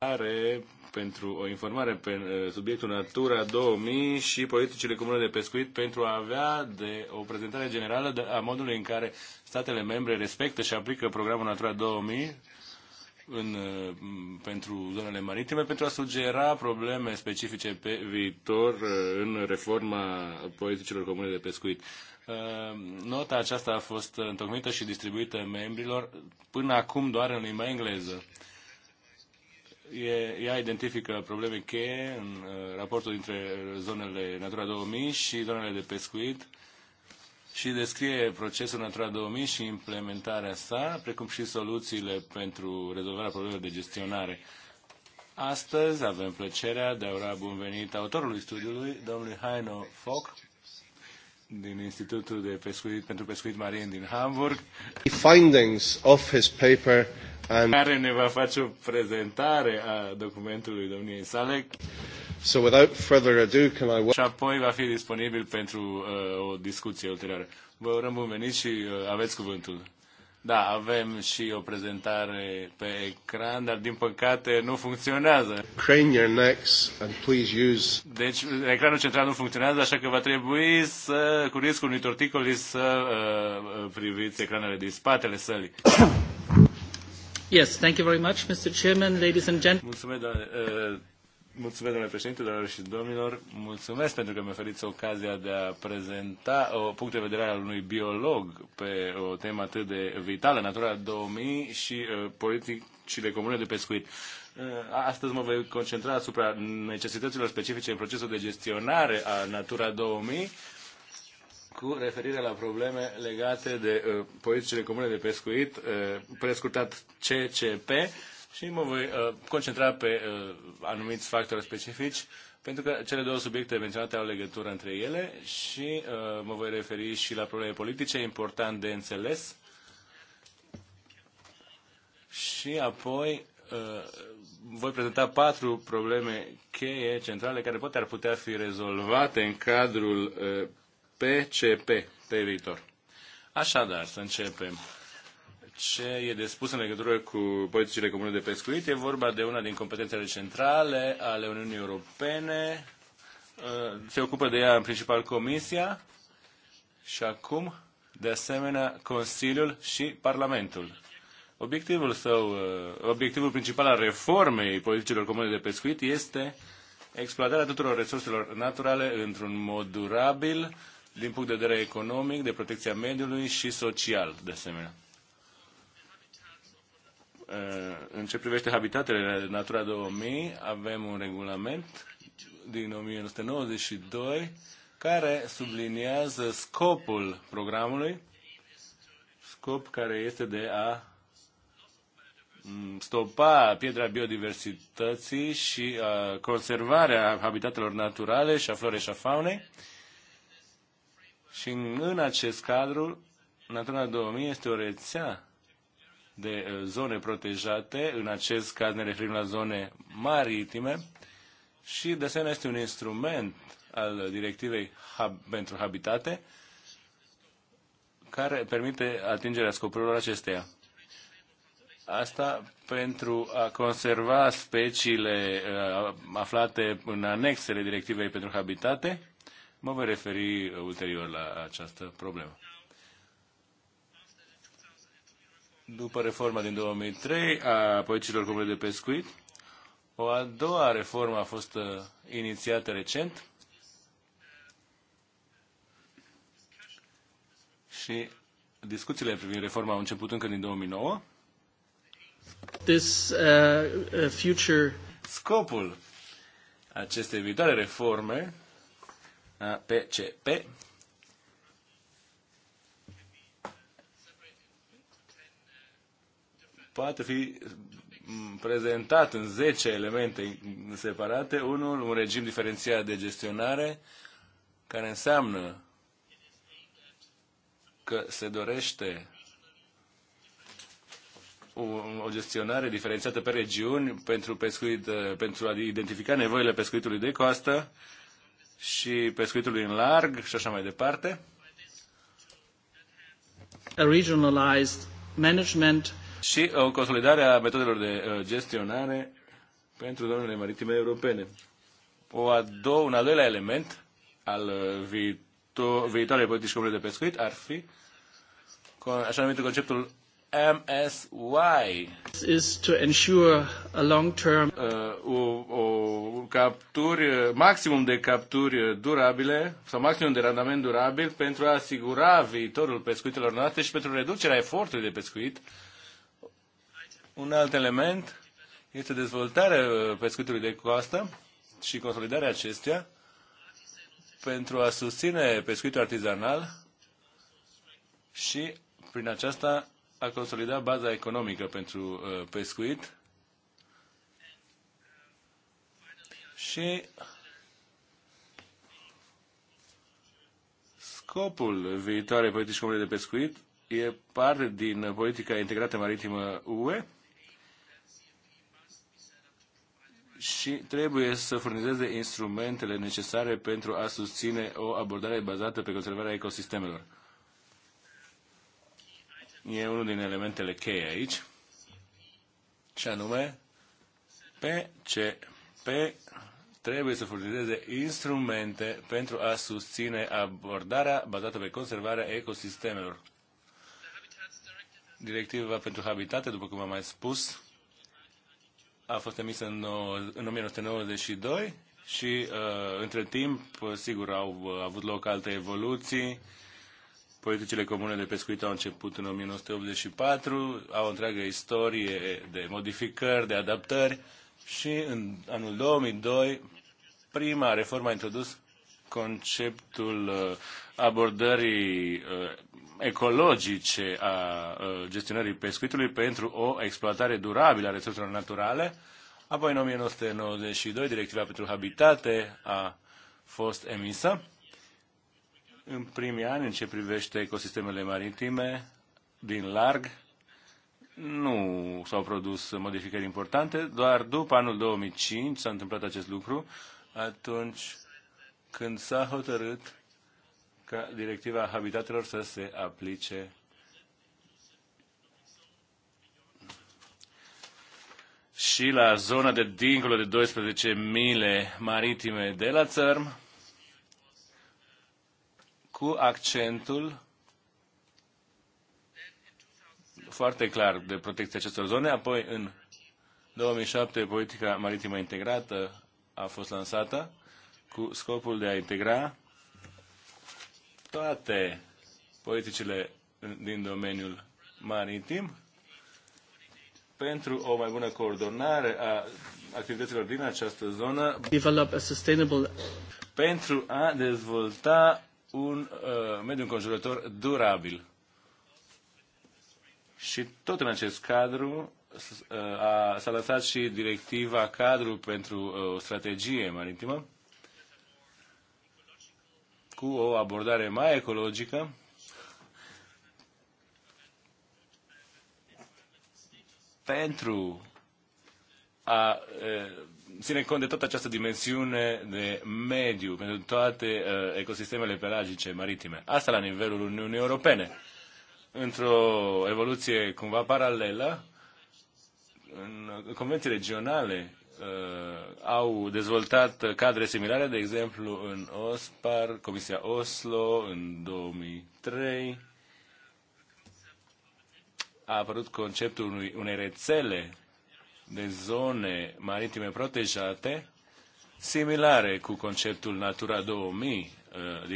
are pentru o informare pe eh, subiectul Natura 2000 și politicile comune de pescuit pentru a avea de o prezentare generală a modului în care statele membre respectă și aplică programul Natura 2000 în, eh, pentru zonele maritime pentru a sugera probleme specifice pe viitor eh, în reforma politicilor comune de pescuit. Nota aceasta a fost întocmită și distribuită membrilor până acum doar în limba engleză e, ea identifică probleme cheie în uh, raportul dintre zonele Natura 2000 și zonele de pescuit și descrie procesul Natura 2000 și implementarea sa, precum și soluțiile pentru rezolvarea problemelor de gestionare. Astăzi avem plăcerea de a ura bun venit autorului studiului, domnului Haino Foc, din Institutul de Pescuit pentru Pescuit Marin din Hamburg. The findings of his paper and care ne va face o prezentare a documentului domniei sale. So without further ado, can I... Și apoi va fi disponibil pentru uh, o discuție ulterioară. Vă urăm bun venit și uh, aveți cuvântul. Da, avem și o prezentare pe ecran, dar din păcate nu funcționează. Crane your necks and please use... Deci ecranul central nu funcționează, așa că va trebui să, cu riscul unui torticoli, să uh, priviți ecranele din spatele sălii. yes, thank you very much, Mr. Chairman, ladies and gentlemen. Mulțumesc, doamne. Uh, Mulțumesc, domnule președinte, doamnelor și domnilor. Mulțumesc pentru că mi-a oferit ocazia de a prezenta o punct de vedere al unui biolog pe o temă atât de vitală, Natura 2000 și uh, politicile comune de pescuit. Uh, astăzi mă voi concentra asupra necesităților specifice în procesul de gestionare a Natura 2000 cu referire la probleme legate de uh, politicile comune de pescuit, uh, prescurtat CCP, și mă voi uh, concentra pe uh, anumiți factori specifici, pentru că cele două subiecte menționate au legătură între ele și uh, mă voi referi și la probleme politice, important de înțeles. Și apoi uh, voi prezenta patru probleme cheie centrale care poate ar putea fi rezolvate în cadrul PCP uh, pe viitor. Așadar, să începem ce e de spus în legătură cu politicile comune de pescuit. E vorba de una din competențele centrale ale Uniunii Europene. Uh, se ocupă de ea în principal Comisia și acum, de asemenea, Consiliul și Parlamentul. Obiectivul său, uh, obiectivul principal al reformei politicilor comune de pescuit este exploatarea tuturor resurselor naturale într-un mod durabil, din punct de vedere economic, de protecția mediului și social, de asemenea. Eh, în ce privește habitatele Natura 2000, avem un regulament din 1992 care subliniază scopul programului, scop care este de a mm, stopa pietra biodiversității și a uh, conservarea habitatelor naturale și a florei și a faunei. Și în, în acest cadru, Natura 2000 este o rețea de uh, zone protejate, în acest caz ne referim la zone maritime, și de asemenea este un instrument al directivei hab, pentru habitate care permite atingerea scopurilor acesteia. Asta pentru a conserva speciile uh, aflate în anexele directivei pentru habitate. Mă voi referi ulterior la această problemă. după reforma din 2003 a politicilor cu de pescuit. O a doua reformă a fost uh, inițiată recent și discuțiile privind reforma au început încă din 2009. This, uh, uh, future... Scopul acestei viitoare reforme a uh, PCP poate fi prezentat în 10 elemente separate, unul, un regim diferențiat de gestionare, care înseamnă că se dorește o gestionare diferențiată pe regiuni pentru, pescuit, pentru a identifica nevoile pescuitului de coastă și pescuitului în larg și așa mai departe. A regionalized management și o uh, consolidare a metodelor de uh, gestionare pentru zonele maritime europene. O a doua, un al doilea element al uh, viitor, viitoarei politici comune de pescuit ar fi așa numitul conceptul MSY. Is to ensure a long term... Uh, o, o capturi, maximum de capturi durabile sau maximum de randament durabil pentru a asigura viitorul pescuitelor noastre și pentru reducerea efortului de pescuit uh, un alt element este dezvoltarea uh, pescuitului de coastă și consolidarea acestuia pentru a susține pescuitul artizanal și prin aceasta a consolida baza economică pentru uh, pescuit și scopul viitoarei politici comune de pescuit e parte din politica integrată maritimă UE și trebuie să furnizeze instrumentele necesare pentru a susține o abordare bazată pe conservarea ecosistemelor. E unul din elementele cheie aici, și anume PCP trebuie să furnizeze instrumente pentru a susține abordarea bazată pe conservarea ecosistemelor. Directiva pentru habitate, după cum am mai spus, a fost emisă în, în 1992 și uh, între timp, sigur, au uh, avut loc alte evoluții. Politicile comune de pescuit au început în 1984, au o întreagă istorie de modificări, de adaptări și în anul 2002 prima reformă a introdus conceptul uh, abordării uh, ecologice a gestionării pescuitului pentru o exploatare durabilă a resurselor naturale. Apoi, în 1992, Directiva pentru Habitate a fost emisă. În primii ani, în ce privește ecosistemele maritime, din larg, nu s-au produs modificări importante, doar după anul 2005 s-a întâmplat acest lucru, atunci când s-a hotărât ca directiva habitatelor să se aplice și la zona de dincolo de 12 mile maritime de la țărm, cu accentul foarte clar de protecția acestor zone. Apoi, în 2007, politica maritimă integrată a fost lansată cu scopul de a integra toate politicile din domeniul maritim pentru o mai bună coordonare a activităților din această zonă Develop a sustainable... pentru a dezvolta un uh, mediu înconjurător durabil. Și tot în acest cadru uh, s-a lăsat și directiva cadru pentru uh, o strategie maritimă cu o abordare mai ecologică, pentru a ține cont de toată această dimensiune de mediu pentru toate ecosistemele pelagice maritime. Asta la nivelul Uniunii Europene. Într-o evoluție cumva paralelă, în convenții regionale Uh, au dezvoltat cadre similare, de exemplu în OSPAR, Comisia Oslo în 2003 a apărut conceptul unui, unei rețele de zone maritime protejate similare cu conceptul Natura 2000 uh, uh,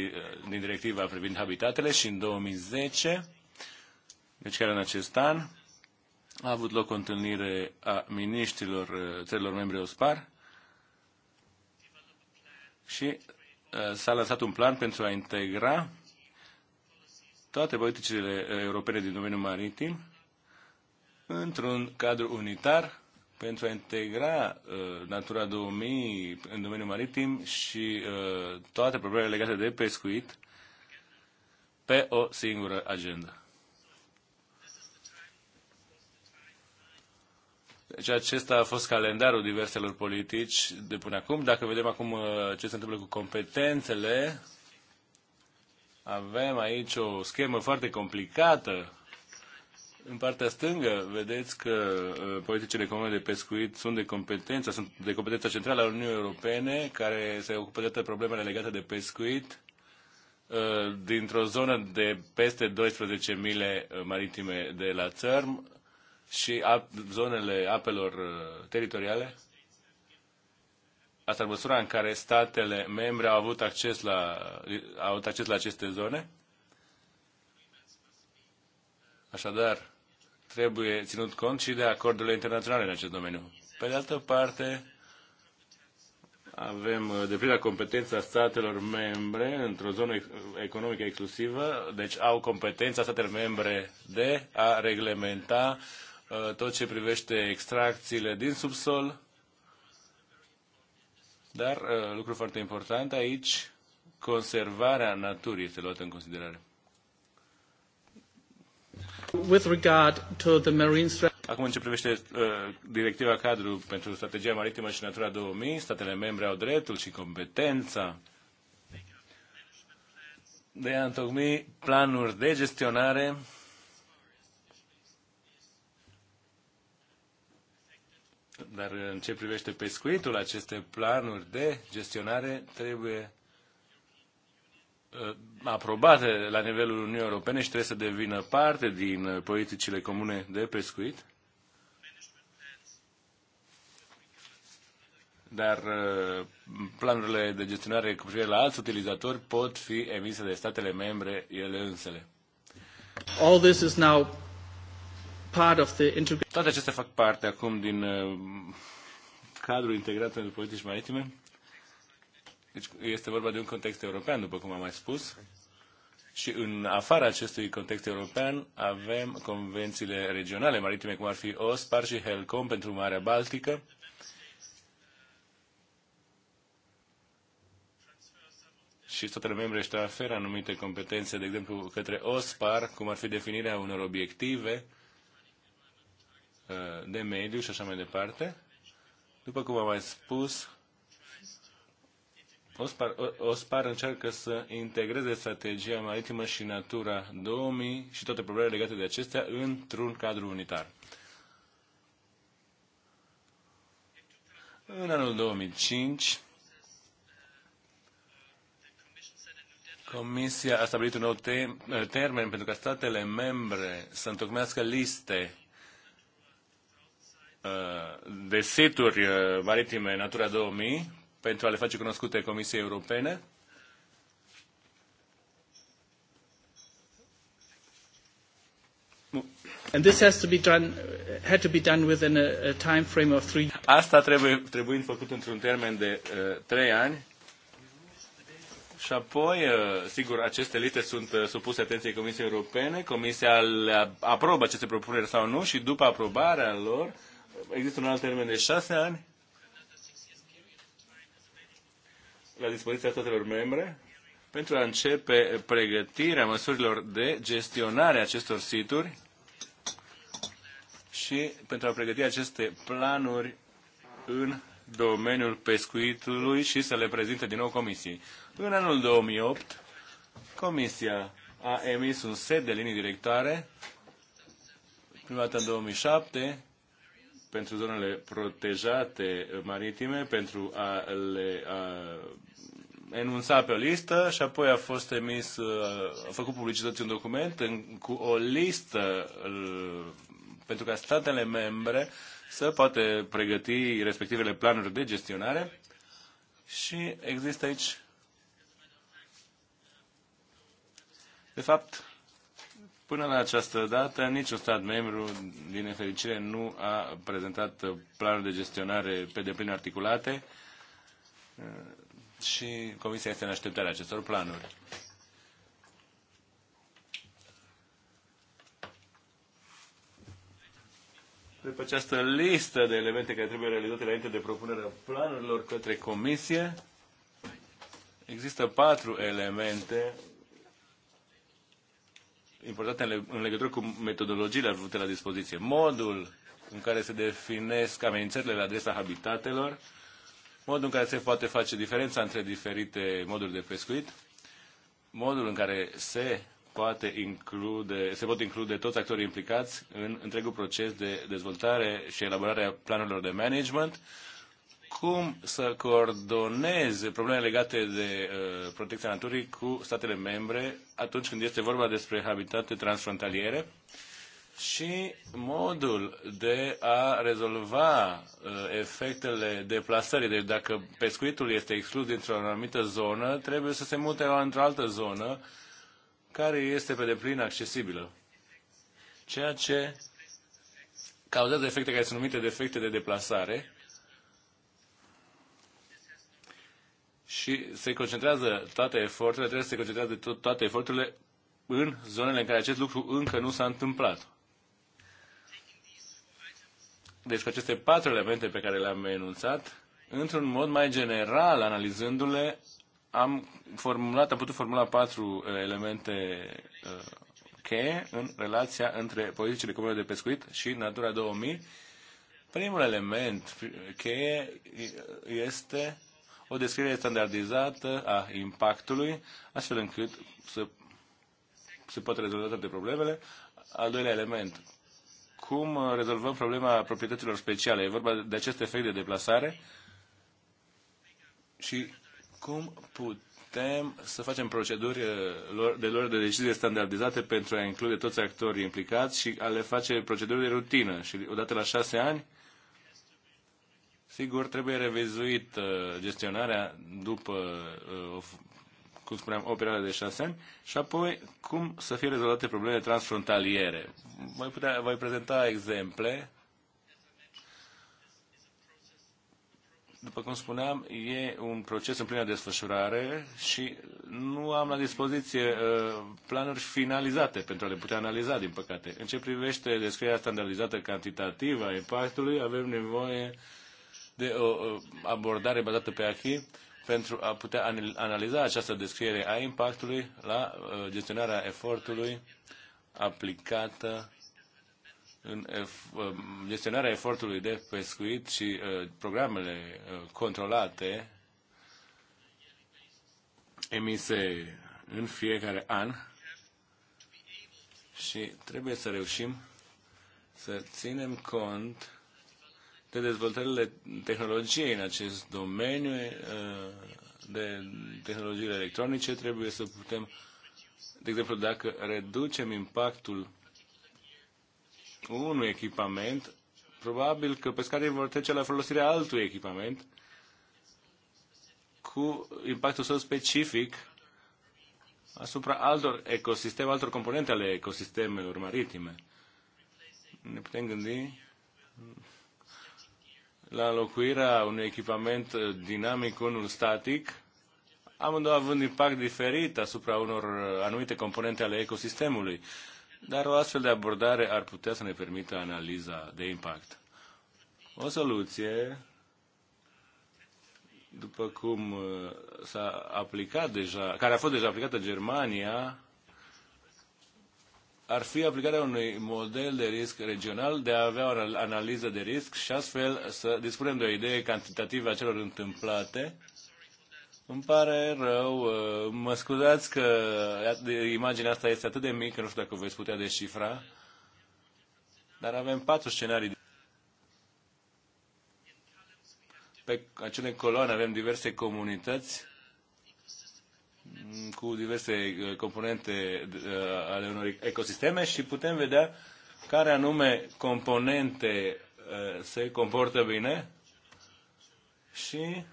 din directiva privind habitatele și în 2010, deci chiar în acest an, a avut loc o întâlnire a miniștrilor uh, țărilor membre OSPAR și uh, s-a lansat un plan pentru a integra toate politicile uh, europene din domeniul maritim într-un cadru unitar pentru a integra uh, Natura 2000 în domeniul maritim și uh, toate problemele legate de pescuit pe o singură agendă. Deci acesta a fost calendarul diverselor politici de până acum. Dacă vedem acum uh, ce se întâmplă cu competențele, avem aici o schemă foarte complicată. În partea stângă vedeți că uh, politicile comune de pescuit sunt de competență, sunt de competența centrală a Uniunii Europene, care se ocupă de toate problemele legate de pescuit uh, dintr-o zonă de peste 12 mile maritime de la țărm și ap, zonele apelor uh, teritoriale? Asta în măsura în care statele membre au avut acces la, uh, au avut acces la aceste zone? Așadar, trebuie ținut cont și de acordurile internaționale în acest domeniu. Pe de altă parte, avem uh, deplina competența statelor membre într-o zonă economică exclusivă, deci au competența statelor membre de a reglementa Uh, tot ce privește extracțiile din subsol. Dar, uh, lucru foarte important aici, conservarea naturii este luată în considerare. With regard to the marine Acum, în ce privește uh, directiva cadru pentru strategia maritimă și natura 2000, statele membre au dreptul și competența de a întocmi planuri de gestionare Dar în ce privește pescuitul, aceste planuri de gestionare trebuie uh, aprobate la nivelul Uniunii Europene și trebuie să devină parte din politicile comune de pescuit. Dar uh, planurile de gestionare cu privire la alți utilizatori pot fi emise de statele membre ele însele. All this is now part of the Toate acestea fac parte acum din uh, cadrul integrat pentru politici maritime. Deci este vorba de un context european, după cum am mai spus. Și în afara acestui context european avem convențiile regionale maritime, cum ar fi OSPAR și HELCOM pentru Marea Baltică. Și statele membre își transferă anumite competențe, de exemplu, către OSPAR, cum ar fi definirea unor obiective Uh, de mediu și așa mai departe. După cum am mai spus, OSPAR, OSPAR încearcă să integreze strategia maritimă și Natura 2000 și toate problemele legate de acestea într-un cadru unitar. În anul 2005, Comisia a stabilit un nou termen pentru ca statele membre să întocmească liste Uh, de situri uh, maritime Natura 2000 pentru a le face cunoscute Comisiei Europene. And this has to be done, uh, had to be done within a, a time frame of three. Asta trebuie trebuie făcut într-un termen de uh, trei ani. Și apoi, uh, sigur, aceste liste sunt uh, supuse atenției Comisiei Europene. Comisia le aprobă aceste propuneri sau nu și după aprobarea lor uh, există un alt termen de șase ani la dispoziția statelor membre pentru a începe pregătirea măsurilor de gestionare a acestor situri și pentru a pregăti aceste planuri în domeniul pescuitului și să le prezinte din nou Comisiei. În anul 2008, Comisia a emis un set de linii directoare, prima dată în 2007, pentru zonele protejate maritime, pentru a le a enunța pe o listă și apoi a fost emis, a făcut publicitate un document în, cu o listă pentru ca statele membre să poate pregăti respectivele planuri de gestionare și există aici de fapt, Până la această dată, niciun stat membru, din nefericire, nu a prezentat planuri de gestionare pe deplin articulate uh, și Comisia este în așteptarea acestor planuri. După pe această listă de elemente care trebuie realizate înainte de propunerea planurilor către comisie, există patru elemente importante în legătură cu metodologiile avute la dispoziție, modul în care se definesc amenințările la adresa habitatelor, modul în care se poate face diferența între diferite moduri de pescuit, modul în care se poate include, se pot include toți actorii implicați în întregul proces de dezvoltare și elaborare a planurilor de management, cum să coordoneze probleme legate de uh, protecția naturii cu statele membre atunci când este vorba despre habitate transfrontaliere și modul de a rezolva uh, efectele deplasării. Deci dacă pescuitul este exclus dintr-o anumită zonă, trebuie să se mute într-o altă zonă care este pe deplin accesibilă. Ceea ce cauzează efecte care sunt numite defecte de deplasare și se concentrează toate eforturile, trebuie să se concentrează to- toate eforturile în zonele în care acest lucru încă nu s-a întâmplat. Deci cu aceste patru elemente pe care le-am enunțat, într-un mod mai general, analizându-le, am formulat, am putut formula patru uh, elemente uh, cheie în relația între politicile comune de pescuit și Natura 2000. Primul element uh, cheie este o descriere standardizată a impactului, astfel încât să se pot rezolva toate problemele. Al doilea element, cum rezolvăm problema proprietăților speciale? E vorba de acest efect de deplasare și cum putem să facem proceduri de uh, lor de decizie standardizate pentru a include toți actorii implicați și a le face proceduri de rutină. Și odată la șase ani Sigur, trebuie revizuit uh, gestionarea după, uh, cum spuneam, o perioadă de șase ani și apoi cum să fie rezolvate problemele transfrontaliere. Voi, putea, voi prezenta exemple. După cum spuneam, e un proces în plină desfășurare și nu am la dispoziție uh, planuri finalizate pentru a le putea analiza, din păcate. În ce privește descrierea standardizată cantitativă a impactului, avem nevoie uh, de o uh, uh, abordare bazată pe acquis pentru a putea analiza această descriere a impactului la uh, gestionarea efortului aplicată în gestionarea efortului de pescuit și programele controlate emise în fiecare an și trebuie să reușim să ținem cont de dezvoltările tehnologiei în acest domeniu, de tehnologiile electronice, trebuie să putem, de exemplu, dacă reducem impactul unui echipament, probabil că pescarii vor trece la folosirea altui echipament cu impactul său specific asupra altor ecosisteme, altor componente ale ecosistemelor maritime. Ne putem gândi la înlocuirea unui echipament uh, dinamic cu unul static, amândouă având impact diferit asupra unor uh, anumite componente ale ecosistemului. Dar o astfel de abordare ar putea să ne permită analiza de impact. O soluție, după cum uh, s-a aplicat deja, care a fost deja aplicată Germania, ar fi aplicarea unui model de risc regional, de a avea o analiză de risc și astfel să dispunem de o idee cantitativă a celor întâmplate. Îmi pare rău, uh, mă scuzați că imaginea asta este atât de mică, nu știu dacă o veți putea descifra, dar avem patru scenarii. Pe acele coloane avem diverse comunități cu diverse uh, componente uh, ale unor ecosisteme și putem vedea care anume componente uh, se comportă bine și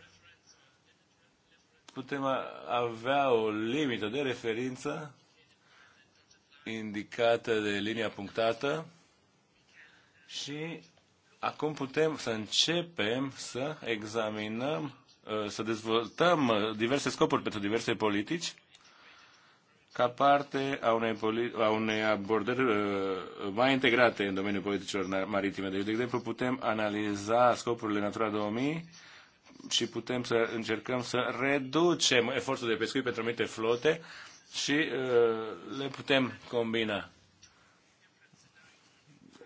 putem avea o limită de referință indicată de linia punctată și acum putem să începem să examinăm Uh, să dezvoltăm uh, diverse scopuri pentru diverse politici ca parte a unei, a unei abordări uh, mai integrate în domeniul politicilor maritime. Deci, de exemplu, putem analiza scopurile Natura 2000 și putem să încercăm să reducem efortul de pescuit pentru anumite flote și le putem combina.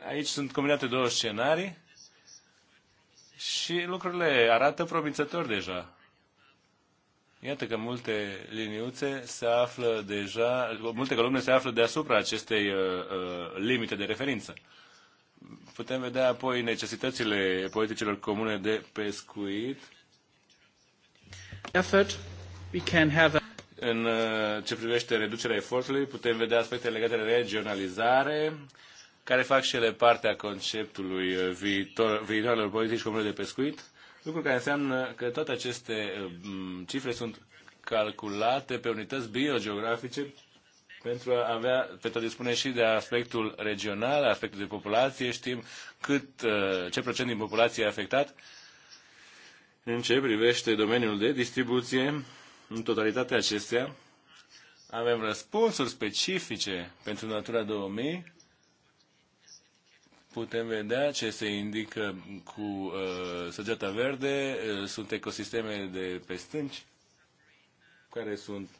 Aici sunt combinate două scenarii și lucrurile arată promițător deja. Iată că multe liniuțe se află deja, multe columne se află deasupra acestei uh, uh, limite de referință. Putem vedea apoi necesitățile politicilor comune de pescuit. Effort, we can have a... În uh, ce privește reducerea efortului, putem vedea aspecte legate de regionalizare, uh, care fac și ele parte a conceptului uh, viitor, viitoarelor politici comune de pescuit, lucru care înseamnă că toate aceste uh, cifre sunt calculate pe unități biogeografice pentru a avea, pentru a dispune și de aspectul regional, aspectul de populație, știm cât, uh, ce procent din populație e afectat. În ce privește domeniul de distribuție, în totalitatea acestea, avem răspunsuri specifice pentru Natura 2000, putem vedea ce se indică cu uh, săgeata verde, uh, sunt ecosisteme de stânci, care sunt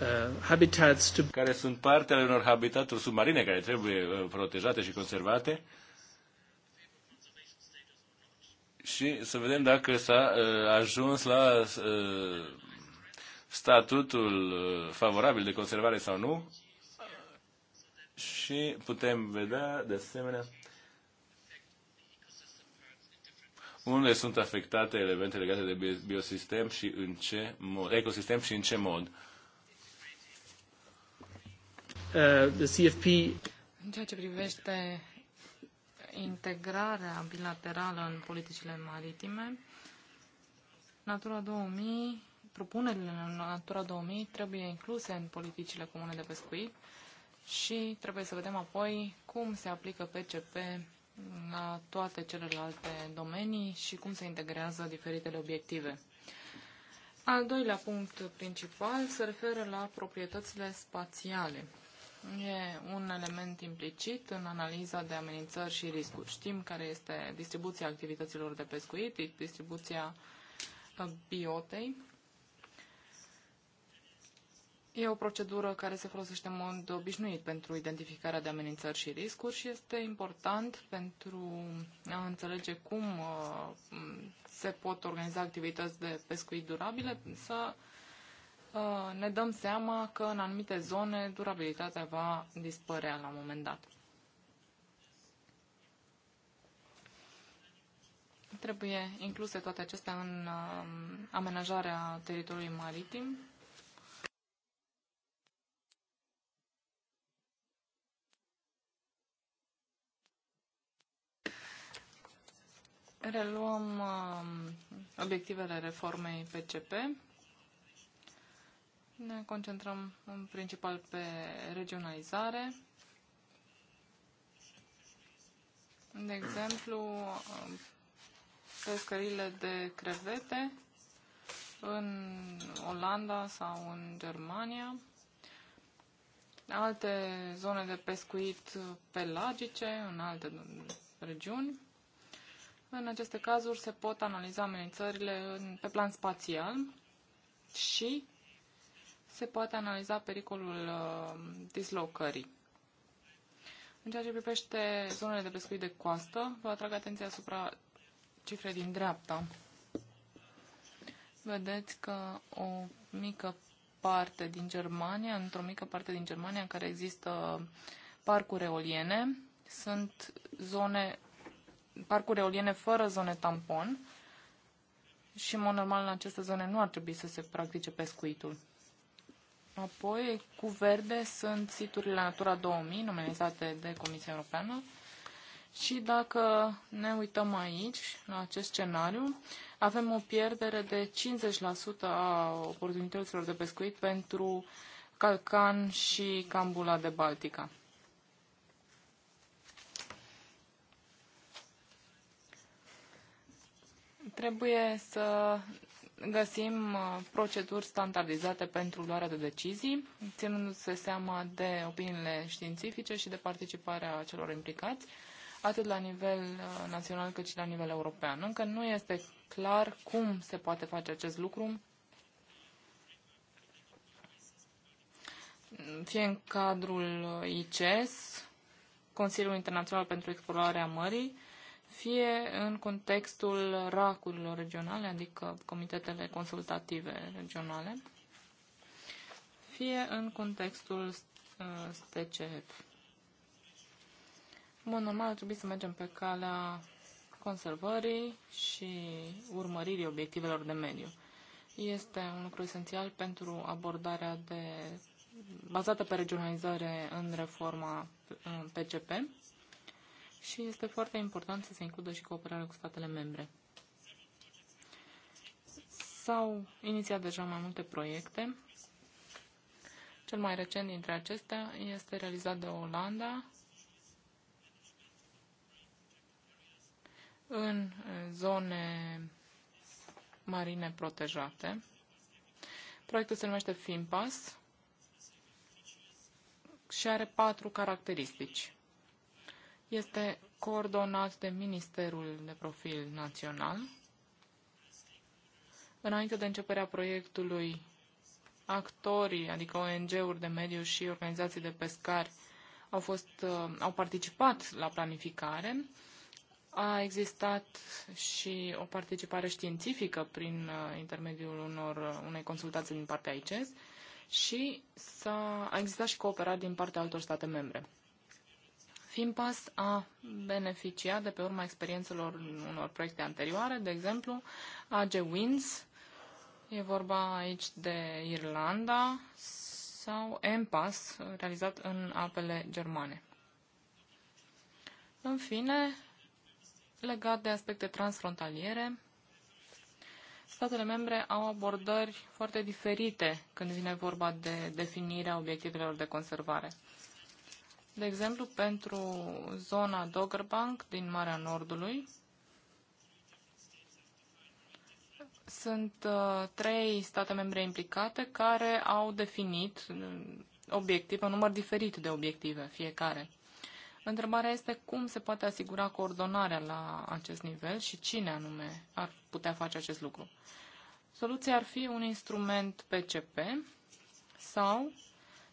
uh, habitats to... care sunt parte ale unor habitaturi submarine care trebuie uh, protejate și conservate și să vedem dacă s-a uh, ajuns la uh, statutul uh, favorabil de conservare sau nu și putem vedea de asemenea unde sunt afectate elemente legate de biosistem și în ce mod, ecosistem și în ce mod. Uh, CFP. În ceea ce privește integrarea bilaterală în politicile maritime, Natura 2000, propunerile în Natura 2000 trebuie incluse în politicile comune de pescuit și trebuie să vedem apoi cum se aplică PCP la toate celelalte domenii și cum se integrează diferitele obiective. Al doilea punct principal se referă la proprietățile spațiale. E un element implicit în analiza de amenințări și riscuri. Știm care este distribuția activităților de pescuit, distribuția uh, biotei E o procedură care se folosește în mod obișnuit pentru identificarea de amenințări și riscuri și este important pentru a înțelege cum uh, se pot organiza activități de pescuit durabile să uh, ne dăm seama că în anumite zone durabilitatea va dispărea la un moment dat. Trebuie incluse toate acestea în uh, amenajarea teritoriului maritim Reluăm um, obiectivele reformei PCP. Ne concentrăm în principal pe regionalizare. De exemplu, um, pescările de crevete în Olanda sau în Germania, alte zone de pescuit pelagice în alte regiuni. În aceste cazuri se pot analiza amenințările pe plan spațial și se poate analiza pericolul uh, dislocării. În ceea ce privește zonele de pescuit de coastă, vă atrag atenția asupra cifrei din dreapta. Vedeți că o mică parte din Germania, într-o mică parte din Germania în care există parcuri eoliene, sunt zone parcuri eoliene fără zone tampon și, în mod normal, în aceste zone nu ar trebui să se practice pescuitul. Apoi, cu verde sunt siturile Natura 2000, nominalizate de Comisia Europeană. Și dacă ne uităm aici, la acest scenariu, avem o pierdere de 50% a oportunităților de pescuit pentru calcan și cambula de Baltica. Trebuie să găsim uh, proceduri standardizate pentru luarea de decizii, ținându-se seama de opiniile științifice și de participarea celor implicați, atât la nivel uh, național cât și la nivel european. Încă nu este clar cum se poate face acest lucru, fie în cadrul ICES, Consiliul Internațional pentru Explorarea Mării, fie în contextul racurilor regionale, adică comitetele consultative regionale, fie în contextul uh, STCF. În mod normal, ar trebui să mergem pe calea conservării și urmăririi obiectivelor de mediu. Este un lucru esențial pentru abordarea de, bazată pe regionalizare în reforma PCP uh, și este foarte important să se includă și cooperarea cu statele membre. S-au inițiat deja mai multe proiecte. Cel mai recent dintre acestea este realizat de Olanda în zone marine protejate. Proiectul se numește FIMPAS și are patru caracteristici este coordonat de Ministerul de Profil Național. Înainte de începerea proiectului, actorii, adică ONG-uri de mediu și organizații de pescari, au, fost, uh, au participat la planificare. A existat și o participare științifică prin uh, intermediul unor, uh, unei consultații din partea ICES și a a existat și cooperare din partea altor state membre. FIMPAS a beneficiat de pe urma experiențelor unor proiecte anterioare, de exemplu AG Wins, e vorba aici de Irlanda, sau EMPAS, realizat în apele germane. În fine, legat de aspecte transfrontaliere, statele membre au abordări foarte diferite când vine vorba de definirea obiectivelor de conservare. De exemplu, pentru zona Doggerbank din Marea Nordului, sunt uh, trei state membre implicate care au definit uh, obiective, un număr diferit de obiective fiecare. Întrebarea este cum se poate asigura coordonarea la acest nivel și cine anume ar putea face acest lucru. Soluția ar fi un instrument PCP sau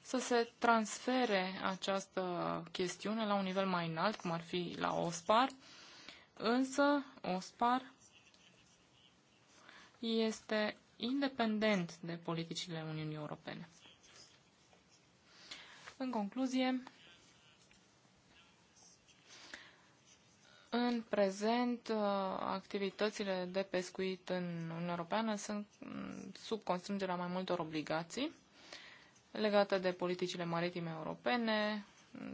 să se transfere această chestiune la un nivel mai înalt, cum ar fi la OSPAR, însă OSPAR este independent de politicile Uniunii Europene. În concluzie, În prezent, uh, activitățile de pescuit în Uniunea Europeană sunt mm, sub constrângerea mai multor obligații legată de politicile maritime europene,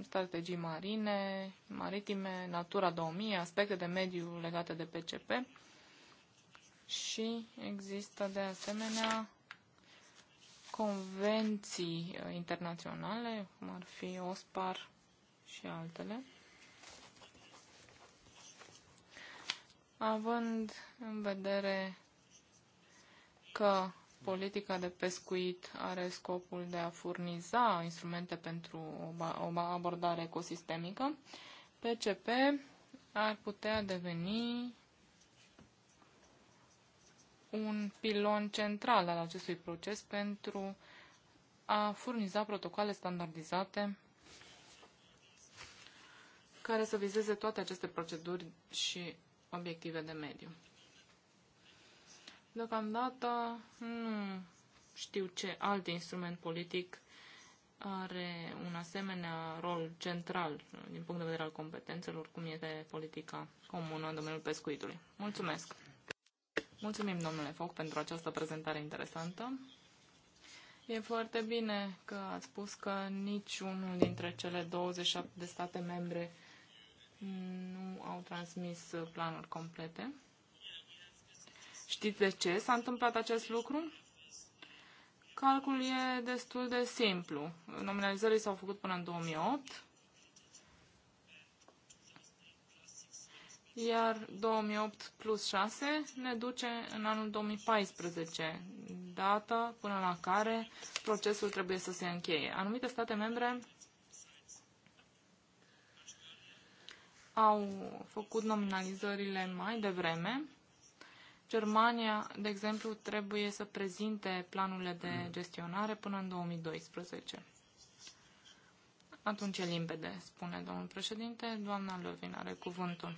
strategii marine, maritime, Natura 2000, aspecte de mediu legate de PCP și există de asemenea convenții internaționale, cum ar fi OSPAR și altele. Având în vedere că politica de pescuit are scopul de a furniza instrumente pentru o abordare ecosistemică, PCP ar putea deveni un pilon central al acestui proces pentru a furniza protocoale standardizate care să vizeze toate aceste proceduri și obiective de mediu. Deocamdată nu știu ce alt instrument politic are un asemenea rol central din punct de vedere al competențelor, cum este politica comună în domeniul pescuitului. Mulțumesc! Mulțumim, domnule Foc, pentru această prezentare interesantă. E foarte bine că ați spus că niciunul dintre cele 27 de state membre nu au transmis planuri complete. Știți de ce s-a întâmplat acest lucru? Calculul e destul de simplu. Nominalizările s-au făcut până în 2008, iar 2008 plus 6 ne duce în anul 2014, Data până la care procesul trebuie să se încheie. Anumite state membre au făcut nominalizările mai devreme, Germania, de exemplu, trebuie să prezinte planurile de gestionare până în 2012. Atunci e limpede, spune domnul președinte. Doamna Lovin are cuvântul.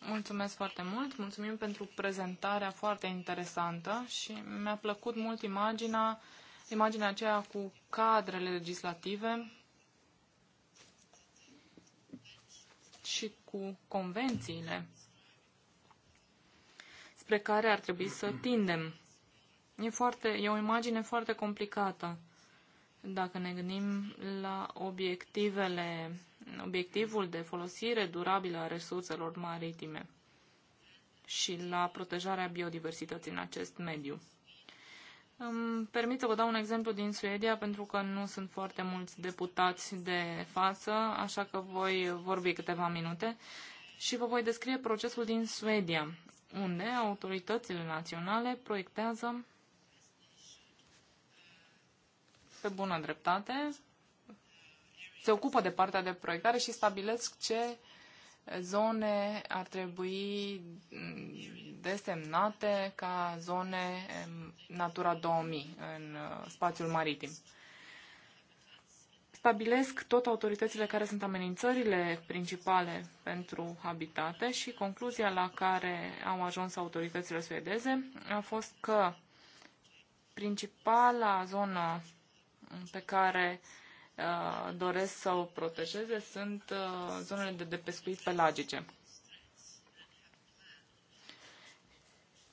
Mulțumesc foarte mult, mulțumim pentru prezentarea foarte interesantă și mi-a plăcut mult imaginea, imaginea aceea cu cadrele legislative și cu convențiile spre care ar trebui să tindem. E, foarte, e o imagine foarte complicată. Dacă ne gândim la obiectivele, obiectivul de folosire durabilă a resurselor maritime și la protejarea biodiversității în acest mediu. Îmi permit să vă dau un exemplu din Suedia, pentru că nu sunt foarte mulți deputați de față, așa că voi vorbi câteva minute și vă voi descrie procesul din Suedia unde autoritățile naționale proiectează pe bună dreptate, se ocupă de partea de proiectare și stabilesc ce zone ar trebui desemnate ca zone Natura 2000 în uh, spațiul maritim stabilesc tot autoritățile care sunt amenințările principale pentru habitate și concluzia la care au ajuns autoritățile suedeze a fost că principala zonă pe care uh, doresc să o protejeze sunt uh, zonele de, depescuit pelagice.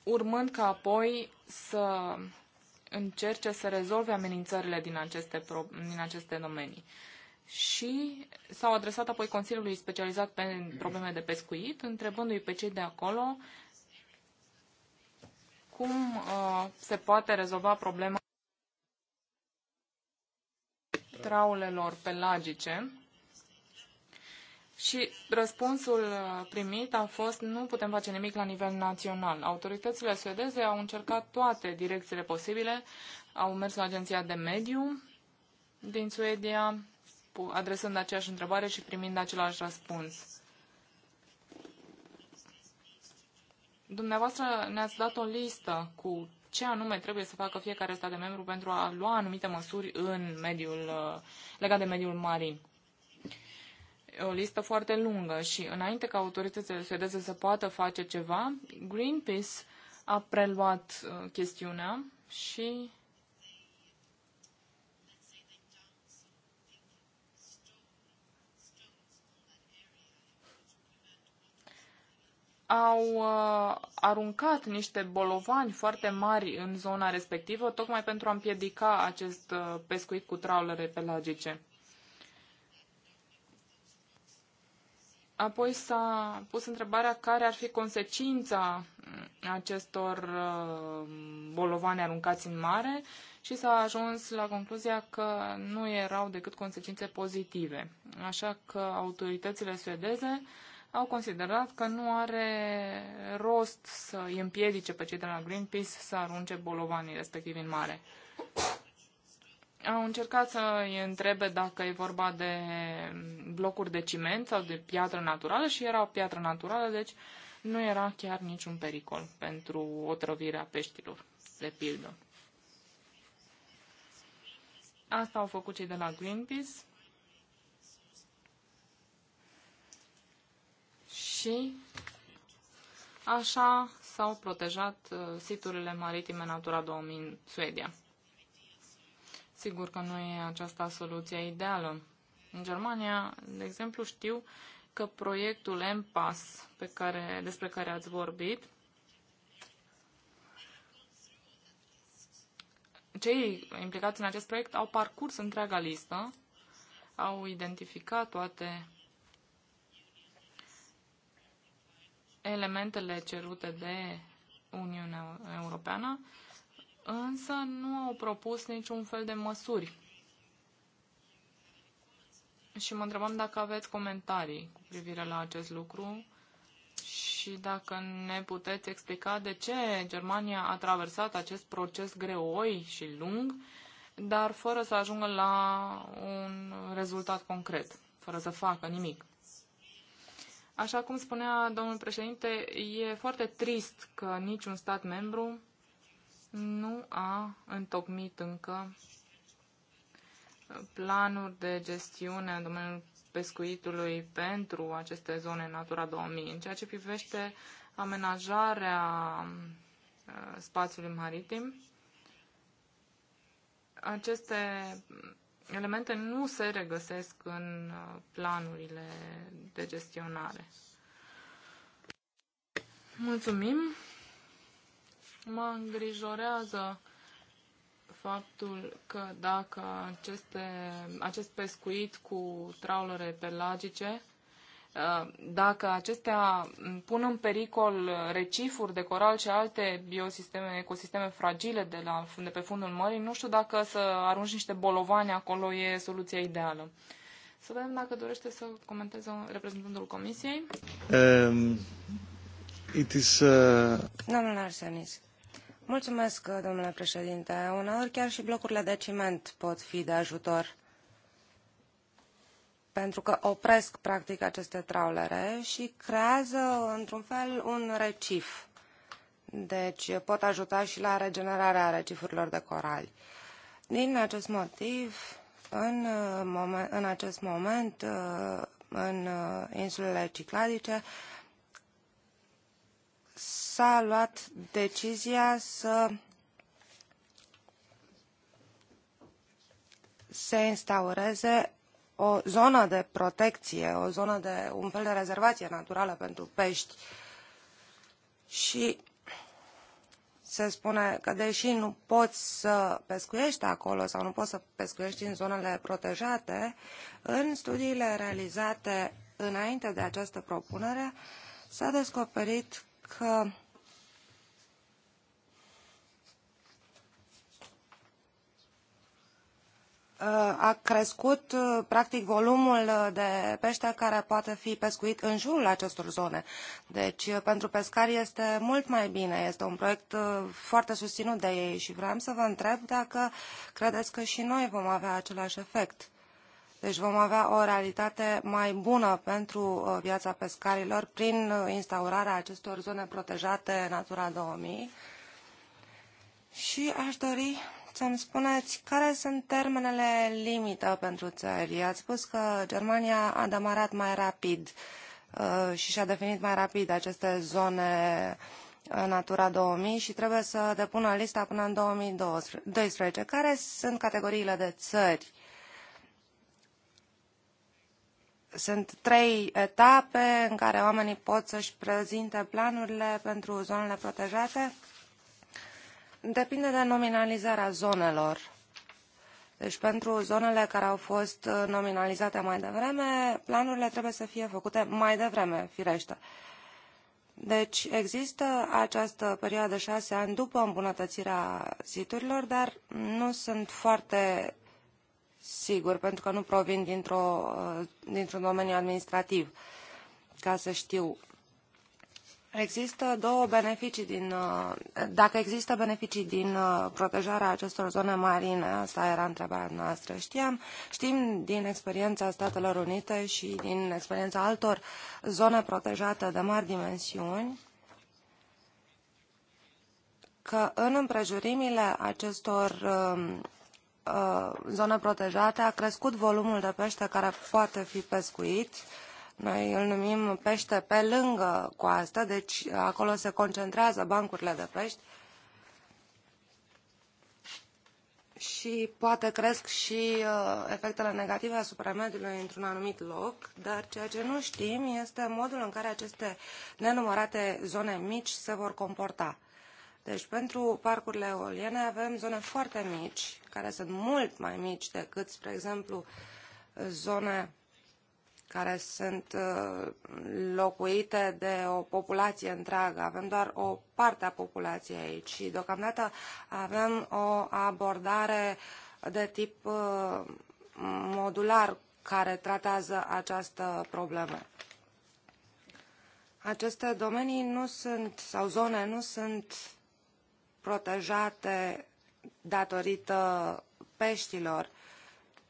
Urmând ca apoi să încerce să rezolve amenințările din aceste, pro, din aceste domenii. Și s-au adresat apoi Consiliului specializat pe probleme de pescuit, întrebându-i pe cei de acolo cum uh, se poate rezolva problema traulelor pelagice și răspunsul uh, primit a fost nu putem face nimic la nivel național. Autoritățile suedeze au încercat toate direcțiile posibile, au mers la Agenția de Mediu din Suedia, adresând aceeași întrebare și primind același răspuns. Dumneavoastră ne-ați dat o listă cu ce anume trebuie să facă fiecare stat de membru pentru a lua anumite măsuri în mediul, uh, legat de mediul marin o listă foarte lungă și înainte ca autoritățile suedeze să poată face ceva, Greenpeace a preluat uh, chestiunea și au uh, aruncat niște bolovani foarte mari în zona respectivă, tocmai pentru a împiedica acest uh, pescuit cu traulere pelagice. Apoi s-a pus întrebarea care ar fi consecința acestor uh, bolovane aruncați în mare și s-a ajuns la concluzia că nu erau decât consecințe pozitive. Așa că autoritățile suedeze au considerat că nu are rost să îi împiedice pe cei de la Greenpeace să arunce bolovanii respectiv în mare au încercat să îi întrebe dacă e vorba de blocuri de ciment sau de piatră naturală și era o piatră naturală, deci nu era chiar niciun pericol pentru otrăvirea peștilor, de pildă. Asta au făcut cei de la Greenpeace. Și așa s-au protejat uh, siturile maritime Natura 2000 în Suedia. Sigur că nu e aceasta soluția ideală. În Germania, de exemplu, știu că proiectul MPAS pe care, despre care ați vorbit, cei implicați în acest proiect au parcurs întreaga listă, au identificat toate elementele cerute de Uniunea Europeană însă nu au propus niciun fel de măsuri. Și mă întrebam dacă aveți comentarii cu privire la acest lucru și dacă ne puteți explica de ce Germania a traversat acest proces greoi și lung, dar fără să ajungă la un rezultat concret, fără să facă nimic. Așa cum spunea domnul președinte, e foarte trist că niciun stat membru nu a întocmit încă planuri de gestiune în domeniul pescuitului pentru aceste zone Natura 2000. În ceea ce privește amenajarea uh, spațiului maritim, aceste elemente nu se regăsesc în uh, planurile de gestionare. Mulțumim! mă îngrijorează faptul că dacă aceste, acest pescuit cu traulere pelagice, uh, dacă acestea pun în pericol recifuri de coral și alte biosisteme, ecosisteme fragile de, la, de pe fundul mării, nu știu dacă să arunci niște bolovani acolo e soluția ideală. Să vedem dacă dorește să comenteze reprezentantul comisiei. Um, it is, uh... Domnul Arsenis, Mulțumesc, domnule președinte. Uneori chiar și blocurile de ciment pot fi de ajutor pentru că opresc practic aceste traulere și creează într-un fel un recif. Deci pot ajuta și la regenerarea recifurilor de corali. Din acest motiv, în, uh, moment, în acest moment, uh, în uh, insulele cicladice, s-a luat decizia să se instaureze o zonă de protecție, o zonă de un fel de rezervație naturală pentru pești. Și se spune că deși nu poți să pescuiești acolo sau nu poți să pescuiești în zonele protejate, în studiile realizate înainte de această propunere s-a descoperit că a crescut uh, practic volumul uh, de pește care poate fi pescuit în jurul acestor zone. Deci uh, pentru pescari este mult mai bine, este un proiect foarte susținut de ei și vreau să vă întreb dacă credeți că și noi vom avea același efect. Deci vom avea o realitate mai bună pentru viața pescarilor prin instaurarea acestor zone protejate Natura 2000. Și aș dori să-mi spuneți care sunt termenele limită pentru țări. Ați spus că Germania a demarat mai rapid uh, și și-a definit mai rapid aceste zone uh, Natura 2000 și trebuie să depună lista până în 2012. Care sunt categoriile de țări? Sunt trei etape în care oamenii pot să-și prezinte planurile pentru zonele protejate? depinde de nominalizarea zonelor. Deci pentru zonele care au fost uh, nominalizate mai devreme, planurile trebuie să fie făcute mai devreme, firește. Deci există această perioadă de șase ani după îmbunătățirea siturilor, dar nu sunt foarte sigur, pentru că nu provin uh, dintr-un dintr domeniu administrativ, ca să știu Există două beneficii din, uh, dacă există beneficii din uh, protejarea acestor zone marine, asta era întrebarea noastră. Știam, știm din experiența Statelor Unite și din experiența altor zone protejate de mari dimensiuni că în împrejurimile acestor um, uh, zone protejate a crescut volumul de pește care poate fi pescuit uh, noi îl numim pește pe lângă coastă, deci acolo se concentrează bancurile de pești și poate cresc și uh, efectele negative asupra mediului într-un anumit loc, dar ceea ce nu știm este modul în care aceste nenumărate zone mici se vor comporta. Deci pentru parcurile eoliene avem zone foarte mici, care sunt mult mai mici decât, spre exemplu, zone care sunt uh, locuite de o populație întreagă. Avem doar o parte a populației aici și deocamdată avem o abordare de tip uh, modular care tratează această problemă. Aceste domenii nu sunt, sau zone nu sunt protejate datorită peștilor,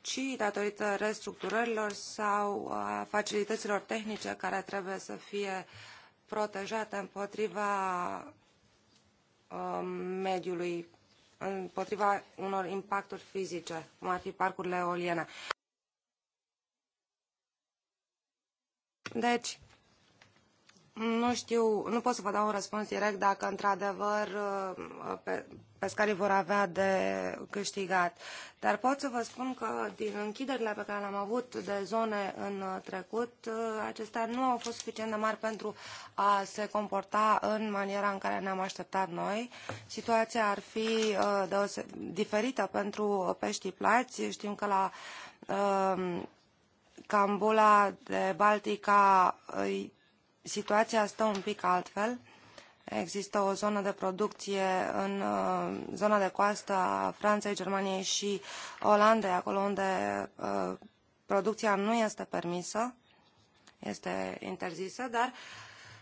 ci datorită restructurărilor sau uh, a facilităților tehnice care trebuie să fie protejate împotriva um, mediului, împotriva unor impacturi fizice, cum ar fi parcurile eoliene. Deci, nu știu, nu pot să vă dau un răspuns direct dacă într-adevăr uh, pescarii vor avea de câștigat. Dar pot să vă spun că din închiderile pe care le-am avut de zone în trecut, uh, acestea nu au fost suficient de mari pentru a se comporta în maniera în care ne-am așteptat noi. Situația ar fi uh, diferită pentru peștii plați. Știm că la Cambula de Baltica situația stă un pic altfel. Există o zonă de producție în uh, zona de coastă a Franței, Germaniei și Olandei, acolo unde uh, producția nu este permisă, este interzisă, dar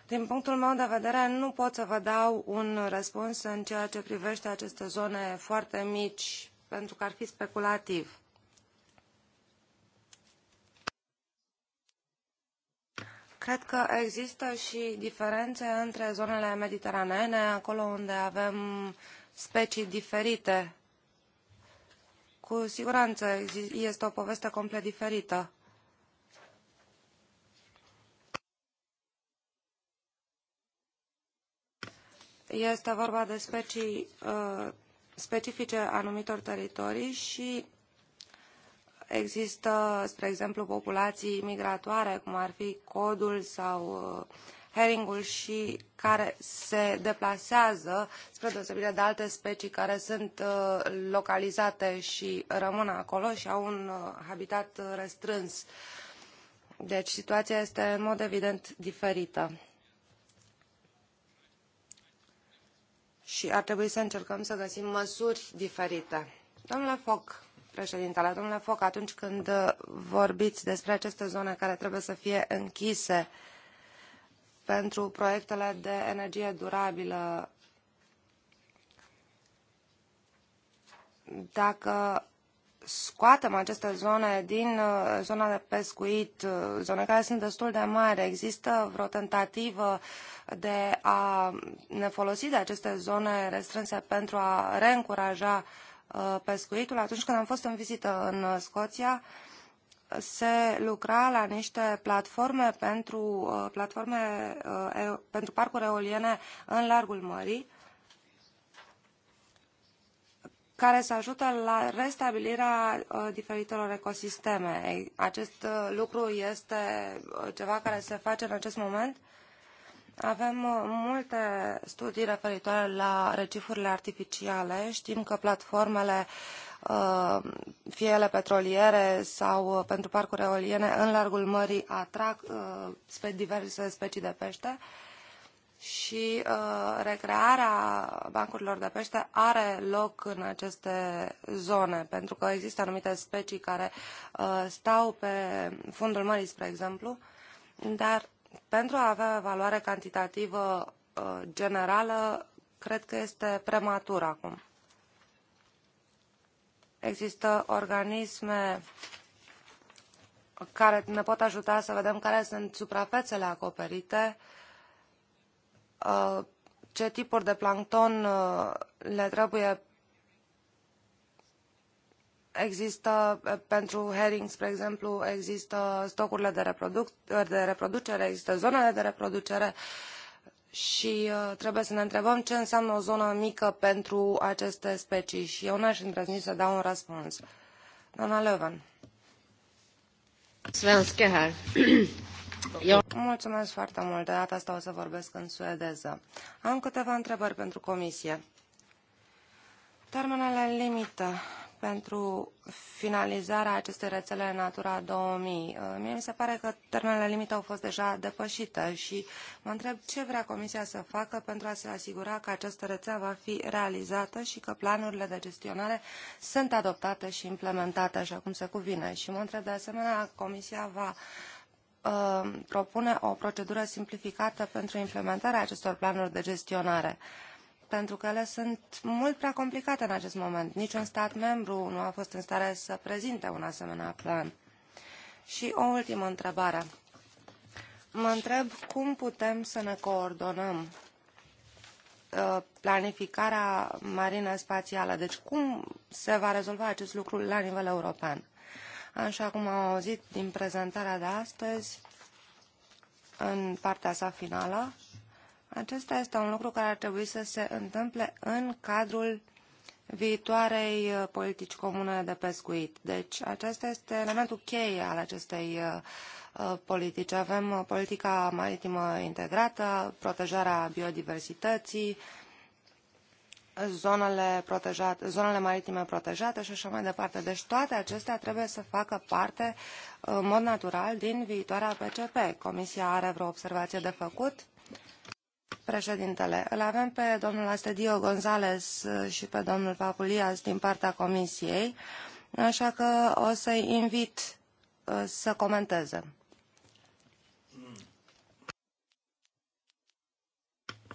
din punctul meu de vedere nu pot să vă dau un răspuns în ceea ce privește aceste zone foarte mici, pentru că ar fi speculativ. Cred că există și diferențe între zonele mediteranene, acolo unde avem specii diferite. Cu siguranță este o poveste complet diferită. Este vorba de specii uh, specifice anumitor teritorii și Există, spre exemplu, populații migratoare, cum ar fi codul sau uh, heringul și care se deplasează, spre deosebire de alte specii care sunt uh, localizate și rămân acolo și au un uh, habitat restrâns. Deci situația este în mod evident diferită. Și ar trebui să încercăm să găsim măsuri diferite. Domnule Foc, Președintele, domnule Foc, atunci când uh, vorbiți despre aceste zone care trebuie să fie închise pentru proiectele de energie durabilă, dacă scoatem aceste zone din uh, zona de pescuit, uh, zone care sunt destul de mari, există vreo tentativă de a ne folosi de aceste zone restrânse pentru a reîncuraja uh, Uh, pescuitul. Atunci când am fost în vizită în uh, Scoția, se lucra la niște platforme pentru, uh, platforme, pentru parcuri eoliene în largul mării, care să ajută la restabilirea diferitelor ecosisteme. Acest lucru este ceva care se face în acest moment avem uh, multe studii referitoare la recifurile artificiale. Știm că platformele uh, fie ele petroliere sau uh, pentru parcuri eoliene în largul mării atrag spre diverse specii de pește și recrearea bancurilor de pește are loc în aceste zone, pentru că există anumite specii care stau pe fundul mării, spre exemplu, dar pentru a avea o evaluare cantitativă uh, generală, cred că este prematur acum. Există organisme care ne pot ajuta să vedem care sunt suprafețele acoperite, uh, ce tipuri de plancton uh, le trebuie există eh, pentru herring, spre exemplu, există stocurile de, eh, reproducere, există zonele de reproducere și eh, trebuie să ne întrebăm ce înseamnă o zonă mică pentru aceste specii și eu n-aș îndrăzni să dau un răspuns. Doamna Leuven. här. Mulțumesc foarte mult. De data asta o să vorbesc în suedeză. Am câteva întrebări pentru comisie. Termenele limită pentru finalizarea acestei rețele Natura 2000. Uh, mie mi se pare că termenele limite au fost deja depășite și mă întreb ce vrea Comisia să facă pentru a se asigura că această rețea va fi realizată și că planurile de gestionare sunt adoptate și implementate așa cum se cuvine. Și mă întreb de asemenea, Comisia va uh, propune o procedură simplificată pentru implementarea acestor planuri de gestionare. Uh, pentru că ele sunt mult prea complicate în acest moment. Niciun stat membru nu a fost în stare să prezinte un asemenea plan. Și o ultimă întrebare. Mă întreb cum putem să ne coordonăm uh, planificarea marină spațială. Deci cum se va rezolva acest lucru la nivel european? Așa cum am auzit din prezentarea de astăzi, în partea sa finală, acesta este un lucru care ar trebui să se întâmple în cadrul viitoarei uh, politici comune de pescuit. Deci acesta este elementul cheie al acestei uh, uh, politici. Avem politica maritimă integrată, protejarea biodiversității, zonele, protejate, zonele maritime protejate și așa mai departe. Deci toate acestea trebuie să facă parte în mod natural din viitoarea PCP. Comisia are vreo observație de făcut? Președintele, îl avem pe domnul Astedio Gonzales uh, și pe domnul Papulias din partea comisiei, așa că o să-i invit uh, să comenteze.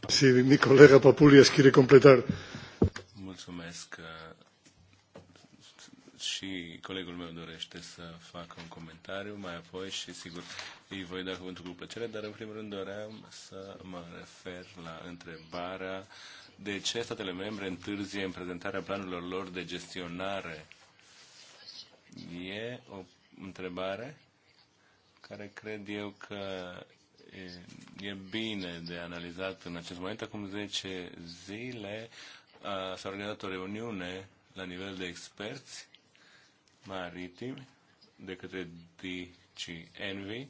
Sí, mi colega Papulias quiere completar. Mulțumesc. Uh, și colegul meu dorește să facă un comentariu mai apoi și sigur îi voi da cuvântul cu plăcere, dar în primul rând doream să mă refer la întrebarea de ce statele membre întârzie în prezentarea planurilor lor de gestionare. E o întrebare care cred eu că e, e bine de analizat în acest moment. Acum 10 zile s-a organizat o reuniune la nivel de experți maritim de către DC Envy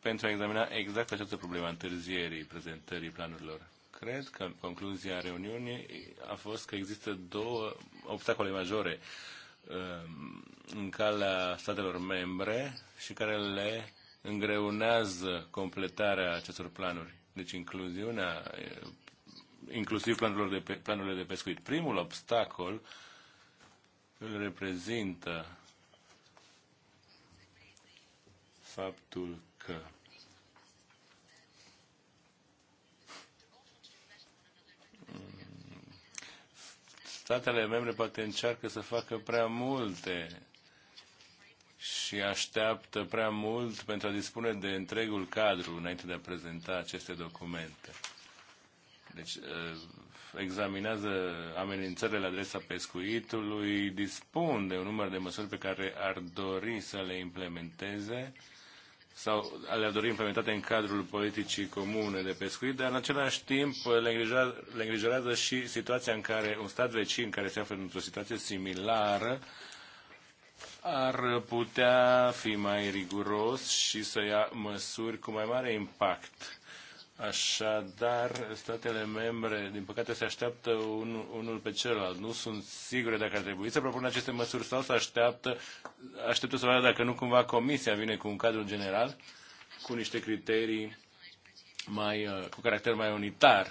pentru a examina exact această problemă a întârzierii prezentării planurilor. Cred că concluzia reuniunii a fost că există două obstacole majore um, în calea statelor membre și care le îngreunează completarea acestor planuri. Deci incluziunea, eh, inclusiv planurile de, planurile de pescuit. Primul obstacol uh, îl reprezintă faptul că statele membre poate încearcă să facă prea multe și așteaptă prea mult pentru a dispune de întregul cadru înainte de a prezenta aceste documente. Deci uh, examinează amenințările la adresa pescuitului, dispun de un număr de măsuri pe care ar dori să le implementeze sau le-ar dori implementate în cadrul politicii comune de pescuit, dar în același timp le îngrijorează, le îngrijorează și situația în care un stat vecin care se află într-o situație similară ar putea fi mai riguros și să ia măsuri cu mai mare impact Așadar, statele membre, din păcate, se așteaptă unul, unul pe celălalt. Nu sunt sigure dacă ar trebui să propună aceste măsuri sau să așteaptă, așteptă să vadă dacă nu cumva Comisia vine cu un cadru general, cu niște criterii mai, uh, cu caracter mai unitar.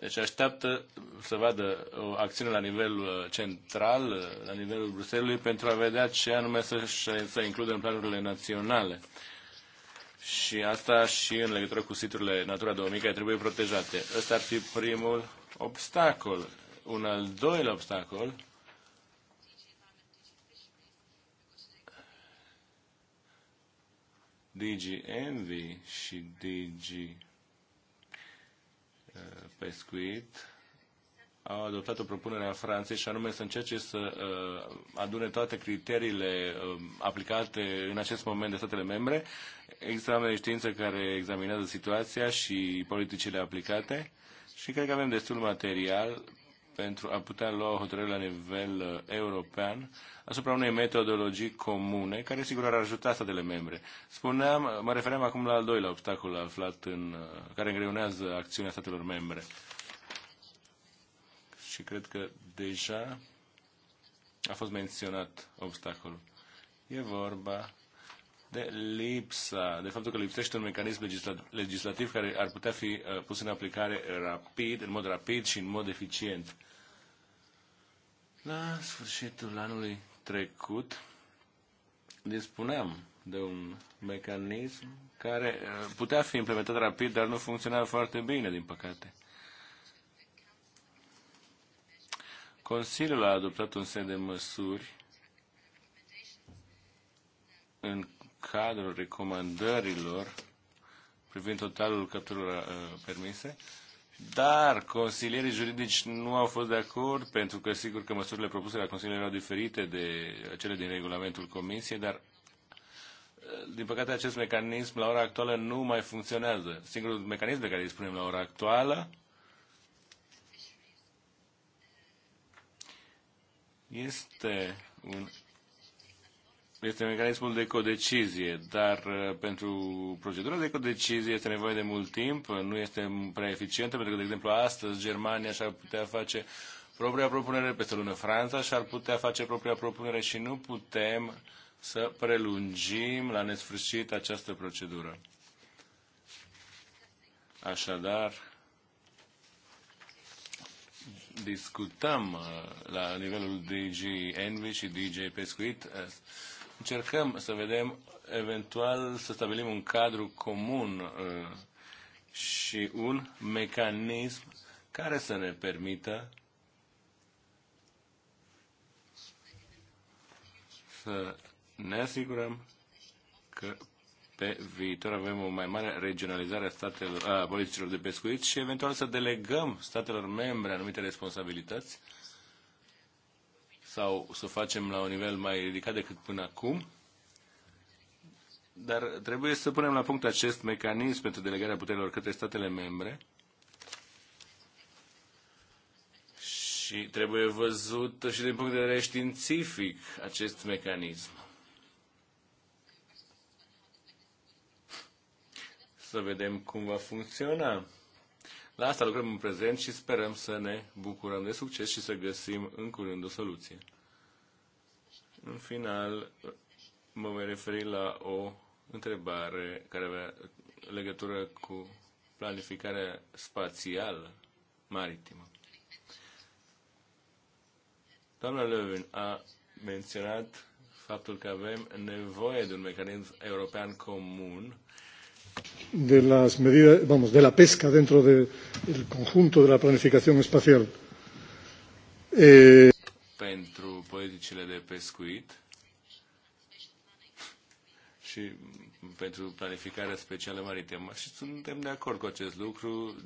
Deci așteaptă să vadă o acțiune la nivel uh, central, uh, la nivelul Bruselului, pentru a vedea ce anume să, să includă în planurile naționale și asta și în legătură cu siturile Natura 2000 care trebuie protejate. Ăsta ar fi primul obstacol. Un al doilea obstacol DG Envy și DG eh, Pescuit au adoptat o propunere a Franței și anume să încerce să uh, adune toate criteriile uh, aplicate în acest moment de statele membre, oameni de știință care examinează situația și politicile aplicate și cred că avem destul material pentru a putea lua o hotărâre la nivel uh, european asupra unei metodologii comune, care sigur ar ajuta statele membre. Spuneam, mă refeream acum la al doilea obstacol aflat în, uh, care îngreunează acțiunea statelor membre. Uh, și cred că deja a fost menționat obstacolul. E vorba de lipsa, de faptul că lipsește un mecanism legislativ care ar putea fi uh, pus în aplicare rapid, în mod rapid și în mod eficient. La sfârșitul anului trecut dispuneam de un mecanism care uh, putea fi implementat rapid, dar nu funcționa foarte bine, din păcate. Consiliul a adoptat un set de măsuri în cadrul recomandărilor privind totalul capturilor uh, permise, dar consilierii juridici nu au fost de acord pentru că sigur că măsurile propuse la Consiliu erau diferite de cele din regulamentul Comisiei, dar uh, din păcate acest mecanism la ora actuală nu mai funcționează. Singurul mecanism de care dispunem la ora actuală Este un este mecanismul de codecizie, dar uh, pentru procedura de codecizie este nevoie de mult timp, nu este prea eficientă, pentru că, de exemplu, astăzi Germania și-ar putea face propria propunere, peste lună Franța și-ar putea face propria propunere și nu putem să prelungim la nesfârșit această procedură. Așadar, discutăm uh, la nivelul DG Envy și DG Pescuit. Uh, încercăm să vedem eventual să stabilim un cadru comun uh, și un mecanism care să ne permită să ne asigurăm că pe viitor avem o mai mare regionalizare a, statelor, a politicilor de pescuit și eventual să delegăm statelor membre anumite responsabilități sau să o facem la un nivel mai ridicat decât până acum. Dar trebuie să punem la punct acest mecanism pentru delegarea puterilor către statele membre și trebuie văzut și din punct de vedere științific acest mecanism. să vedem cum va funcționa. La asta lucrăm în prezent și sperăm să ne bucurăm de succes și să găsim în curând o soluție. În final, mă voi referi la o întrebare care avea legătură cu planificarea spațială maritimă. Doamna Levin a menționat faptul că avem nevoie de un mecanism european comun de las medidas, vamos, de la pesca dentro del de conjunto de la planificación espacial. Eh... Pentru politicile de pescuit și pentru planificarea specială maritimă. Și suntem de acord cu acest lucru.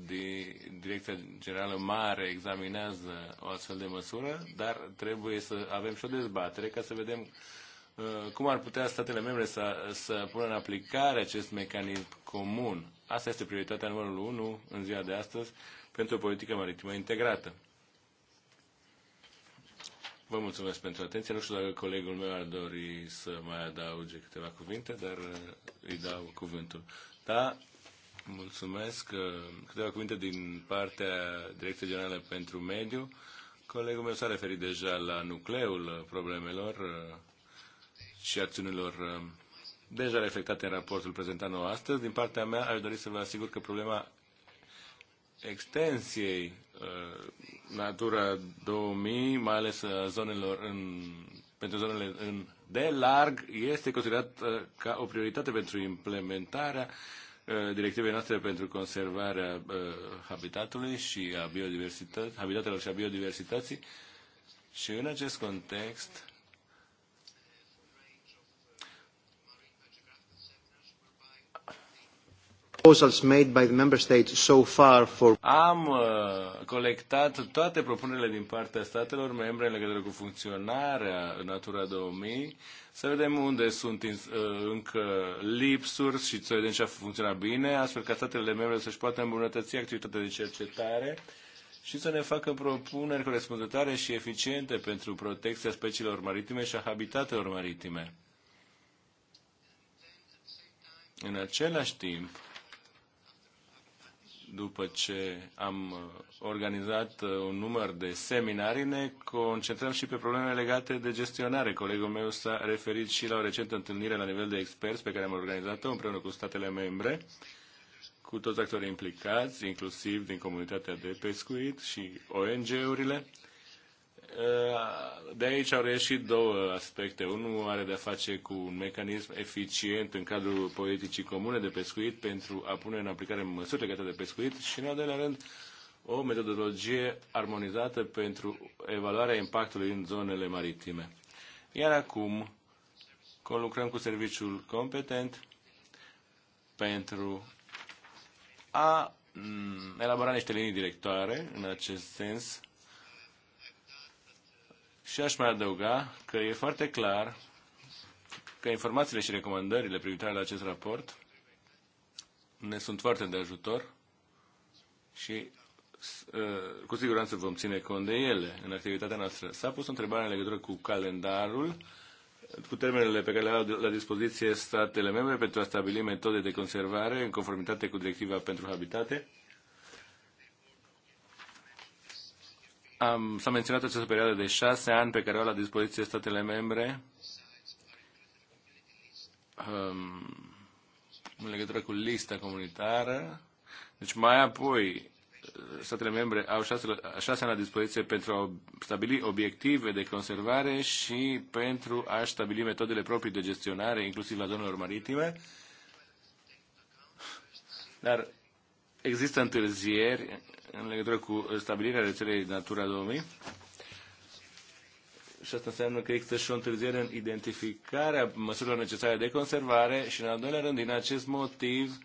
Direcția Generală Mare examinează o astfel de măsură, dar trebuie să avem și o dezbatere ca să vedem Uh, cum ar putea statele membre să, să pună în aplicare acest mecanism comun. Asta este prioritatea numărul 1 în ziua de astăzi pentru o politică maritimă integrată. Vă mulțumesc pentru atenție. Nu știu dacă colegul meu ar dori să mai adauge câteva cuvinte, dar uh, îi dau cuvântul. Da, mulțumesc. Uh, câteva cuvinte din partea Direcției Generală pentru Mediu. Colegul meu s-a referit deja la nucleul problemelor și acțiunilor um, deja reflectate în raportul prezentat nou astăzi. Din partea mea, aș dori să vă asigur că problema extensiei uh, Natura 2000, mai ales uh, zonelor în, pentru zonele în, de larg, este considerat uh, ca o prioritate pentru implementarea directivei noastre pentru conservarea habitatului și a biodiversității, habitatelor și a biodiversității. Și în acest context, Am colectat toate propunerile din partea statelor membre în legătură cu funcționarea Natura 2000, să vedem unde sunt uh, încă lipsuri și să vedem ce a funcționat bine, astfel ca statele membre să-și poată îmbunătăți activitatea de cercetare și să ne facă propuneri corespunzătoare și eficiente pentru protecția speciilor maritime și a habitatelor maritime. În același timp, după ce am uh, organizat uh, un număr de seminarii, ne concentrăm și pe probleme legate de gestionare. Colegul meu s-a referit și la o recentă întâlnire la nivel de experți pe care am organizat-o împreună cu statele membre, cu toți actorii implicați, inclusiv din comunitatea de pescuit și ONG-urile, Eh, de aici au reieșit două aspecte. Unul are de-a face cu un mecanism eficient în cadrul politicii comune de pescuit pentru a pune în aplicare măsuri legate de pescuit și, în al doilea rând, o metodologie armonizată pentru evaluarea impactului în zonele maritime. Iar acum conlucrăm cu serviciul competent pentru a mm, elabora niște linii directoare în acest sens și aș mai adăuga că e foarte clar că informațiile și recomandările privitoare la acest raport ne sunt foarte de ajutor și uh, cu siguranță vom ține cont de ele în activitatea noastră. S-a pus o întrebare în legătură cu calendarul, cu termenele pe care le au la dispoziție statele membre pentru a stabili metode de conservare în conformitate cu directiva pentru habitate Am, s-a menționat această perioadă de șase ani pe care o au la dispoziție statele membre um, în legătură cu lista comunitară. Deci mai apoi statele membre au șase, șase ani la dispoziție pentru a stabili obiective de conservare și pentru a stabili metodele proprii de gestionare, inclusiv la zonelor maritime. Dar există întârzieri în legătură cu stabilirea rețelei Natura 2000 și asta înseamnă că există și o întârziere în identificarea măsurilor necesare de conservare și, în al doilea rând, din acest motiv,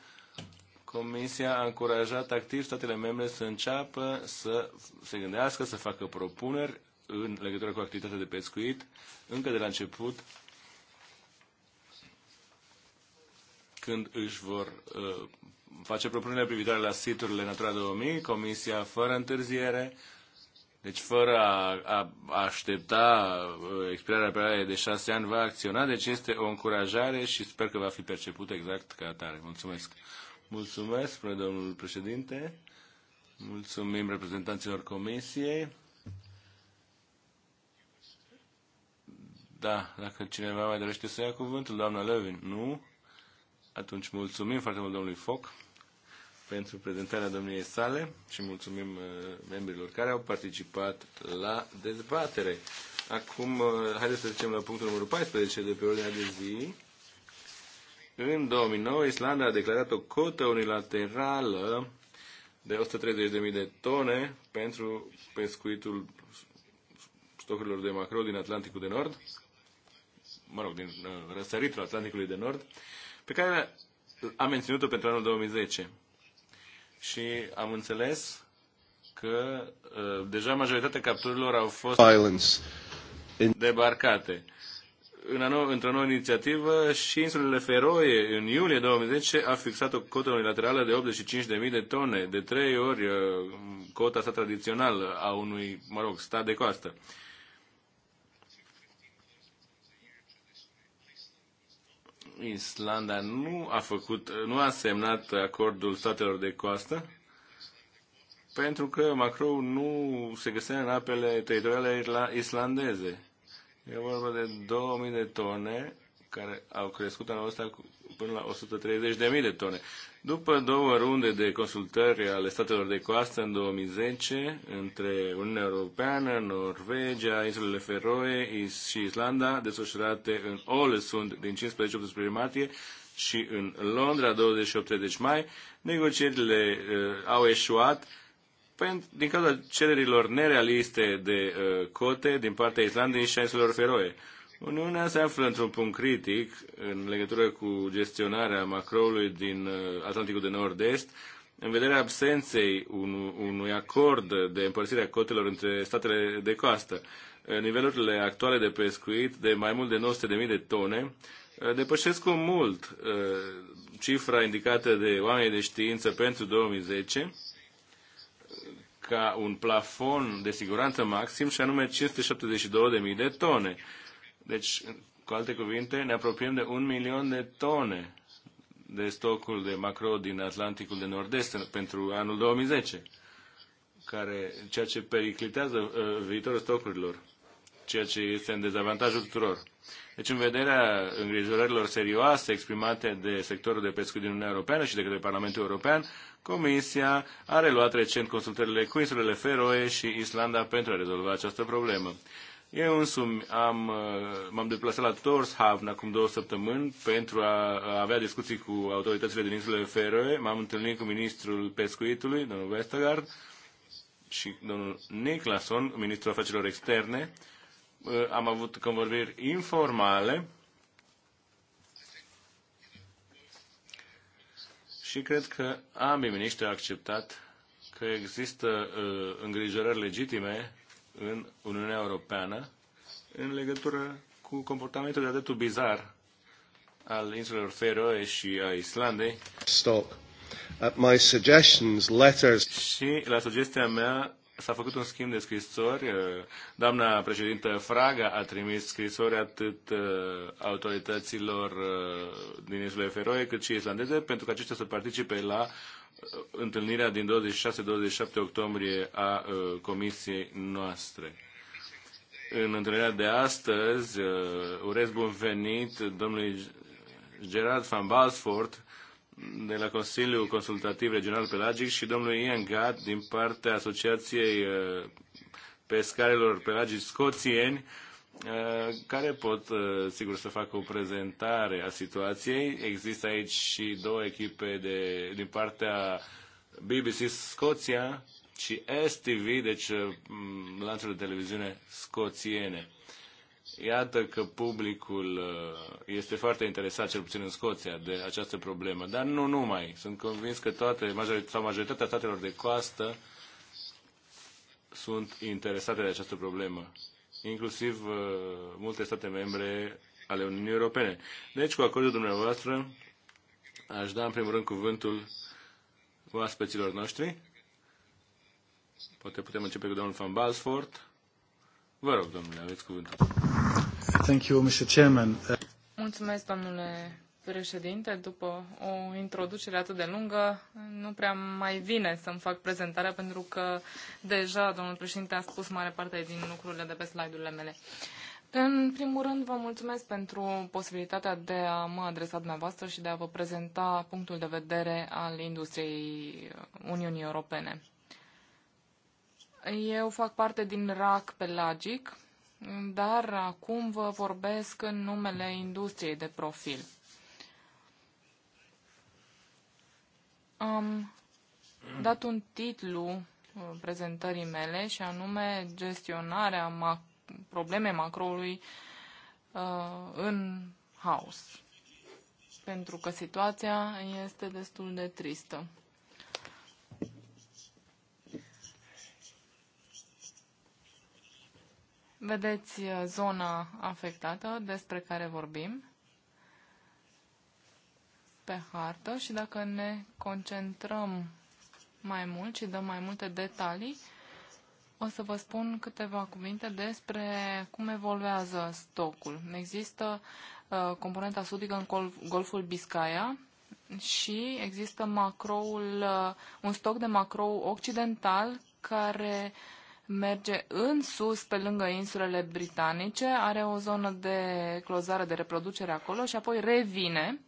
Comisia a încurajat activ statele membre să înceapă să se gândească, să facă propuneri în legătură cu activitatea de pescuit, încă de la început, când își vor uh, face propunerile privitoare la siturile Natura 2000, Comisia fără întârziere, deci fără a, a, aștepta uh, expirarea perioadei de șase ani va acționa, deci este o încurajare și sper că va fi percepută exact ca atare. Mulțumesc! Mulțumesc, domnul președinte. Mulțumim reprezentanților comisiei. Da, dacă cineva mai dorește să ia cuvântul, doamna Levin, nu? Atunci mulțumim foarte mult domnului Foc pentru prezentarea domniei sale și mulțumim uh, membrilor care au participat la dezbatere. Acum, uh, haideți să trecem la punctul numărul 14 de pe ordinea de zi. În 2009, Islanda a declarat o cotă unilaterală de 130.000 de tone pentru pescuitul stocurilor de macro din Atlanticul de Nord, mă rog, din uh, răsăritul Atlanticului de Nord, pe care am menținut-o pentru anul 2010. Și am înțeles că uh, deja majoritatea capturilor au fost Violence. debarcate. În anul, într-o nouă inițiativă și insulele Feroe, în iulie 2010, a fixat o cotă unilaterală de 85.000 de tone, de trei ori uh, cota sa tradițională a unui, mă rog, stat de coastă. Uh, Islanda nu a făcut, nu a semnat acordul statelor de coastă pentru că Macron nu se găsea în apele teritoriale islandeze. E vorba de 2000 de tone care au crescut anul ăsta până la 130.000 de tone. După două runde de consultări ale statelor de coastă în 2010 între Uniunea Europeană, Norvegia, insulele Feroe și Islanda, desfășurate în Ålesund din 15-18 martie și în Londra 28 mai, negocierile uh, au eșuat din cauza cererilor nerealiste de uh, cote din partea Islandei și a insulelor Feroe. Uh, Uniunea se află într-un punct critic în legătură cu gestionarea macroului din uh, Atlanticul de Nord-Est, în vederea absenței un, unui acord de împărțire a cotelor între statele de coastă. Uh, nivelurile actuale de pescuit de mai mult de 900.000 de tone uh, depășesc cu mult cifra indicată de oameni de știință pentru 2010 ca un plafon de siguranță maxim și anume 572.000 de tone. Deci, cu alte cuvinte, ne apropiem de un milion de tone de stocul de macro din Atlanticul de Nord-Est pentru anul 2010, care, ceea ce periclitează uh, viitorul stocurilor, ceea ce este în dezavantajul tuturor. Deci, în vederea îngrijorărilor serioase exprimate de sectorul de pescuit din Uniunea Europeană și de către Parlamentul European, Comisia a reluat recent consultările cu insulele Feroe și Islanda pentru a rezolva această problemă. Eu însumi am, uh, m-am deplasat la Torshavn acum două săptămâni pentru a avea discuții cu autoritățile din insulele Feroe. M-am întâlnit cu ministrul pescuitului, domnul Westergaard, și domnul Niklason, ministrul afacerilor externe. Uh, am avut convorbiri informale și cred că ambii miniștri au acceptat că există uh, îngrijorări legitime în Uniunea Europeană în legătură cu comportamentul de-a dreptul bizar al insulelor Feroe și a Islandei. Stop. At my suggestions, letters... Și la sugestia mea, S-a făcut un schimb de scrisori. Uh, doamna președintă Fraga a trimis scrisori atât uh, autorităților uh, din insule Feroe cât și islandeze pentru că aceștia să participe la întâlnirea din 26-27 octombrie a comisiei noastre. În întâlnirea de astăzi urez bun venit domnului Gerard van Balsford, de la Consiliul Consultativ Regional Pelagic și domnul Ian Gat din partea Asociației uh, Pescarilor Pelagici Scoțieni, uh, care pot, uh, sigur, să facă o prezentare a situației. Există aici și două echipe de, din partea BBC Scoția și STV, deci lanțul de televiziune scoțiene. Iată că publicul uh, este foarte interesat, cel puțin în Scoția, de această problemă. Dar nu numai. Sunt convins că toate, sau majoritatea statelor de coastă sunt interesate de această problemă. Inclusiv uh, multe state membre ale Uniunii Europene. Deci, cu acordul dumneavoastră, aș da în primul rând cuvântul oaspeților noștri. Poate putem începe cu domnul Van Balsford. Vă rog, domnule, aveți cuvântul. Thank you, Mr. Chairman. Mulțumesc, domnule președinte. După o introducere atât de lungă, nu prea mai vine să-mi fac prezentarea, pentru că deja domnul președinte a spus mare parte din lucrurile de pe slide-urile mele. În primul rând, vă mulțumesc pentru posibilitatea de a mă adresa dumneavoastră și de a vă prezenta punctul de vedere al industriei Uniunii Europene. Eu fac parte din RAC Pelagic, dar acum vă vorbesc în numele industriei de profil. Am dat un titlu uh, prezentării mele și anume gestionarea ma- problemei macroului uh, în haos. Pentru că situația este destul de tristă. Vedeți uh, zona afectată despre care vorbim pe hartă și dacă ne concentrăm mai mult și dăm mai multe detalii, o să vă spun câteva cuvinte despre cum evoluează stocul. Există uh, componenta sudică în Golful Biscaya și există macroul, uh, un stoc de macrou occidental care uh, merge în sus, pe lângă insulele britanice, are o zonă de clozare, de reproducere acolo și apoi revine.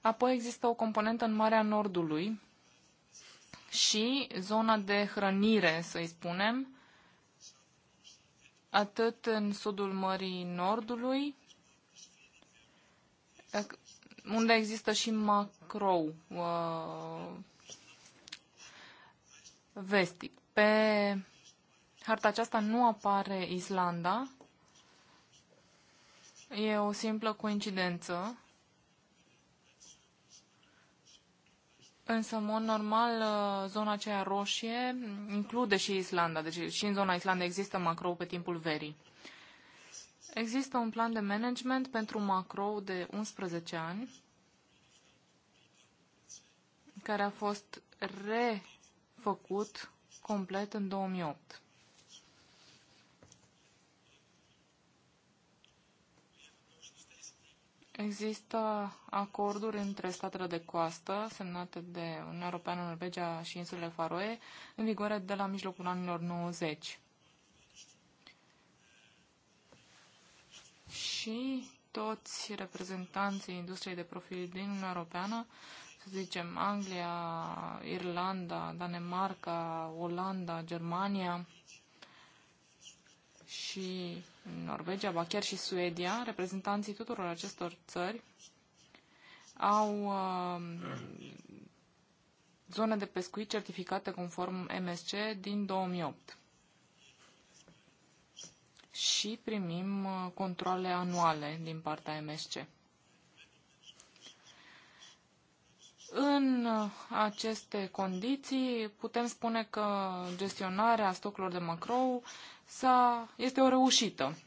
Apoi există o componentă în Marea Nordului și zona de hrănire, să-i spunem, atât în sudul Mării Nordului, unde există și macrou uh, vestic. Pe harta aceasta nu apare Islanda. E o simplă coincidență. Însă, în mod normal, zona aceea roșie include și Islanda, deci și în zona Islanda există macro pe timpul verii. Există un plan de management pentru macro de 11 ani, care a fost refăcut complet în 2008. Există acorduri între statele de coastă, semnate de Uniunea Europeană, Norvegia și insulele Faroe, în vigoare de la mijlocul anilor 90. Și toți reprezentanții industriei de profil din Uniunea Europeană, să zicem Anglia, Irlanda, Danemarca, Olanda, Germania și Norvegia, ba chiar și Suedia, reprezentanții tuturor acestor țări au uh, zone de pescuit certificate conform MSC din 2008. Și primim uh, controle anuale din partea MSC. În uh, aceste condiții putem spune că gestionarea stocurilor de macrou s-a, este o reușită.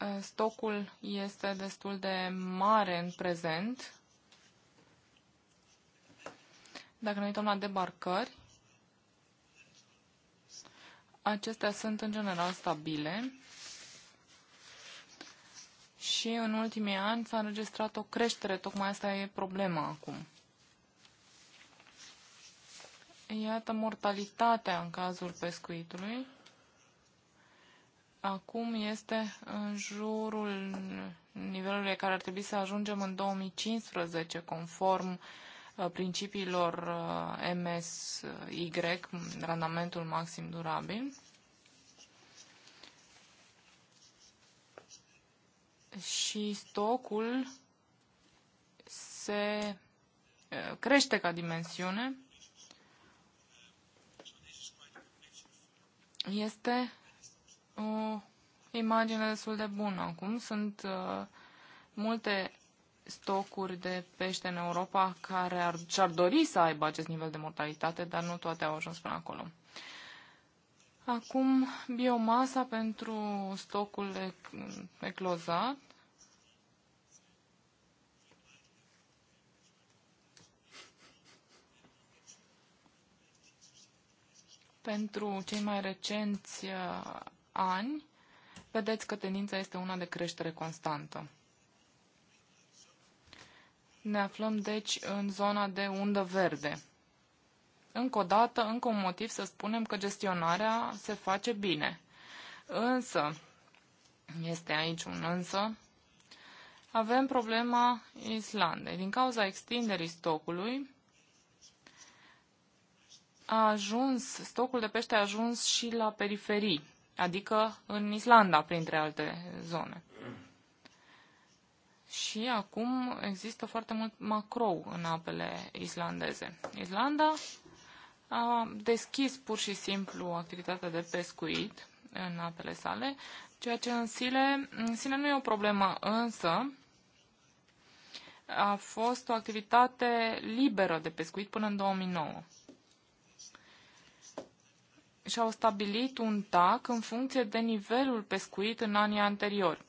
Ă, stocul este destul de mare în prezent. Dacă ne uităm la debarcări, acestea sunt în general stabile și în ultimii ani s-a înregistrat o creștere, tocmai asta e problema acum. Iată mortalitatea în cazul pescuitului. Acum este în jurul nivelului care ar trebui să ajungem în 2015, conform uh, principiilor uh, MSY, randamentul maxim durabil. și stocul se crește ca dimensiune. Este o imagine destul de bună acum. Sunt uh, multe stocuri de pește în Europa care ar, și-ar dori să aibă acest nivel de mortalitate, dar nu toate au ajuns până acolo. Acum, biomasa pentru stocul eclozat. Pentru cei mai recenți uh, ani, vedeți că tendința este una de creștere constantă. Ne aflăm, deci, în zona de undă verde încă o dată, încă un motiv să spunem că gestionarea se face bine. Însă, este aici un însă, avem problema Islandei. Din cauza extinderii stocului, a ajuns, stocul de pește a ajuns și la periferii, adică în Islanda, printre alte zone. Și acum există foarte mult macrou în apele islandeze. Islanda a deschis pur și simplu activitatea de pescuit în apele sale, ceea ce în sine, în sine nu e o problemă, însă a fost o activitate liberă de pescuit până în 2009. Și au stabilit un TAC în funcție de nivelul pescuit în anii anteriori.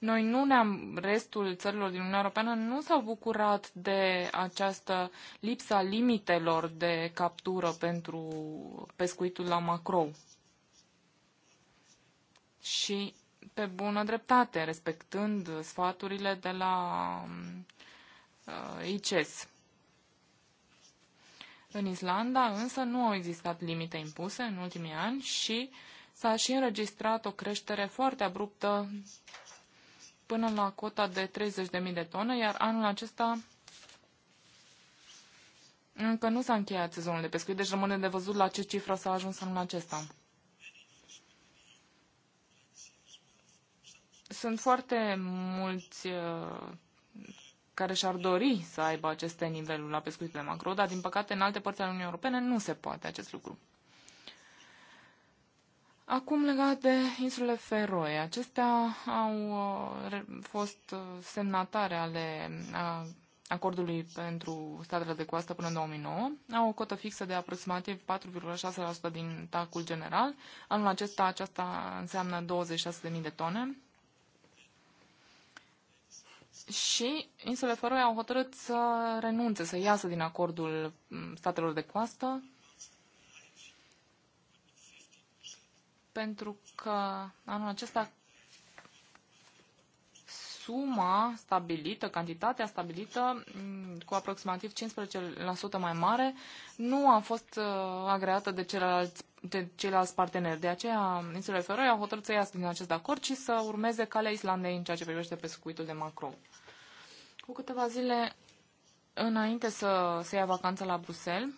Noi nu ne-am, restul țărilor din Uniunea Europeană nu s-au bucurat de această lipsa limitelor de captură pentru pescuitul la macrou. Și pe bună dreptate, respectând sfaturile de la uh, ICES. În Islanda însă nu au existat limite impuse în ultimii ani și s-a și înregistrat o creștere foarte abruptă până la cota de 30.000 de tone, iar anul acesta încă nu s-a încheiat sezonul de pescuit, deci rămâne de văzut la ce cifră s-a ajuns anul acesta. Sunt foarte mulți uh, care și-ar dori să aibă aceste niveluri la pescuitul de macro, dar din păcate în alte părți ale Uniunii Europene nu se poate acest lucru. Acum legat de insulele Feroe, acestea au uh, fost uh, semnatare ale uh, acordului pentru statele de coastă până în 2009, au o cotă fixă de aproximativ 4,6% din tacul general. Anul acesta aceasta înseamnă 26.000 de tone. Și insulele Feroe au hotărât să renunțe, să iasă din acordul mm, statelor de coastă pentru că anul acesta suma stabilită, cantitatea stabilită, mm, cu aproximativ 15% mai mare, nu a fost uh, agreată de ceilalți, de ceilalți parteneri. De aceea, insulele Feroe au hotărât să iasă din acest acord și să urmeze calea Islandei în ceea ce privește pescuitul de macro. Cu câteva zile înainte să se ia vacanța la Bruxelles,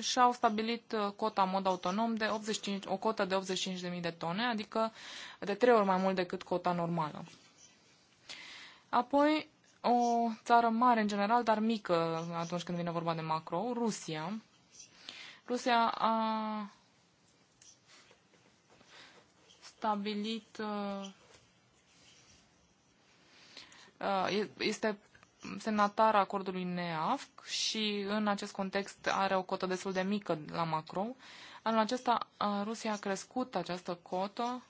și-au stabilit uh, cota în mod autonom de 85, o cotă de 85.000 de tone, adică de trei ori mai mult decât cota normală. Apoi, o țară mare în general, dar mică atunci când vine vorba de macro, Rusia. Rusia a stabilit uh, uh, este semnatar a acordului NEAFC și în acest context are o cotă destul de mică la macro. Anul acesta Rusia a crescut această cotă,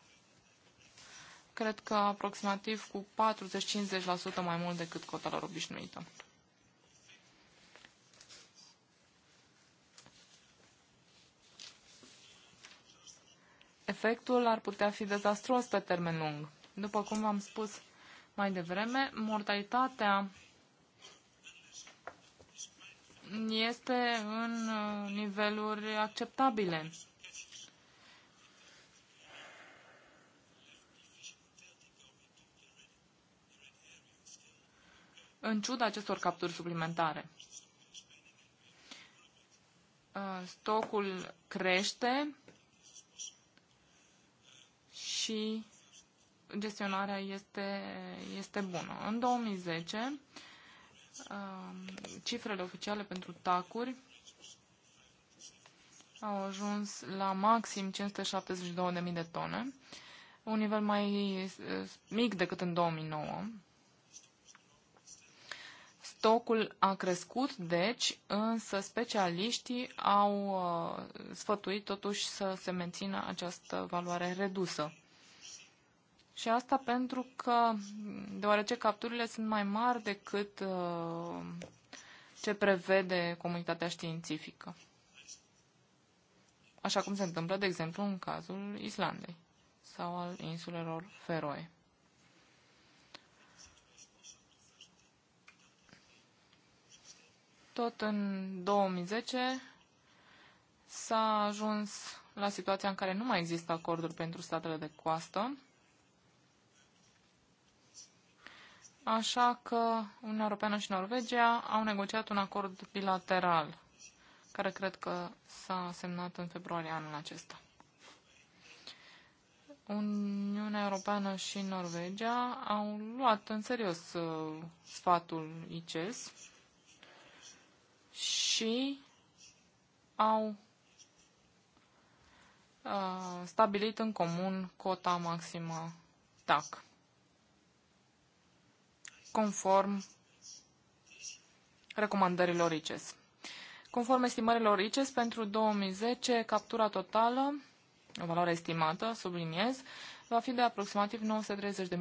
cred că aproximativ cu 40-50% mai mult decât cota lor obișnuită. Efectul ar putea fi dezastruos pe termen lung. După cum v-am spus mai devreme, mortalitatea este în uh, niveluri acceptabile. în ciuda acestor capturi suplimentare. Uh, stocul crește și gestionarea este, este bună. În 2010 cifrele oficiale pentru tacuri au ajuns la maxim 572.000 de tone, un nivel mai eh, mic decât în 2009. Stocul a crescut, deci, însă specialiștii au eh, sfătuit totuși să se mențină această valoare redusă. Și asta pentru că, deoarece capturile sunt mai mari decât uh, ce prevede comunitatea științifică. Așa cum se întâmplă, de exemplu, în cazul Islandei sau al insulelor Feroe. Tot în 2010 s-a ajuns la situația în care nu mai există acorduri pentru statele de coastă, Așa că Uniunea Europeană și Norvegia au negociat un acord bilateral, care cred că s-a semnat în februarie anul acesta. Uniunea Europeană și Norvegia au luat în serios uh, sfatul ICES și au uh, stabilit în comun cota maximă TAC conform recomandărilor ICES. Conform estimărilor ICES, pentru 2010, captura totală, o valoare estimată, subliniez, va fi de aproximativ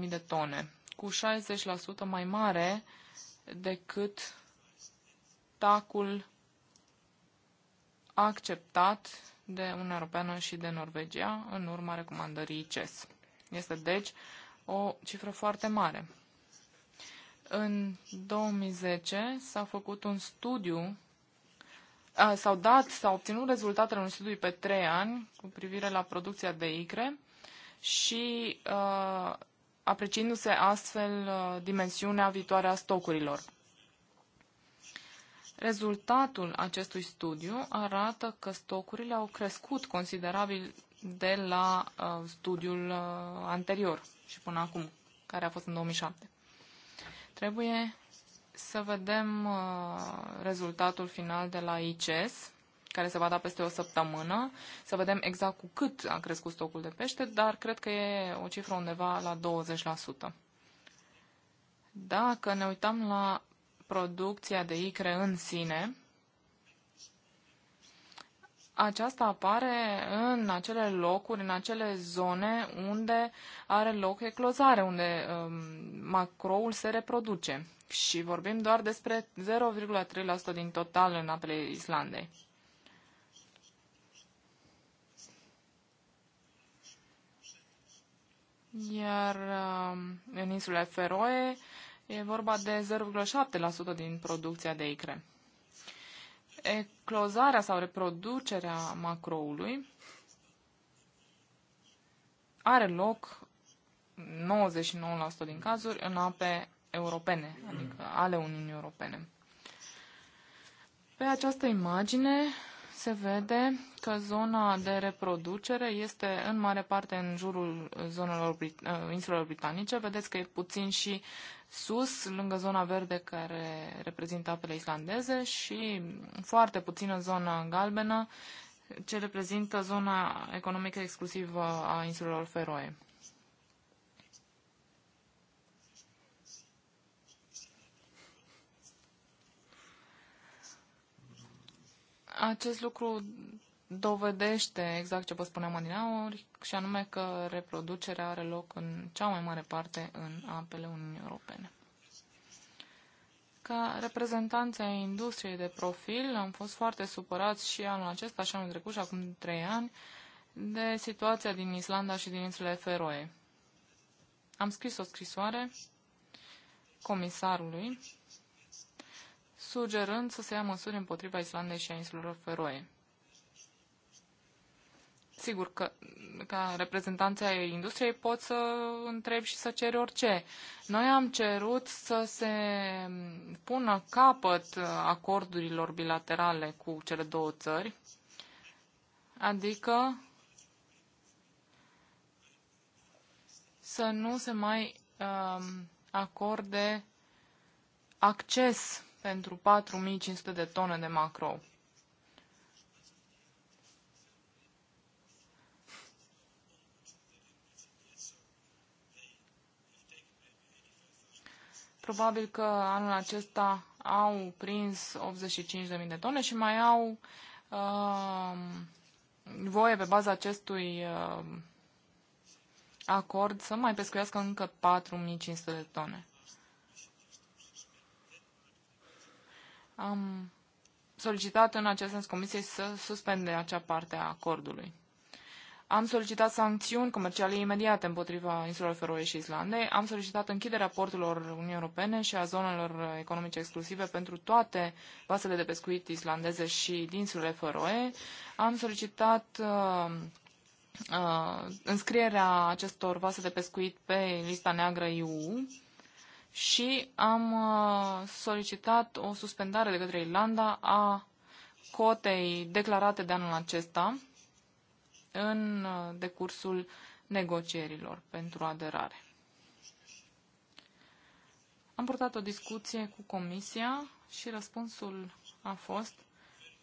930.000 de tone, cu 60% mai mare decât tacul acceptat de Uniunea Europeană și de Norvegia în urma recomandării ICES. Este, deci, o cifră foarte mare. În 2010 s-a făcut un studiu, s-au dat, s-au obținut rezultatele unui studiu pe trei ani cu privire la producția de icre și uh, apreciindu-se astfel uh, dimensiunea viitoare a stocurilor. Rezultatul acestui studiu arată că stocurile au crescut considerabil de la uh, studiul uh, anterior și până acum, care a fost în 2007. Trebuie să vedem uh, rezultatul final de la ICS, care se va da peste o săptămână, să vedem exact cu cât a crescut stocul de pește, dar cred că e o cifră undeva la 20%. Dacă ne uităm la producția de icre în sine, aceasta apare în acele locuri, în acele zone unde are loc eclozare, unde um, macroul se reproduce. Și vorbim doar despre 0,3% din total în apele Islandei. Iar um, în insulele Feroe e vorba de 0,7% din producția de icre eclozarea sau reproducerea macroului are loc 99% din cazuri în ape europene, adică ale Uniunii Europene. Pe această imagine se vede că zona de reproducere este în mare parte în jurul zonelor uh, insulelor britanice. Vedeți că e puțin și sus, lângă zona verde care reprezintă apele islandeze și foarte puțină zona galbenă, ce reprezintă zona economică exclusivă a insulelor Feroe. Acest lucru dovedește exact ce vă spuneam adineauri, și anume că reproducerea are loc în cea mai mare parte în apele Uniunii Europene. Ca reprezentanța industriei de profil, am fost foarte supărați și anul acesta, și anul trecut, și acum trei ani, de situația din Islanda și din insulele Feroe. Am scris o scrisoare comisarului, sugerând să se ia măsuri împotriva Islandei și a insulelor Feroe. Sigur că, ca reprezentanța industriei, pot să întreb și să ceri orice. Noi am cerut să se pună capăt acordurilor bilaterale cu cele două țări, adică să nu se mai uh, acorde acces pentru 4500 de tone de macro. Probabil că anul acesta au prins 85.000 de tone și mai au uh, voie pe baza acestui uh, acord să mai pescuiască încă 4.500 de tone. Am solicitat în acest sens comisiei să suspende acea parte a acordului. Am solicitat sancțiuni comerciale imediate împotriva insulelor Feroe și Islandei. Am solicitat închiderea porturilor Uniunii Europene și a zonelor economice exclusive pentru toate vasele de pescuit islandeze și din insulele Feroe. Am solicitat uh, uh, înscrierea acestor vase de pescuit pe lista neagră EU și am uh, solicitat o suspendare de către Irlanda a cotei declarate de anul acesta în uh, decursul negocierilor pentru aderare. Am purtat o discuție cu Comisia și răspunsul a fost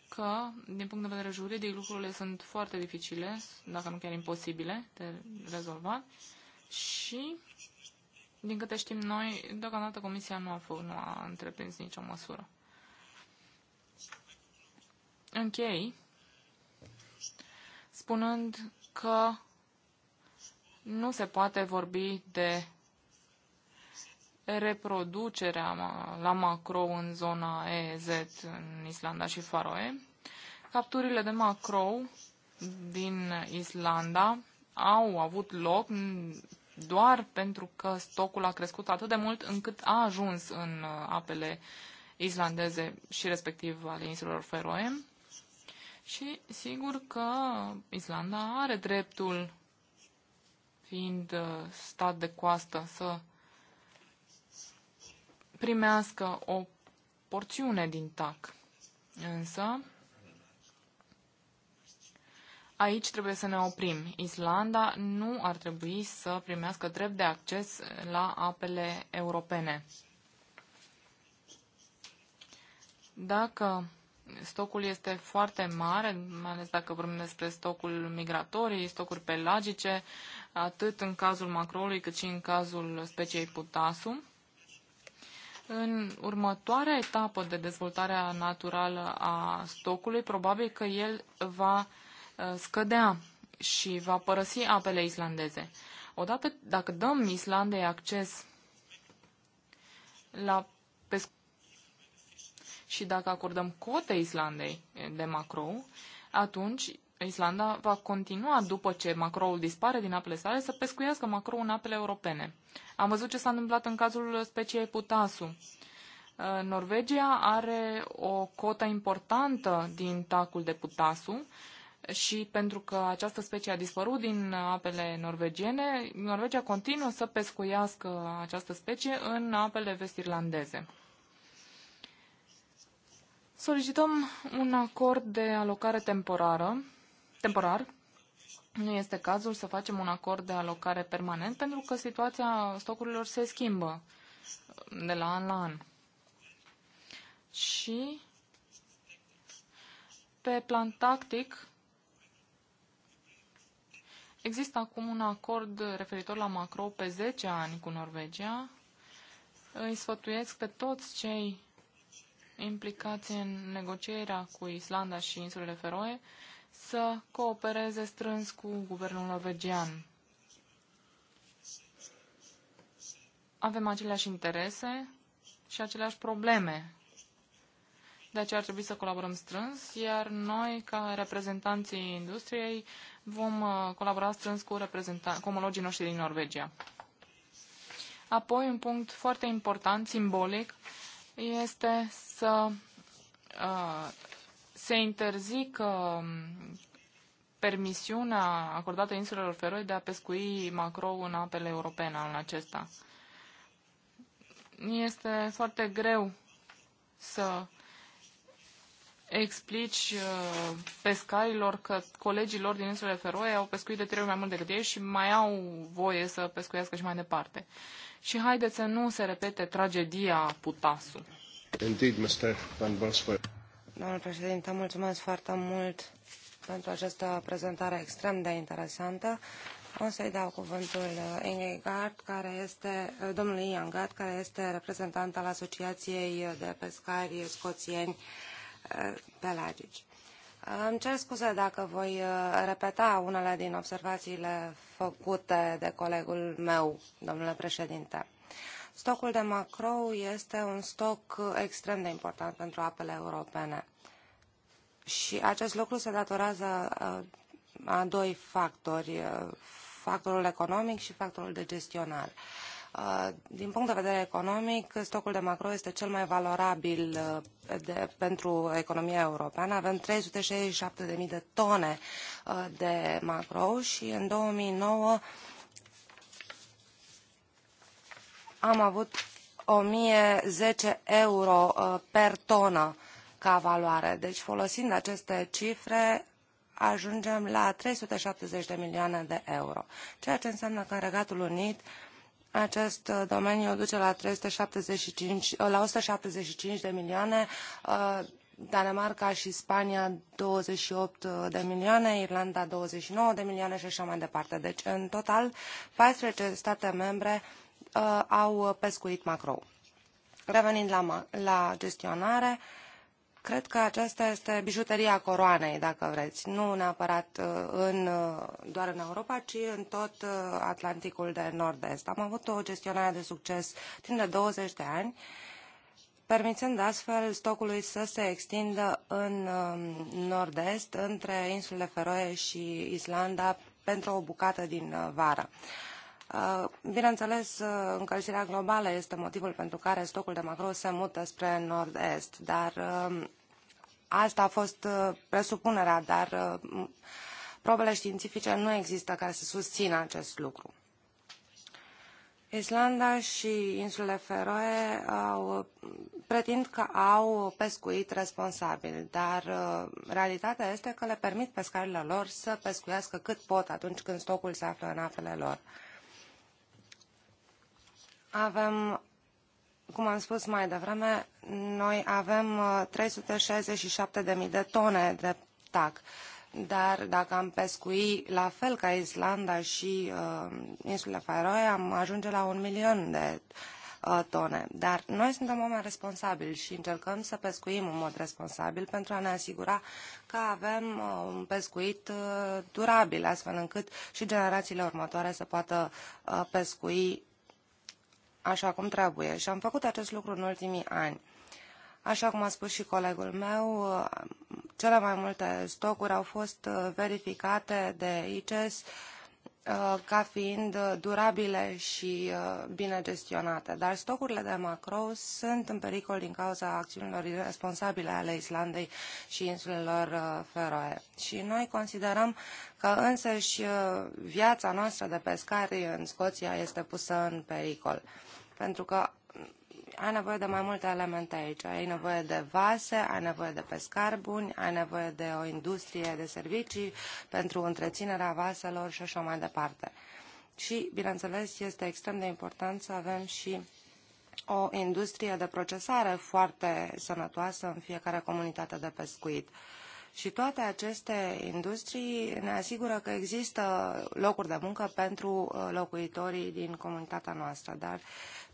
că, din punct de vedere juridic, lucrurile sunt foarte dificile, dacă nu chiar imposibile de rezolvat și, din câte știm noi, deocamdată Comisia nu a, făcut, nu a întreprins nicio măsură. Închei spunând că nu se poate vorbi de reproducerea la macro în zona EZ în Islanda și Faroe. Capturile de macro din Islanda au avut loc doar pentru că stocul a crescut atât de mult încât a ajuns în uh, apele islandeze și respectiv ale insulelor Feroe. Și sigur că Islanda are dreptul, fiind uh, stat de coastă, să primească o porțiune din TAC. Însă, aici trebuie să ne oprim. Islanda nu ar trebui să primească drept de acces la apele europene. Dacă stocul este foarte mare, mai ales dacă vorbim despre stocul migratorii, stocuri pelagice, atât în cazul macroului cât și în cazul speciei putasu. În următoarea etapă de dezvoltare naturală a stocului, probabil că el va uh, scădea și va părăsi apele islandeze. Odată, dacă dăm Islandei acces la pesc și dacă acordăm cote Islandei de macro, atunci Islanda va continua, după ce macroul dispare din apele sale, să pescuiască macroul în apele europene. Am văzut ce s-a întâmplat în cazul speciei putasu. Uh, Norvegia are o cotă importantă din tacul de putasu și pentru că această specie a dispărut din apele norvegiene, Norvegia continuă să pescuiască această specie în apele vestirlandeze. Solicităm un acord de alocare temporară, temporar. Nu este cazul să facem un acord de alocare permanent pentru că situația stocurilor se schimbă de la an la an. Și pe plan tactic există acum un acord referitor la macro pe 10 ani cu Norvegia. Îi sfătuiesc pe toți cei implicați în negocierea cu Islanda și insulele Feroe să coopereze strâns cu guvernul norvegian. Avem aceleași interese și aceleași probleme. De aceea ar trebui să colaborăm strâns, iar noi, ca reprezentanții industriei, vom uh, colabora strâns cu, cu omologii noștri din Norvegia. Apoi, un punct foarte important, simbolic, este să uh, se interzică um, permisiunea acordată insulelor Feroe de a pescui macrou în apele europene anul acesta. Este foarte greu să explici uh, pescarilor că colegilor din insulele Feroe au pescuit de trei ori mai mult decât ei și mai au voie să pescuiască și mai departe și haideți să nu se repete tragedia Putasu. Indeed, Mr. Van Bosworth. Domnul președinte, mulțumesc foarte mult pentru această prezentare extrem de interesantă. O să-i dau cuvântul Ingei Gard, care este, domnului Ian Gard, care este reprezentant al Asociației de Pescari Scoțieni eh, Pelagici. Îmi cer scuze dacă voi uh, repeta unele din observațiile făcute de colegul meu, domnule președinte. Stocul de macrou este un stoc extrem de important pentru apele europene. Și acest lucru se datorează uh, a doi factori, uh, factorul economic și factorul de gestionare. Uh, din punct de vedere economic, stocul de macro este cel mai valorabil uh, de, pentru economia europeană. Avem 367.000 de tone uh, de macro și în 2009 am avut 1010 euro per tonă ca valoare. Deci folosind aceste cifre ajungem la 370 de milioane de euro, ceea ce înseamnă că în Regatul Unit uh, acest uh, domeniu duce la, 375, uh, la 175 de milioane, uh, Danemarca și Spania 28 de milioane, Irlanda 29 de milioane și așa mai departe. Deci, în total, 14 state membre au pescuit macro. Revenind la, la gestionare, uh, Cred că aceasta este bijuteria coroanei, dacă vreți, nu neapărat uh, în, uh, doar în Europa, ci în tot uh, Atlanticul de Nord-Est. Am avut o gestionare de succes timp de 20 de ani, permițând astfel stocului să se extindă în um, Nord-Est, între insulele Feroe și Islanda, pentru o bucată din vară. Bineînțeles, încălzirea globală este motivul pentru care stocul de macro se mută spre nord-est, dar um, asta a fost uh, presupunerea, dar uh, probele științifice nu există care să susțină acest lucru. Islanda și insulele Feroe au, pretind că au pescuit responsabil, dar uh, realitatea este că le permit pescarilor lor să pescuiască cât pot atunci când stocul se află în apele lor. Avem cum am spus mai devreme, noi avem 367.000 uh, de tone de TAC, dar dacă am pescui la fel ca Islanda și uh, insulele Faroe, am ajunge la un milion de uh, tone. Dar noi suntem oameni responsabili și încercăm să pescuim în mod responsabil pentru a ne asigura că avem uh, un pescuit uh, durabil, astfel încât și generațiile următoare să poată uh, pescui așa cum trebuie și am făcut acest lucru în ultimii ani. Așa cum a spus și colegul meu, cele mai multe stocuri au fost uh, verificate de ICES Uh, ca fiind uh, durabile și uh, bine gestionate. Dar stocurile de macrou sunt în pericol din cauza acțiunilor irresponsabile ale Islandei și insulelor Feroe. Și noi considerăm că însăși viața noastră de pescari în Scoția este pusă în pericol. Pentru că ai nevoie de mai multe elemente aici. Ai nevoie de vase, ai nevoie de pescar buni, ai nevoie de o industrie de servicii pentru întreținerea vaselor și așa mai departe. Și, bineînțeles, este extrem de important să avem și o industrie de procesare foarte sănătoasă în fiecare comunitate de pescuit. Și toate aceste industrii ne asigură că există locuri de muncă pentru uh, locuitorii din comunitatea noastră, dar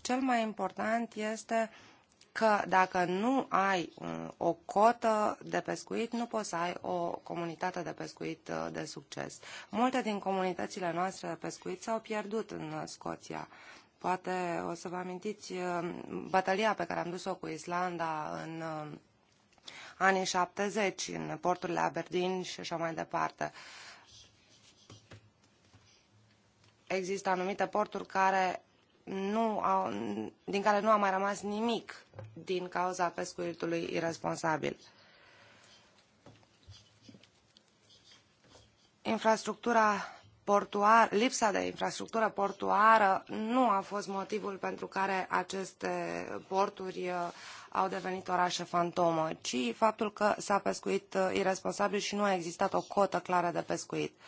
cel mai important este că dacă nu ai uh, o cotă de pescuit, nu poți să ai o comunitate de pescuit uh, de succes. Multe din comunitățile noastre de pescuit s-au pierdut în uh, Scoția. Poate o să vă amintiți bătălia pe care am dus-o cu Islanda în anii 70, în porturile Aberdeen și așa mai departe. Există anumite porturi care nu au, din care nu a mai rămas nimic din cauza pescuitului irresponsabil. Infrastructura portuar, lipsa de infrastructură portuară nu a fost motivul pentru care aceste porturi uh, au devenit orașe fantomă, ci faptul că s-a pescuit uh, irresponsabil și nu a existat o cotă clară de pescuit. Uh,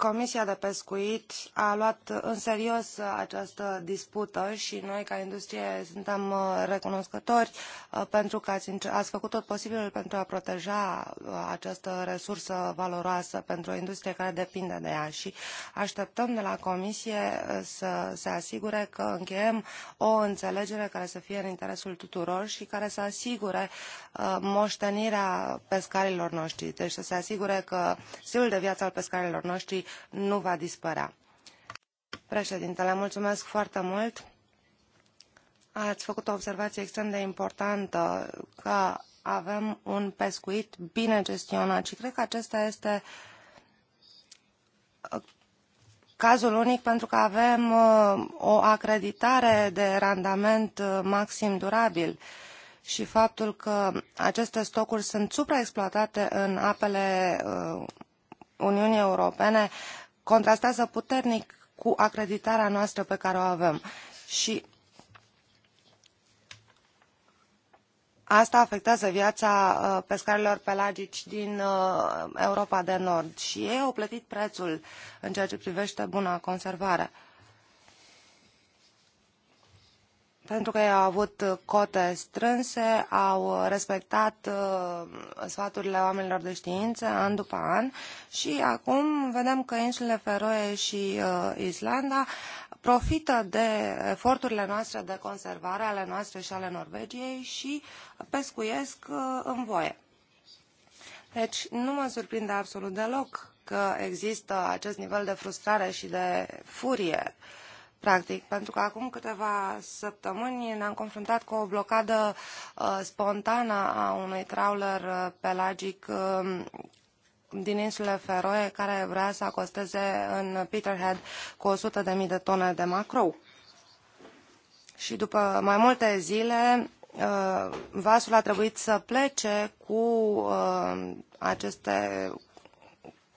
Comisia de Pescuit a luat în serios această dispută și noi, ca industrie, suntem uh, recunoscători uh, pentru că ați, ați făcut tot posibilul pentru a proteja uh, această resursă valoroasă pentru o industrie care depinde de ea și așteptăm de la Comisie să se asigure că încheiem o înțelegere care să fie în interesul tuturor și care să asigure moștenirea pescarilor noștri. Deci să se asigure că stilul de viață al pescarilor noștri nu va dispărea. Președintele, mulțumesc foarte mult. Ați făcut o observație extrem de importantă că avem un pescuit bine gestionat și cred că acesta este uh, cazul unic pentru că avem uh, o acreditare de randament uh, maxim durabil și faptul că aceste stocuri sunt supraexploatate în apele Uniunii Europene contrastează puternic cu acreditarea noastră pe care o avem. Și Asta afectează viața uh, pescarilor pelagici din uh, Europa de Nord și ei au plătit prețul în ceea ce privește buna conservare. pentru că ei au avut uh, cote strânse, au uh, respectat uh, sfaturile oamenilor de știință an după an și acum vedem că insulele Feroe și Islanda profită de eforturile noastre de conservare ale noastre și ale Norvegiei și pescuiesc în voie. Deci nu mă surprinde absolut deloc că există acest nivel de frustrare și de furie uh, practic, pentru că acum câteva săptămâni ne-am confruntat cu o blocadă uh, spontană a unui trawler uh, pelagic uh, din insulele Feroe care vrea să acosteze în Peterhead cu 100.000 de tone de macrou. Și după mai multe zile, uh, vasul a trebuit să plece cu, uh, aceste,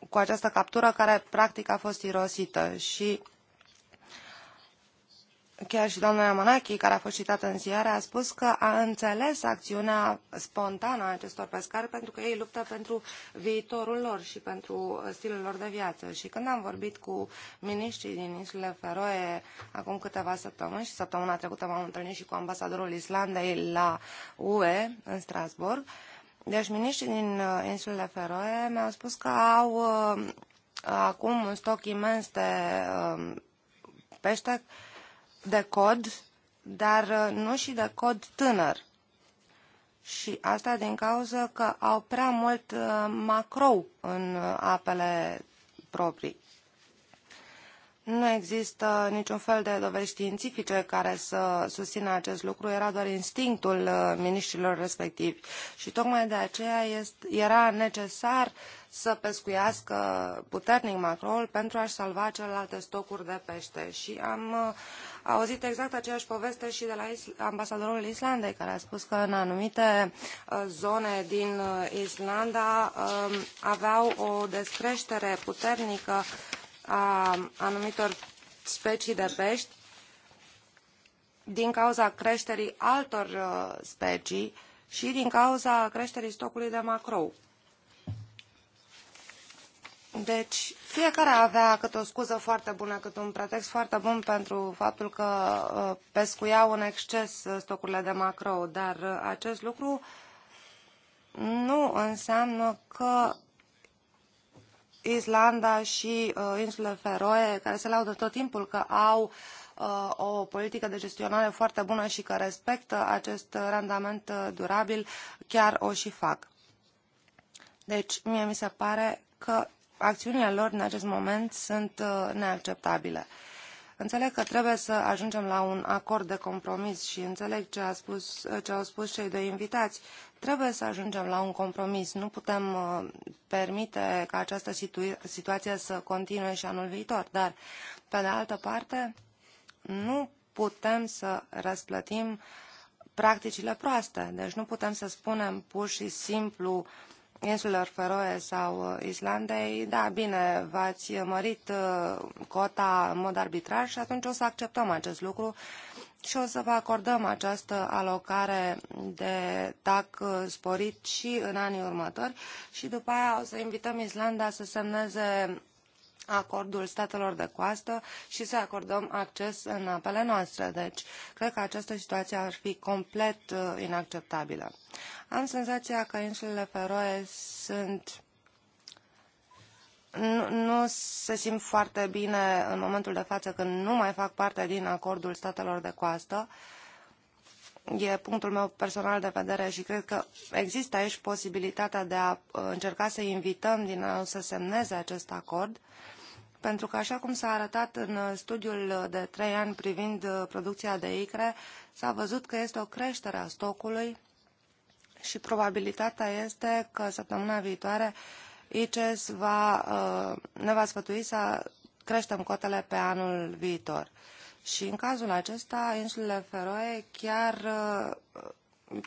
cu această captură care practic a fost irosită și chiar și domnul Amanachi, care a fost citat în ziare, a spus că a înțeles acțiunea spontană a acestor pescari pentru că ei luptă pentru viitorul lor și pentru stilul lor de viață. Și când am vorbit cu miniștrii din insulele Feroe acum câteva săptămâni și săptămâna trecută m-am întâlnit și cu ambasadorul Islandei la UE în Strasbourg, deci miniștrii din uh, insulele Feroe mi-au spus că au uh, acum un stoc imens de uh, pește de cod, dar uh, nu și de cod tânăr. Și asta din cauza că au prea mult uh, macrou în uh, apele proprii. Nu există niciun fel de dovezi științifice care să susțină acest lucru, era doar instinctul miniștrilor respectivi. Și tocmai de aceea este, era necesar uh, să pescuiască puternic macroul pentru a-și salva celelalte stocuri de pește. Și am uh, auzit exact aceeași poveste și de la ambasadorul Islandei, care a spus că în anumite uh, zone din uh, Islanda um, aveau o descreștere puternică a anumitor specii de pești din cauza creșterii altor specii și din cauza creșterii stocului de macrou. Deci, fiecare avea câte o scuză foarte bună, câte un pretext foarte bun pentru faptul că uh, pescuiau în exces uh, stocurile de macro, dar uh, acest lucru nu înseamnă că Islanda și uh, insulele Feroe, care se laudă tot timpul că au uh, o politică de gestionare foarte bună și că respectă acest randament durabil, chiar o și fac. Deci, mie mi se pare că acțiunile lor în acest moment sunt uh, neacceptabile. Înțeleg că trebuie să ajungem la un acord de compromis și înțeleg ce, a spus, ce au spus cei doi invitați. Trebuie să ajungem la un compromis. Nu putem uh, permite ca această situ- situație să continue și anul viitor, dar, pe de altă parte, nu putem să răsplătim practicile proaste. Deci nu putem să spunem pur și simplu uh, insulelor Feroe sau uh, Islandei, da, bine, v-ați uh, mărit uh, cota în mod arbitrar și atunci o să acceptăm acest lucru și o să vă acordăm această alocare de TAC sporit și în anii următori și după aia o să invităm Islanda să semneze acordul statelor de coastă și să acordăm acces în apele noastre. Deci, cred că această situație ar fi complet uh, inacceptabilă. Am senzația că insulele Feroe sunt nu, nu se simt foarte bine în momentul de față când nu mai fac parte din acordul statelor de coastă. E punctul meu personal de vedere și cred că există aici posibilitatea de a uh, încerca să invităm din nou să semneze acest acord uh, pentru că, așa cum s-a arătat în uh, studiul uh, de trei ani privind uh, producția de icre, s-a văzut că este o creștere a stocului și probabilitatea este că săptămâna viitoare ICES va, ne va sfătui să creștem cotele pe anul viitor. Și în cazul acesta, insulele Feroe chiar,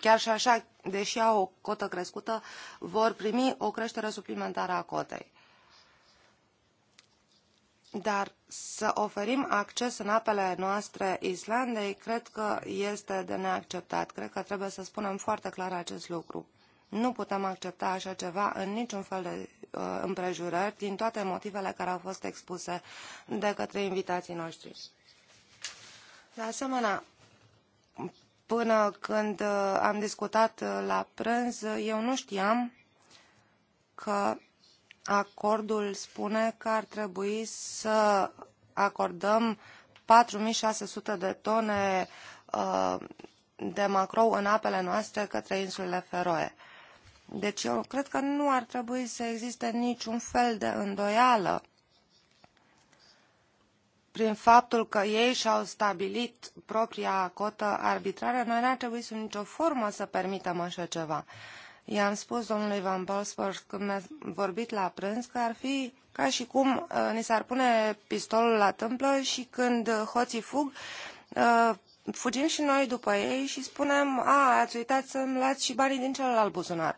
chiar și așa, deși au o cotă crescută, vor primi o creștere suplimentară a cotei. Dar să oferim acces în apele noastre Islandei, cred că este de neacceptat. Cred că trebuie să spunem foarte clar acest lucru. Nu putem accepta așa ceva în niciun fel de uh, împrejurări, din toate motivele care au fost expuse de către invitații noștri. De asemenea, până când uh, am discutat uh, la prânz, eu nu știam că acordul spune că ar trebui să acordăm 4600 de tone uh, de macrou în apele noastre către insulele Feroe. Deci eu cred că nu ar trebui să existe niciun fel de îndoială prin faptul că ei și-au stabilit propria cotă arbitrară, noi n-ar trebui sub nicio formă să permitem așa ceva. Uh, I-am spus domnului Van Balsport când mi-a vorbit la prânz că ar fi ca și cum uh, ni s-ar pune pistolul la tâmplă și când uh, hoții fug, uh, fugim și noi după ei și spunem, a, ați uitat să-mi luați și banii din celălalt buzunar.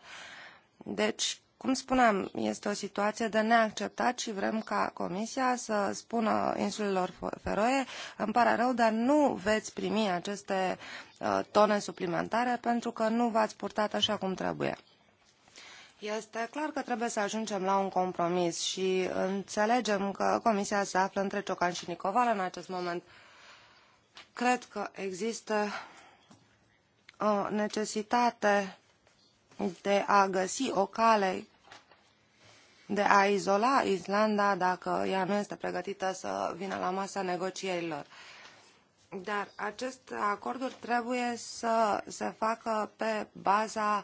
Deci, cum spuneam, este o situație de neacceptat și vrem ca Comisia să spună insulelor feroe, îmi pare rău, dar nu veți primi aceste Uh, tone suplimentare pentru că nu v-ați purtat așa cum trebuie. Este clar că trebuie să ajungem la un compromis și înțelegem că Comisia se află între Ciocan și Nicovală în acest moment. Cred că există o uh, necesitate de a găsi o cale de a izola Islanda dacă ea nu este pregătită să vină la masa negocierilor. Dar acest acorduri trebuie să se facă pe baza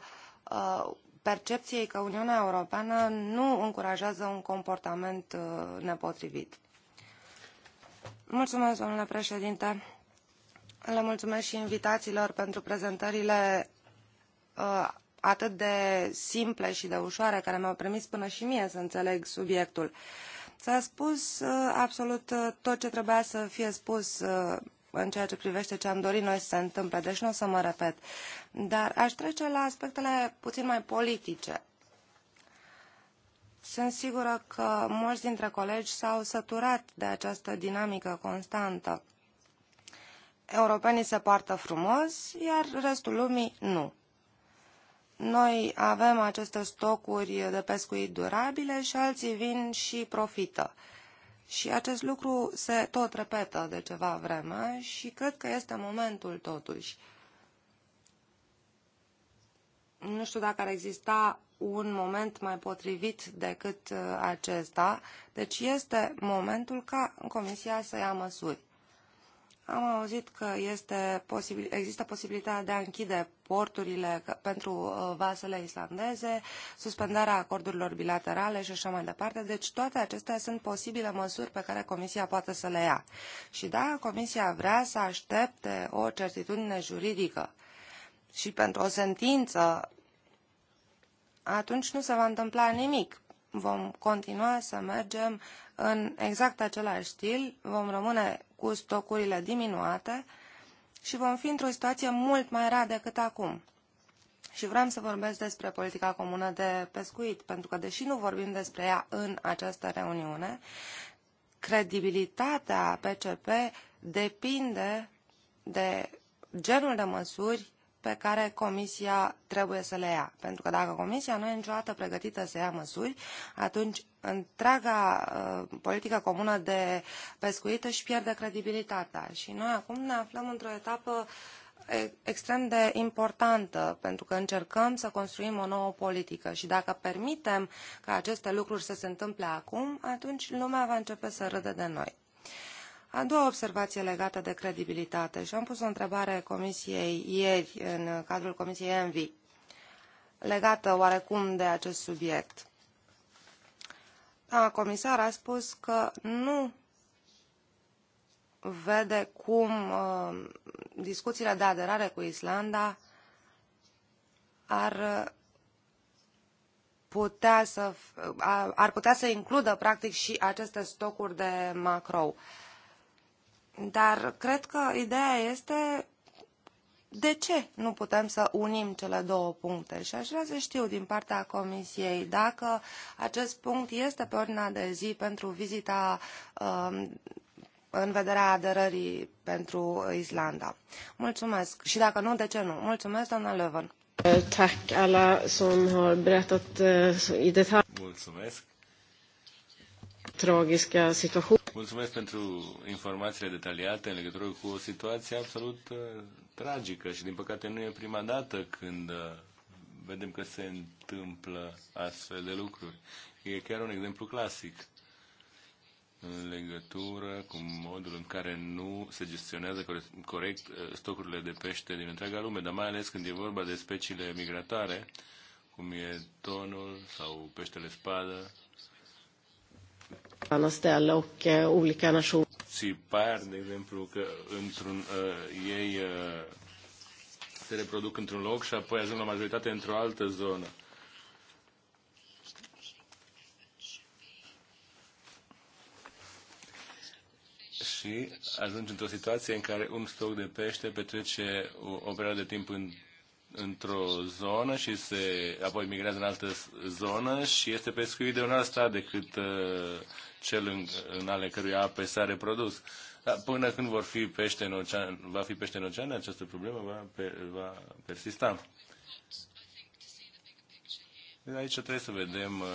uh, percepției că Uniunea Europeană nu încurajează un comportament uh, nepotrivit. Mulțumesc, domnule președinte. Le mulțumesc și invitațiilor pentru prezentările uh, atât de simple și de ușoare care mi-au permis până și mie să înțeleg subiectul. S-a spus absolut tot ce trebuia să fie spus în ceea ce privește ce am dorit noi să se întâmple, deci nu o să mă repet. Dar aș trece la aspectele puțin mai politice. Sunt sigură că mulți dintre colegi s-au săturat de această dinamică constantă. Europenii se poartă frumos, iar restul lumii nu. Noi avem aceste stocuri de pescuit durabile și alții vin și profită. Uh, și acest lucru se tot repetă de ceva vreme și cred că este momentul totuși. Nu știu dacă ar exista un moment mai potrivit decât uh, acesta, deci este momentul ca Comisia să ia măsuri. Am auzit că este posibil, există posibilitatea de a închide porturile pentru uh, vasele islandeze, suspendarea acordurilor bilaterale și așa mai departe. Deci toate acestea sunt posibile măsuri pe care Comisia poate să le ia. Și da, Comisia vrea să aștepte o certitudine juridică și pentru o sentință, atunci nu se va întâmpla nimic. Vom continua să mergem în exact același stil, vom rămâne cu stocurile diminuate și vom fi într-o situație mult mai rea decât acum. Și vreau să vorbesc despre politica comună de pescuit, pentru că deși nu vorbim despre ea în această reuniune, credibilitatea PCP depinde de genul de măsuri pe care Comisia trebuie să le ia. Pentru că dacă Comisia nu e niciodată pregătită să ia măsuri, atunci întreaga uh, politică comună de pescuit își pierde credibilitatea. Și noi acum ne aflăm într-o etapă extrem de importantă, pentru că încercăm să construim o nouă politică și dacă permitem ca aceste lucruri să se întâmple acum, atunci lumea va începe să râde de noi. A doua observație legată de credibilitate și am pus o întrebare Comisiei ieri în cadrul Comisiei ENVI legată oarecum de acest subiect. Doamna comisar a spus că nu vede cum uh, discuțiile de aderare cu Islanda ar putea să, ar putea să includă practic și aceste stocuri de macrou. Uh, dar cred că ideea este de ce nu putem să unim cele două puncte? Și aș vrea să știu din partea Comisiei dacă acest punct este pe ordinea de zi pentru vizita um, în vederea aderării pentru Islanda. Mulțumesc. Și dacă nu, de ce nu? Mulțumesc, doamna eh, eh, Löwen. Mulțumesc. Tragiska situație. Mulțumesc pentru informațiile detaliate în legătură cu o situație absolut uh, tragică și, din păcate, nu e prima dată când uh, vedem că se întâmplă astfel de lucruri. E chiar un exemplu clasic în legătură cu modul în care nu se gestionează corect uh, stocurile de pește din întreaga lume, dar mai ales când e vorba de speciile migratoare, cum e tonul sau peștele spadă ställe och eh, olika nationer. Sipar, de exemplu, că într-un, uh, ei uh, se reproduc într-un loc și apoi ajung la majoritate într-o altă zonă. Și ajungi într-o situație în care un stoc de pește petrece o, o perioadă de timp în într-o zonă și se apoi migrează în altă zonă și este pescuit de un alt stat decât uh, cel în, în ale căruia ape s-a reprodus. Dar până când vor fi pește în ocean, va fi pește în ocean, această problemă va, pe, va persista. Aici trebuie să vedem uh,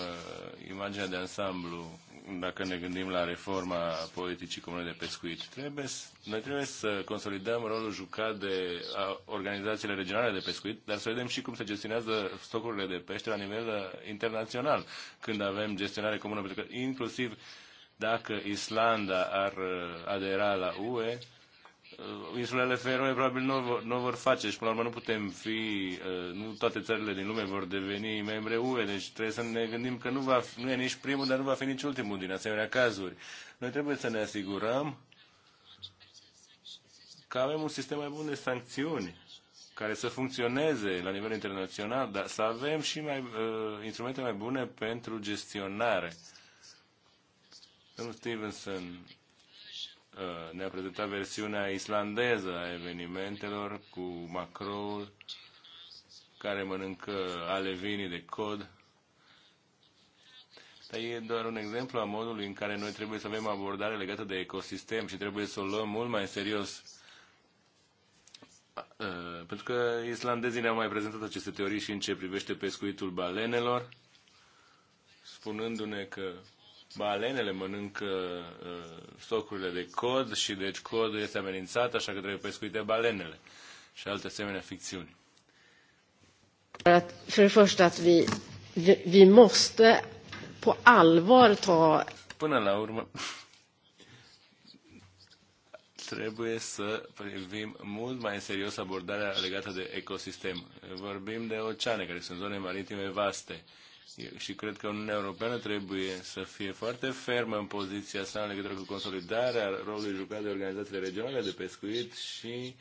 imaginea de ansamblu dacă ne gândim la reforma politicii comune de pescuit. Trebuie, noi trebuie să consolidăm rolul jucat de organizațiile regionale de pescuit, dar să vedem și cum se gestionează stocurile de pește la nivel uh, internațional, când avem gestionare comună, pentru că inclusiv dacă Islanda ar uh, adera la UE, Uh, insulele Feroe probabil nu, nu vor face și până la urmă nu putem fi, uh, nu toate țările din lume vor deveni membre UE, deci trebuie să ne gândim că nu, va, nu e nici primul, dar nu va fi nici ultimul din asemenea cazuri. Noi trebuie să ne asigurăm că avem un sistem mai bun de sancțiuni care să funcționeze la nivel internațional, dar să avem și mai, uh, instrumente mai bune pentru gestionare. Domnul Stevenson Uh, ne-a prezentat versiunea islandeză a evenimentelor cu macroul care mănâncă alevinii de cod. Dar e doar un exemplu a modului în care noi trebuie să avem abordare legată de ecosistem și trebuie să o luăm mult mai serios. Uh, pentru că islandezii ne-au mai prezentat aceste teorii și în ce privește pescuitul balenelor, spunându-ne că balenele mănâncă uh, uh, stocurile de cod și deci codul este amenințat, așa că trebuie pescuite balenele și alte asemenea ficțiuni. För det första att vi, vi, vi måste på allvar ta... Până la urmă, trebuie să privim mult mai serios abordarea legată de ecosistem. Vorbim de oceane, care sunt zone maritime vaste și cred că Uniunea Europeană trebuie să fie foarte fermă în poziția sa în legătură cu consolidarea rolului jucat de organizațiile regionale de pescuit și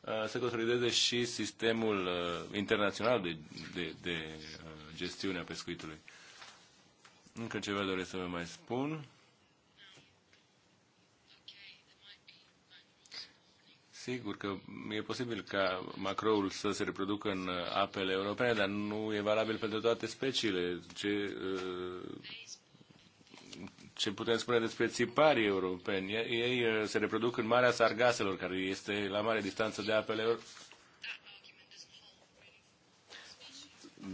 uh, să consolideze și sistemul uh, internațional de, de, de uh, gestiune a pescuitului. Încă ceva doresc să vă mai spun. Sigur că e posibil ca macroul să se reproducă în apele europene, dar nu e valabil pentru toate speciile. Ce, uh, ce putem spune despre țiparii europeni? Ei uh, se reproduc în Marea Sargaselor, care este la mare distanță de apele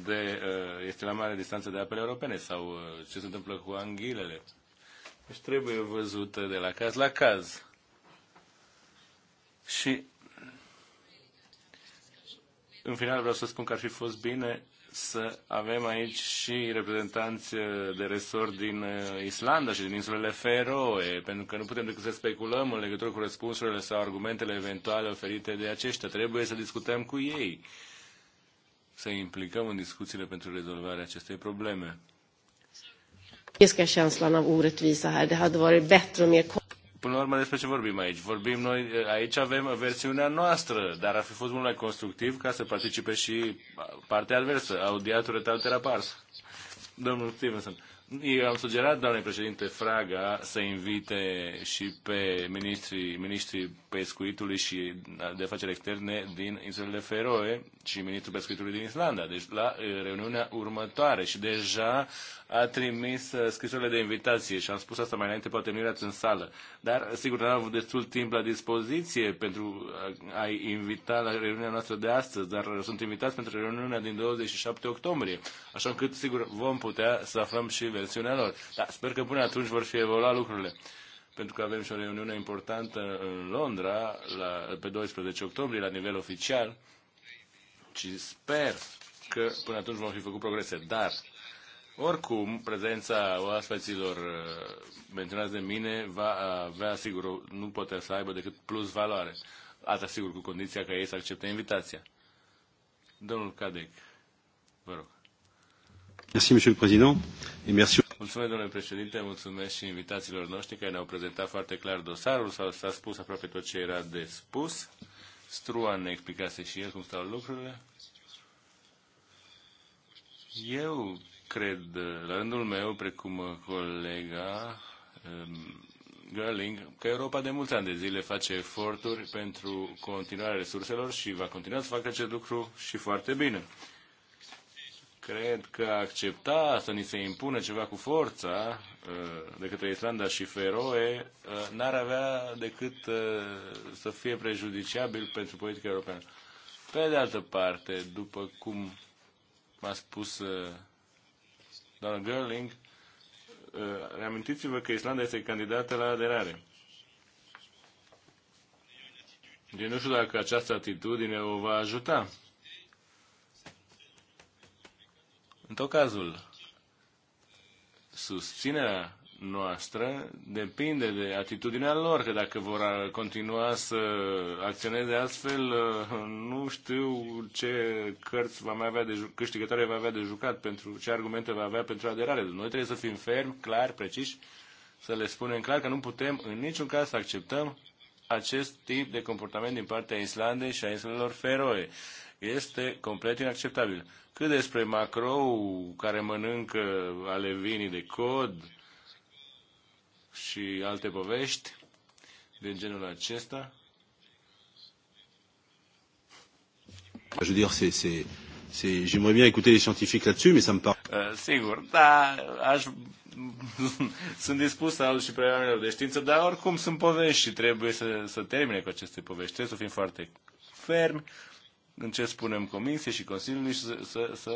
de, uh, este la mare distanță de apele europene sau ce se întâmplă cu anghilele. Deci trebuie văzută de la caz la caz. Și în final vreau să spun că ar fi fost bine să avem aici și reprezentanți uh, de resort din uh, Islanda și din insulele Feroe, pentru că nu putem decât să speculăm în legătură cu răspunsurile sau argumentele eventuale oferite de aceștia. Trebuie să discutăm cu ei, să implicăm în discuțiile pentru rezolvarea acestei probleme. Känslan av orättvisa här. Det hade varit bättre och mer Până la urmă, despre ce vorbim aici? Vorbim noi, aici avem versiunea noastră, dar ar fi fost mult mai constructiv ca să participe și partea adversă, audiatul et altera pars. Domnul Stevenson, eu am sugerat, doamne președinte Fraga, să invite și pe ministrii, ministrii pescuitului și de afaceri externe din insulele Feroe și ministrul pescuitului din Islanda. Deci la reuniunea următoare și deja a trimis uh, scrisurile de invitație și am spus asta mai înainte, poate nu erați în sală. Dar sigur n-am avut destul timp la dispoziție pentru a-i invita la reuniunea noastră de astăzi, dar sunt invitați pentru reuniunea din 27 octombrie. Așa încât sigur vom putea să aflăm și versiunea lor. Dar sper că până atunci vor fi evoluat lucrurile pentru că avem și o reuniune importantă în Londra la, pe 12 octombrie la nivel oficial și sper că până atunci vom fi făcut progrese. Dar, oricum, prezența oaspeților uh, menționați de mine va avea, sigur, nu poate să aibă decât plus valoare. Asta, sigur, cu condiția ca ei să accepte invitația. Domnul Cadec, vă rog. Mulțumesc, domnule președinte, mulțumesc și invitațiilor noștri care ne-au prezentat foarte clar dosarul, s-a, spus aproape tot ce era de spus. Struan ne explicase și el cum stau lucrurile. Eu cred, la rândul meu, precum colega um, Gerling, că Europa de mulți ani de zile face eforturi pentru continuarea resurselor și va continua să facă acest lucru și foarte bine. Cred că accepta să ni se impună ceva cu forța uh, de către Islanda și Feroe uh, n-ar avea decât uh, să fie prejudiciabil pentru politica europeană. Pe de altă parte, după cum m-a spus doamna Gerling, reamintiți-vă că Islanda este candidată la aderare. Eu deci, nu știu dacă această atitudine o va ajuta În tot cazul, susținerea noastră depinde de atitudinea lor, că dacă vor continua să acționeze astfel, nu știu ce cărți va mai avea de câștigătoare va avea de jucat, pentru ce argumente va avea pentru aderare. Deci noi trebuie să fim fermi, clar, preciși, să le spunem clar că nu putem în niciun caz să acceptăm acest tip de comportament din partea Islandei și a insulelor Feroe este complet inacceptabil. Cât despre macrou care mănâncă alevinii de cod și alte povești de genul acesta? Je veux dire, c'est, c'est, c'est, j'aimerais bien écouter les scientifiques là-dessus, mais ça me parle. Uh, sigur, da, aș sunt dispus să aud și părerea oamenilor de știință, dar oricum sunt povești și trebuie să, să termine cu aceste povești. Trebuie să fim foarte fermi, în ce spunem Comisiei și Consiliului și să, să, să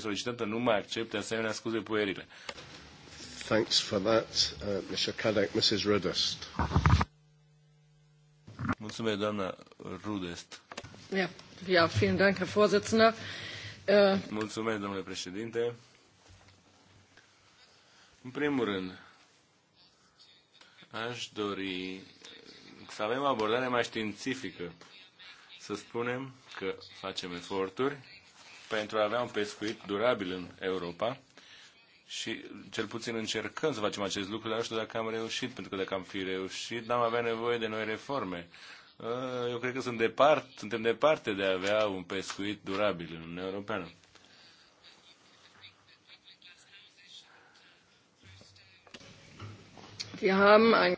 solicităm să nu mai accepte asemenea scuze puerile. Thanks for that, uh, Mr. Cadec, Mrs. Rudest. Mulțumesc, doamna Rudest. Yeah. Ja, vielen Dank, Herr Vorsitzender. Uh... Mulțumesc, domnule președinte. În primul rând, aș dori să avem o abordare mai științifică, să spunem, că facem eforturi pentru a avea un pescuit durabil în Europa și cel puțin încercăm să facem acest lucru, dar nu știu dacă am reușit, pentru că dacă am fi reușit, n-am avea nevoie de noi reforme. Uh, eu cred că sunt depart, suntem departe de a avea un pescuit durabil în Uniunea Europeană.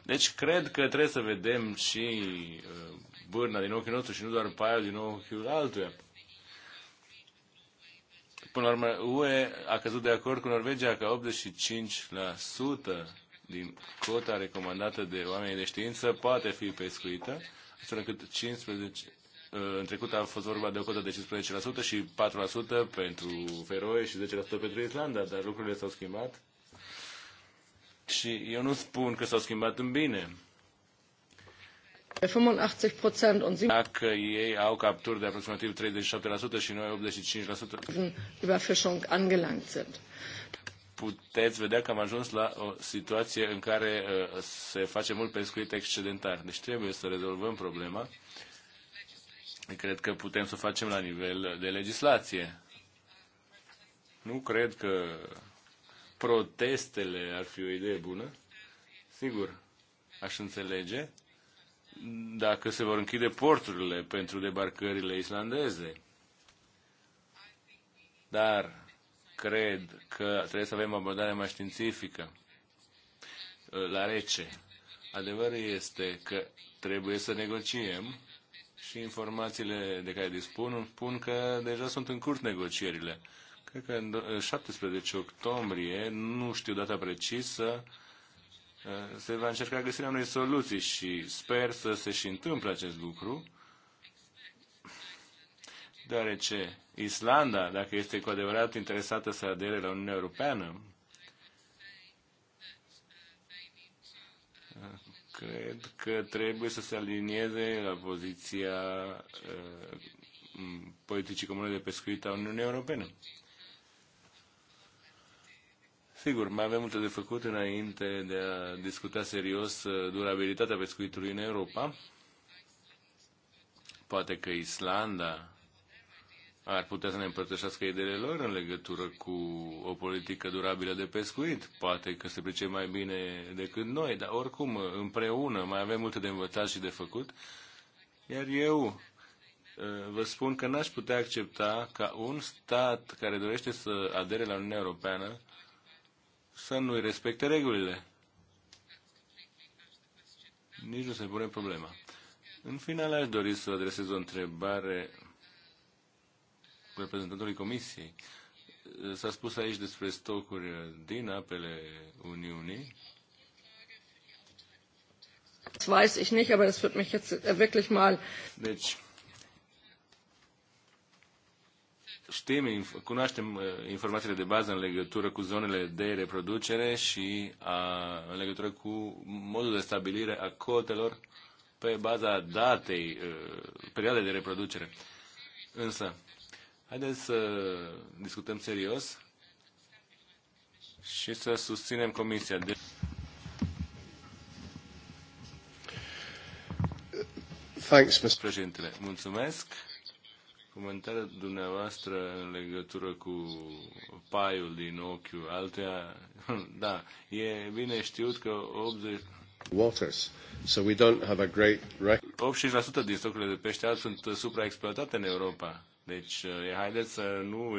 Deci cred că trebuie să vedem și uh, bârna din ochiul nostru și nu doar paia din ochiul altuia. Până la urmă, UE a căzut de acord cu Norvegia că 85% din cota recomandată de oamenii de știință poate fi pescuită, astfel încât 15, uh, în trecut a fost vorba de o cotă de 15% și 4% pentru Feroe și 10% pentru Islanda, dar lucrurile s-au schimbat. Și eu nu spun că s-au schimbat în bine. 85 procent und Dacă ei au capturi de aproximativ 37% și noi 85%. Überfischung angelangt sind. Puteți vedea că am ajuns la o situație în care uh, se face mult pescuit excedentar. Deci trebuie să rezolvăm problema. Cred că putem să o facem la nivel de legislație. Nu cred că protestele ar fi o idee bună. Sigur, aș înțelege dacă se vor închide porturile pentru debarcările islandeze. Dar cred că trebuie să avem o abordare mai științifică la rece. Adevărul este că trebuie să negociem și informațiile de care dispun spun că deja sunt în curs negocierile. Cred că în 17 octombrie, nu știu data precisă, Eh, se va încerca găsirea unei soluții și sper să se și întâmple acest lucru, deoarece Islanda, dacă este cu adevărat interesată să adere la Uniunea Europeană, eh, cred că trebuie să se alinieze la poziția eh, politicii comune de pescuit a Uniunii Europene. Sigur, mai avem multe de făcut înainte de a discuta serios uh, durabilitatea pescuitului în Europa. Poate că Islanda ar putea să ne împărtășească ideile lor în legătură cu o politică durabilă de pescuit. Poate că se pricepe mai bine decât noi, dar oricum, împreună, mai avem multe de învățat și de făcut. Iar eu uh, vă spun că n-aș putea accepta ca un stat care dorește să adere la Uniunea Europeană să nu-i respecte regulile. Nici nu se pune problema. În final, aș dori să adresez o întrebare reprezentantului Comisiei. S-a spus aici despre stocuri din apele Uniunii. Das weiß ich nicht, aber das mich jetzt äh, wirklich mal. Deci, știm, cunoaștem uh, informațiile de bază în legătură cu zonele de reproducere și a, în legătură cu modul de stabilire a cotelor pe baza datei uh, perioadei de reproducere. Însă, haideți să discutăm serios și să susținem Comisia. De- Thanks, Mr. Președintele, mulțumesc. Comentarea dumneavoastră în legătură cu paiul din ochiul altea, da, e bine știut că 80... Waters. So we don't have a great 80% din stocurile de pește alb sunt supraexploatate în Europa. Deci, haideți să nu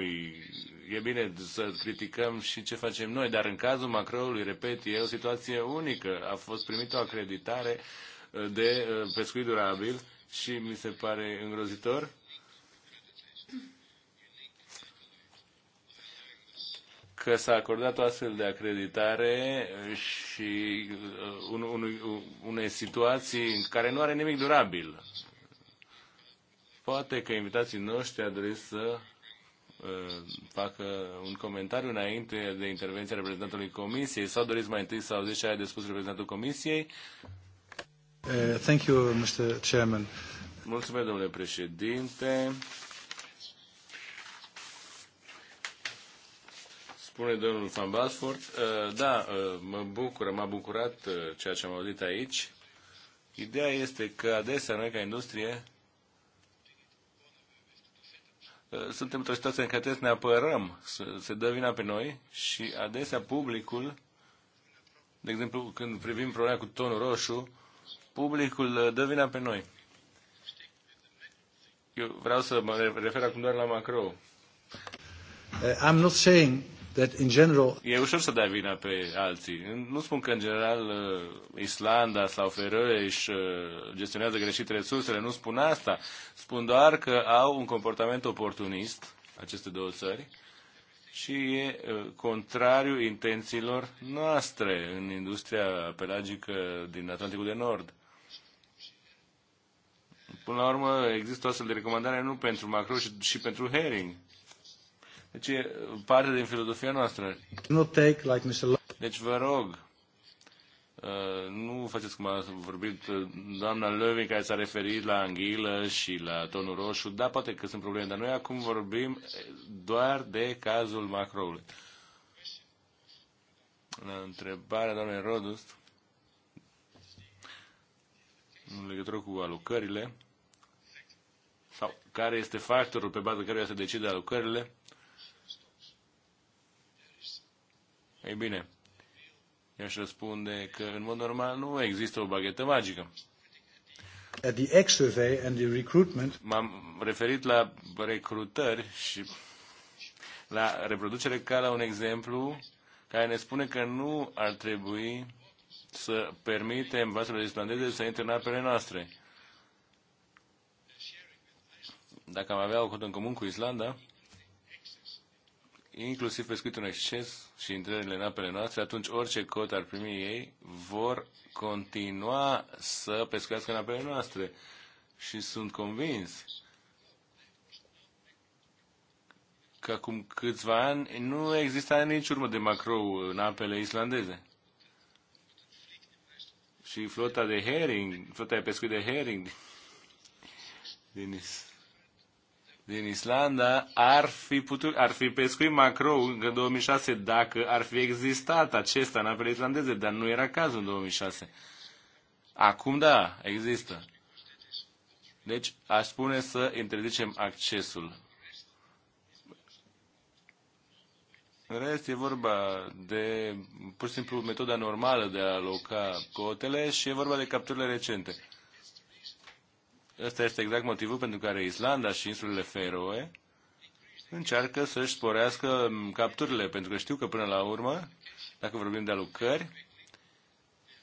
E bine să criticăm și ce facem noi, dar în cazul macroului, repet, e o situație unică. A fost primit o acreditare uh, de uh, pescuit durabil și mi se pare îngrozitor că s-a acordat o astfel de acreditare și uh, un, un, unei situații în care nu are nimic durabil. Poate că invitații noștri ar dori să uh, facă un comentariu înainte de intervenția reprezentantului Comisiei sau doriți mai întâi să auziți ce a de spus reprezentantul Comisiei? Uh, thank you, Mr. Chairman. Mulțumesc, domnule președinte. spune domnul Van Basford. Uh, da, uh, mă bucură, m-a bucurat uh, ceea ce am auzit aici. Ideea este că adesea noi ca industrie suntem într-o situație în care trebuie să ne apărăm, să se dă vina pe noi și adesea publicul, de exemplu când privim problema cu tonul roșu, publicul dă vina pe noi. Eu vreau să mă refer acum doar la Uh, I'm not saying that in general... E ușor să dai vina pe alții. Nu spun că în general uh, Islanda sau Feroe își uh, gestionează greșit resursele, nu spun asta. Spun doar că au un comportament oportunist, aceste două țări, și e uh, contrariu intențiilor noastre în industria pelagică din Atlanticul de Nord. Până la urmă, există o astfel de recomandare nu pentru macro, ci și pentru herring. Deci e parte din filozofia noastră. Deci vă rog, uh, nu faceți cum a vorbit uh, doamna Lövin care s-a referit la anghilă și la tonul roșu. Da, poate că sunt probleme, dar noi acum vorbim doar de cazul macroului. La întrebarea doamnei Rodust, în legătură cu alocările, sau care este factorul pe baza căruia se decide alocările, Ei bine, ea își răspunde că în mod normal nu există o baghetă magică. At the and the recruitment... M-am referit la recrutări și la reproducere ca la un exemplu care ne spune că nu ar trebui să permitem vaselor islandeze să intre în apele noastre. Dacă am avea o cotă în comun cu Islanda, inclusiv pescuit în exces și intrările în apele noastre, atunci orice cot ar primi ei vor continua să pescuiască în apele noastre. Și sunt convins că acum câțiva ani nu exista nici urmă de macrou în apele islandeze. Și flota de herring, flota de pescuit de herring din, din din Islanda ar fi, putut, ar fi pescuit macrou în 2006 dacă ar fi existat acesta în apele islandeze, dar nu era cazul în 2006. Acum da, există. Deci aș spune să interzicem accesul. În rest e vorba de pur și simplu metoda normală de a aloca cotele și e vorba de capturile recente. Ăsta este exact motivul pentru care Islanda și insulele Feroe încearcă să-și sporească capturile, pentru că știu că până la urmă, dacă vorbim de alocări,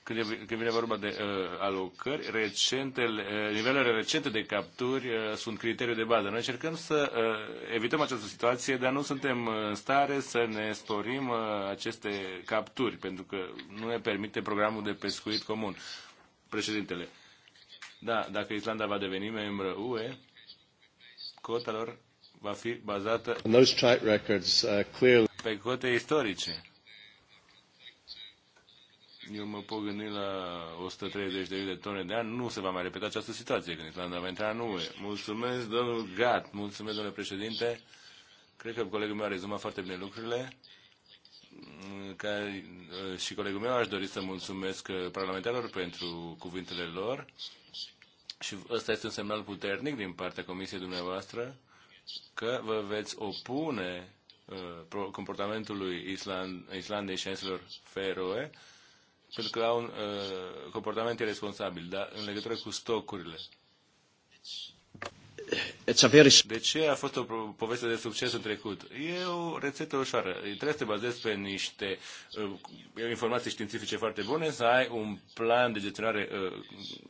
când, e, când vine vorba de uh, alocări, recentele, uh, nivelurile recente de capturi uh, sunt criteriu de bază. Noi încercăm să uh, evităm această situație, dar nu suntem în stare să ne sporim uh, aceste capturi, pentru că nu ne permite programul de pescuit comun. Președintele, da, dacă Islanda va deveni membră UE, cota lor va fi bazată uh, pe cote istorice. Eu mă pot gândi la 130 de, de tone de an, nu se va mai repeta această situație când Islanda va intra în UE. Mulțumesc, domnul Gat, mulțumesc, domnule președinte. Cred că colegul meu a rezumat foarte bine lucrurile. Ca uh, și colegul meu aș dori să mulțumesc uh, parlamentarilor pentru cuvintele lor și ăsta este un semnal puternic din partea comisiei dumneavoastră că vă veți opune uh, comportamentului Island, Islandei și Anselor Feroe pentru că au un uh, comportament irresponsabil, dar în legătură cu stocurile. De ce a fost o poveste de succes în trecut? E o rețetă ușoară. Trebuie să te bazezi pe niște uh, informații științifice foarte bune, să ai un plan de gestionare uh,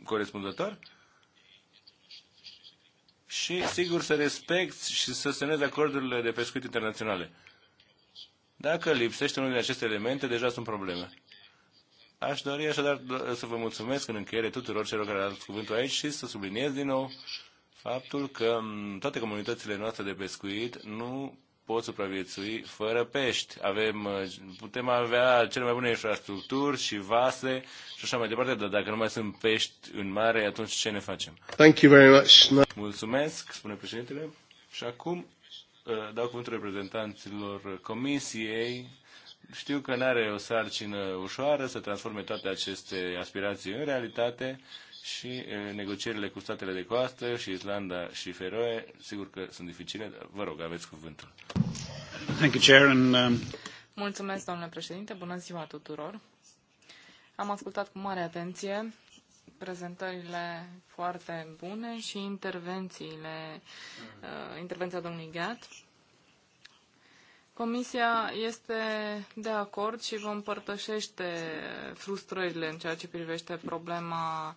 corespunzător și, sigur, să respecti și să semnezi acordurile de pescuit internaționale. Dacă lipsește unul din aceste elemente, deja sunt probleme. Aș dori așadar să vă mulțumesc în încheiere tuturor celor care au dat cuvântul aici și să subliniez din nou faptul că mm, toate comunitățile noastre de pescuit nu pot supraviețui fără pești. Avem, uh, putem avea cele mai bune infrastructuri și vase și așa mai departe, dar dacă nu mai sunt pești în mare, atunci ce ne facem? Thank you very much. Mulțumesc, spune președintele. Și acum uh, dau cuvântul reprezentanților comisiei. Știu că nu are o sarcină ușoară să transforme toate aceste aspirații în realitate, și negocierile cu statele de coastă și Islanda și Feroe, sigur că sunt dificile, dar vă rog, aveți cuvântul. Thank you, Chair, and, um... Mulțumesc, domnule președinte, bună ziua tuturor. Am ascultat cu mare atenție prezentările foarte bune și intervențiile, uh, intervenția domnului Gheat. Comisia este de acord și vă împărtășește frustrările în ceea ce privește problema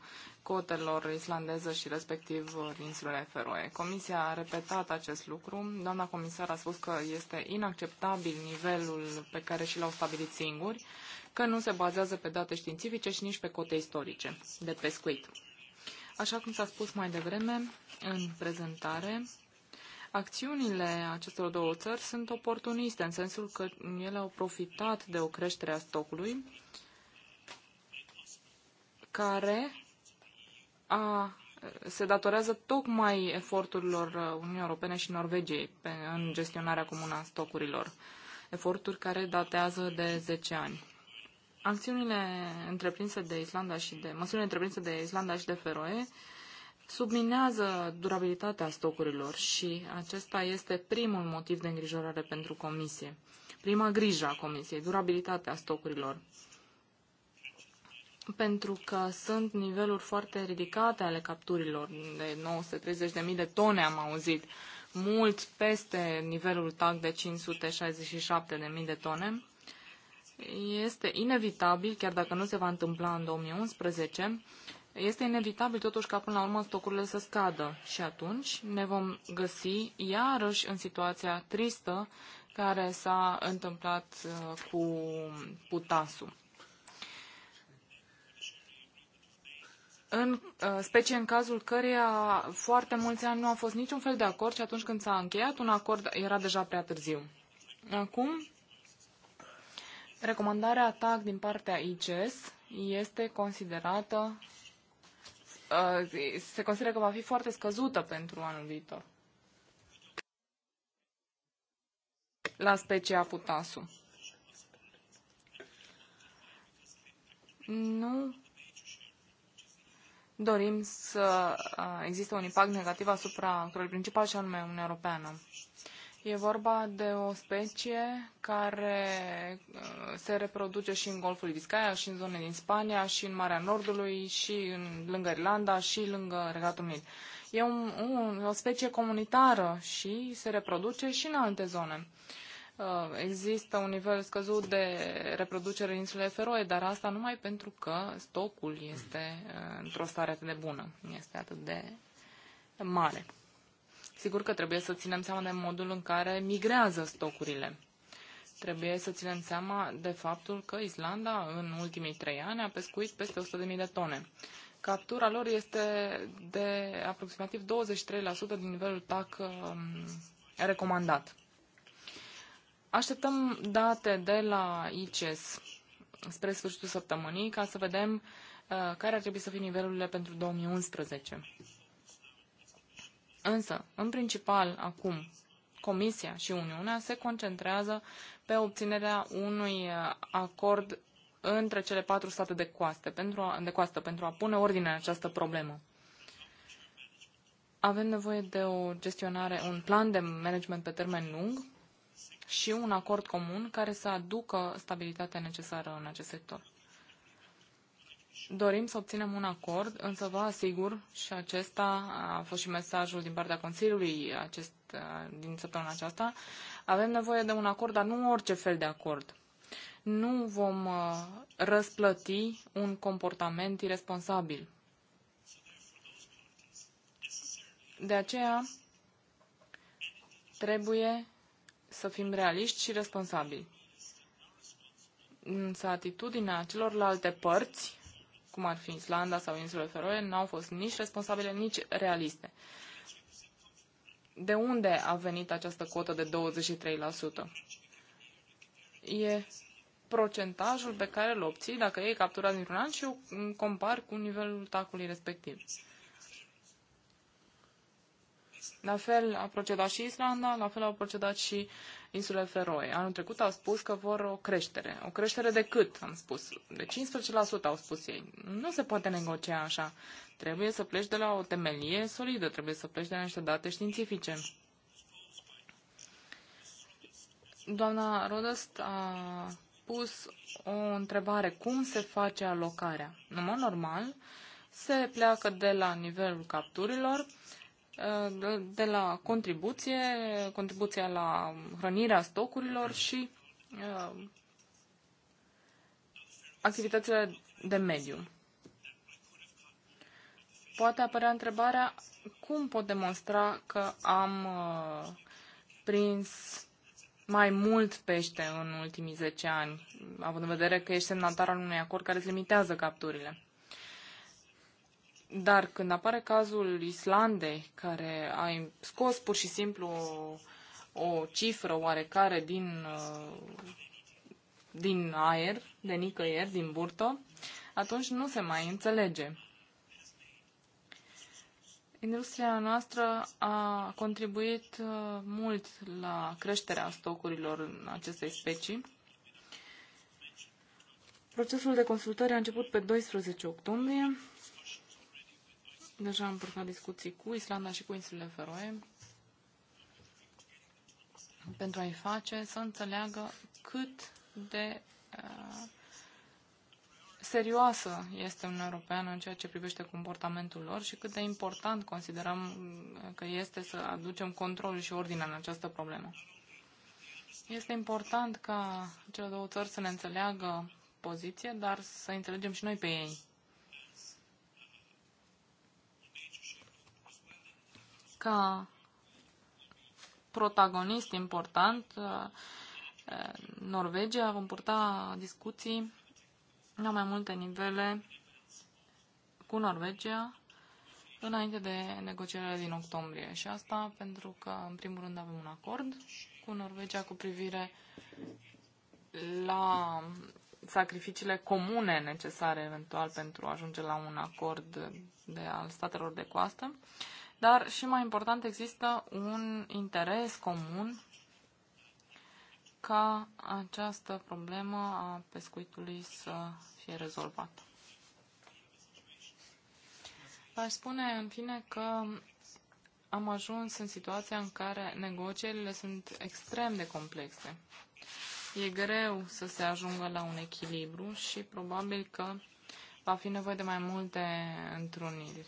cotelor islandeză și respectiv din uh, insulele Feroe. Comisia a repetat acest lucru. Doamna comisar a spus că este inacceptabil nivelul pe care și l-au stabilit singuri, că nu se bazează pe date științifice și nici pe cote istorice de pescuit. Așa cum s-a spus mai devreme în prezentare, acțiunile acestor două țări sunt oportuniste, în sensul că ele au profitat de o creștere a stocului, care a, se datorează tocmai eforturilor uh, Uniunii Europene și Norvegiei pe, în gestionarea comună a stocurilor, eforturi care datează de 10 ani. Acțiunile întreprinse de Islanda și de măsurile întreprinse de Islanda și de Feroe subminează durabilitatea stocurilor și acesta este primul motiv de îngrijorare pentru comisie. Prima grijă a comisiei, durabilitatea stocurilor pentru că sunt niveluri foarte ridicate ale capturilor, de 930.000 de tone am auzit, mult peste nivelul TAC de 567.000 de tone. Este inevitabil, chiar dacă nu se va întâmpla în 2011, este inevitabil totuși ca până la urmă stocurile să scadă și atunci ne vom găsi iarăși în situația tristă care s-a întâmplat uh, cu putasul. în, uh, specie în cazul căreia foarte mulți ani nu a fost niciun fel de acord și atunci când s-a încheiat un acord era deja prea târziu. Acum, recomandarea TAC din partea ICES este considerată uh, se consideră că va fi foarte scăzută pentru anul viitor. La specia putasu. Nu dorim să existe un impact negativ asupra actorului principal și anume Uniunea Europeană. E vorba de o specie care se reproduce și în Golful Vizcaia, și în zone din Spania, și în Marea Nordului, și în, lângă Irlanda, și lângă Regatul Unit. E un, un, o specie comunitară și se reproduce și în alte zone. Uh, Uh, există un nivel scăzut de reproducere în insulele Feroe, dar asta numai pentru că stocul este uh, într-o stare atât de bună, este atât de mare. Sigur că trebuie să ținem seama de modul în care migrează stocurile. Trebuie să ținem seama de faptul că Islanda în ultimii trei ani a pescuit peste 100.000 de tone. Captura lor este de aproximativ 23% din nivelul TAC um, recomandat. Așteptăm date de la ICES spre sfârșitul săptămânii ca să vedem uh, care ar trebui să fie nivelurile pentru 2011. Însă, în principal, acum, Comisia și Uniunea se concentrează pe obținerea unui uh, acord între cele patru state de, coaste, pentru a, de coastă pentru a pune ordine în această problemă. Avem nevoie de o gestionare, un plan de management pe termen lung și un acord comun care să aducă stabilitatea necesară în acest sector. Dorim să obținem un acord, însă vă asigur, și acesta a fost și mesajul din partea Consiliului acest, din săptămâna aceasta, avem nevoie de un acord, dar nu orice fel de acord. Nu vom uh, răsplăti un comportament irresponsabil. De aceea trebuie să fim realiști și responsabili. Însă atitudinea celorlalte părți, cum ar fi Islanda sau insulele Feroe, n-au fost nici responsabile, nici realiste. De unde a venit această cotă de 23%? E procentajul pe care îl obții dacă e captura dintr-un an și o compar cu nivelul tacului respectiv. La fel a procedat și Islanda, la fel au procedat și insulele Feroe. Anul trecut au spus că vor o creștere. O creștere de cât, am spus? De 15% au spus ei. Nu se poate negocia așa. Trebuie să pleci de la o temelie solidă, trebuie să pleci de la niște date științifice. Doamna Rodest a pus o întrebare. Cum se face alocarea? În mod normal, se pleacă de la nivelul capturilor, de la contribuție, contribuția la hrănirea stocurilor și uh, activitățile de mediu. Poate apărea întrebarea cum pot demonstra că am uh, prins mai mult pește în ultimii 10 ani, având în vedere că ești semnatar al unui acord care îți limitează capturile. Dar când apare cazul Islandei, care a scos pur și simplu o, o cifră oarecare din, uh, din aer, de nicăieri, din burtă, atunci nu se mai înțelege. Industria noastră a contribuit uh, mult la creșterea stocurilor în acestei specii. Procesul de consultare a început pe 12 octombrie Deja am purtat discuții cu Islanda și cu insulele Feroe pentru a-i face să înțeleagă cât de uh, serioasă este Uniunea Europeană în ceea ce privește comportamentul lor și cât de important considerăm că este să aducem control și ordine în această problemă. Este important ca cele două țări să ne înțeleagă poziție, dar să înțelegem și noi pe ei. ca protagonist important uh, Norvegia. Vom purta discuții la mai multe nivele cu Norvegia înainte de negocierile din octombrie. Și asta pentru că, în primul rând, avem un acord cu Norvegia cu privire la sacrificiile comune necesare eventual pentru a ajunge la un acord de al statelor de coastă. Uh, dar și mai important există un interes comun ca această problemă a pescuitului să fie rezolvată. aș spune, în fine, că am ajuns în situația în care negocierile sunt extrem de complexe. E greu să se ajungă la un echilibru și probabil că va fi nevoie de mai multe întruniri.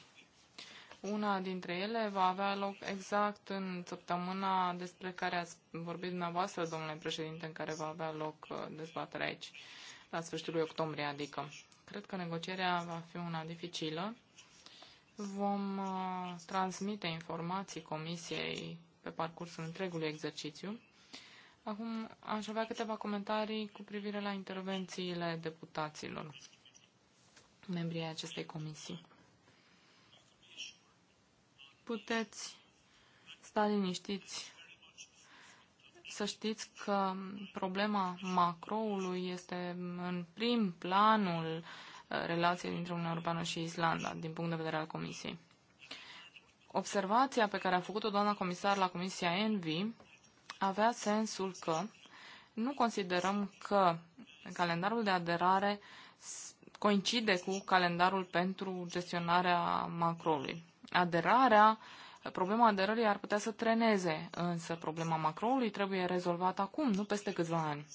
Una dintre ele va avea loc exact în săptămâna despre care ați vorbit dumneavoastră, domnule președinte, în care va avea loc uh, dezbaterea aici, la sfârșitul lui octombrie, adică. Cred că negocierea va fi una dificilă. Vom uh, transmite informații comisiei pe parcursul întregului exercițiu. Acum aș avea câteva comentarii cu privire la intervențiile deputaților, membrii acestei comisii puteți sta liniștiți să știți că problema macroului este în prim planul uh, relației dintre Uniunea Europeană și Islanda, din punct de vedere al Comisiei. Observația pe care a făcut-o doamna comisar la Comisia Envi avea sensul că nu considerăm că calendarul de aderare coincide cu calendarul pentru gestionarea macroului aderarea, problema aderării ar putea să treneze, însă problema macroului trebuie rezolvată acum, nu peste câțiva ani.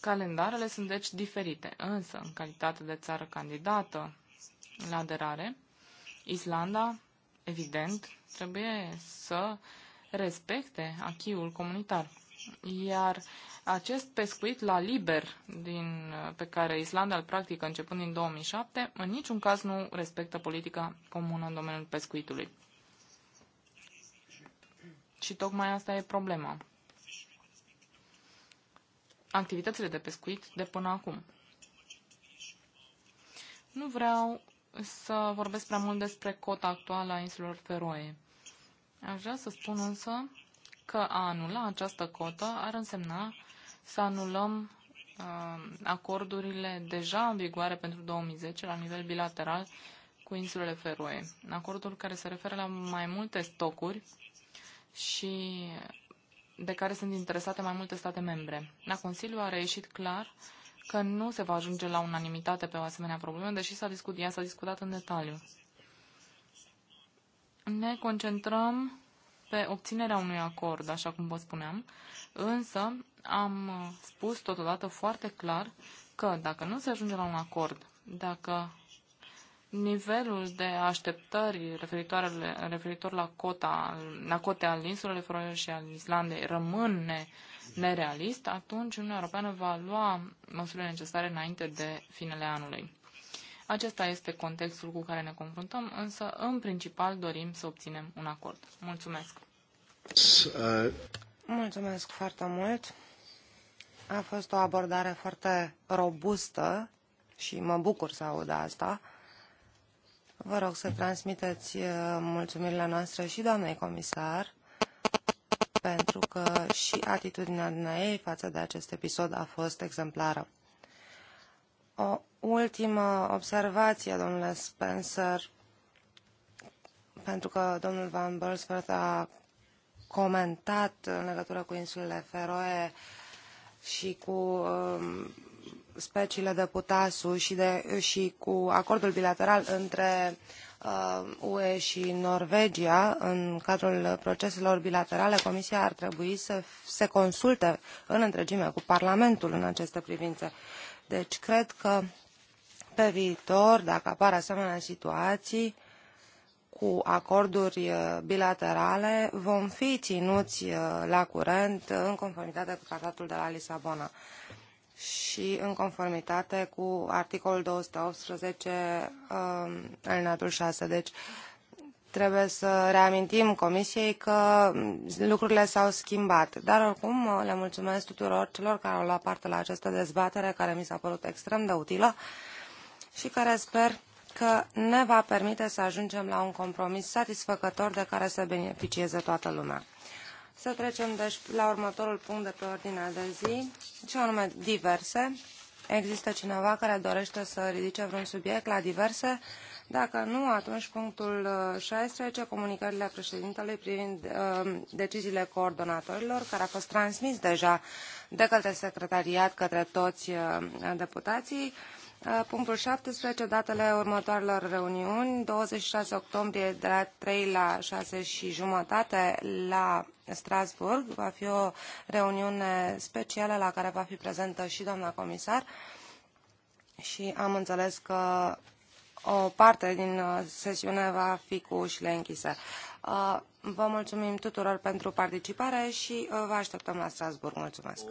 Calendarele sunt deci diferite, însă, în calitate de țară candidată la aderare, Islanda, evident, trebuie să respecte achiul comunitar. Iar acest pescuit la liber din, pe care Islanda îl practică începând din 2007, în niciun caz nu respectă politica comună în domeniul pescuitului. Și tocmai asta e problema. Activitățile de pescuit de până acum. Nu vreau să vorbesc prea mult despre cota actuală a insulelor Feroe. Aș vrea să spun însă că a anula această cotă ar însemna să anulăm uh, acordurile deja în vigoare pentru 2010 la nivel bilateral cu insulele Feroe. Acordul care se referă la mai multe stocuri și de care sunt interesate mai multe state membre. La Consiliu a reieșit clar că nu se va ajunge la unanimitate pe o asemenea problemă, deși s-a discutat, ea s-a discutat în detaliu. Ne concentrăm pe obținerea unui acord, așa cum vă spuneam, însă am spus totodată foarte clar că dacă nu se ajunge la un acord, dacă nivelul de așteptări referitor, referitor la, cota, la cote al insulelor Feroe și al Islandei rămâne nerealist, atunci Uniunea Europeană va lua măsurile necesare înainte de finele anului. Acesta este contextul cu care ne confruntăm, însă în principal dorim să obținem un acord. Mulțumesc! Uh. Mulțumesc foarte mult! A fost o abordare foarte robustă și mă bucur să aud asta. Vă rog să transmiteți uh, mulțumirile noastre și doamnei comisar, pentru că și atitudinea ei față de acest episod a fost exemplară. O ultimă observație, domnule Spencer, pentru că domnul Van Bersworth a comentat în legătură cu insulele Feroe și cu um, speciile de putasu și, de, și cu acordul bilateral între uh, UE și Norvegia în cadrul proceselor bilaterale, Comisia ar trebui să se consulte în întregime cu Parlamentul în aceste privințe. Deci cred că pe viitor, dacă apar asemenea situații cu acorduri uh, bilaterale, vom fi ținuți uh, la curent uh, în conformitate cu tratatul de la Lisabona și în conformitate cu articolul 218 alineatul 6. Deci Trebuie să reamintim Comisiei că mm, lucrurile s-au schimbat. Dar oricum le mulțumesc tuturor celor care au luat parte la această dezbatere care mi s-a părut extrem de utilă și care sper că ne va permite să ajungem la un compromis satisfăcător de care să beneficieze toată lumea. Să trecem deci la următorul punct de pe ordinea de zi, ce anume diverse. Există cineva care dorește să ridice vreun subiect la diverse? Dacă nu, atunci punctul 16, uh, comunicările președintelui privind uh, deciziile coordonatorilor, care a fost transmis deja de către secretariat, către toți uh, deputații. Uh, punctul 17, datele următoarelor reuniuni, 26 octombrie de la 3 la 6 și jumătate la Strasburg. Va fi o reuniune specială la care va fi prezentă și doamna comisar și am înțeles că o parte din uh, sesiune va fi cu ușile închise. Uh, vă mulțumim tuturor pentru participare și uh, vă așteptăm la Strasburg. Mulțumesc!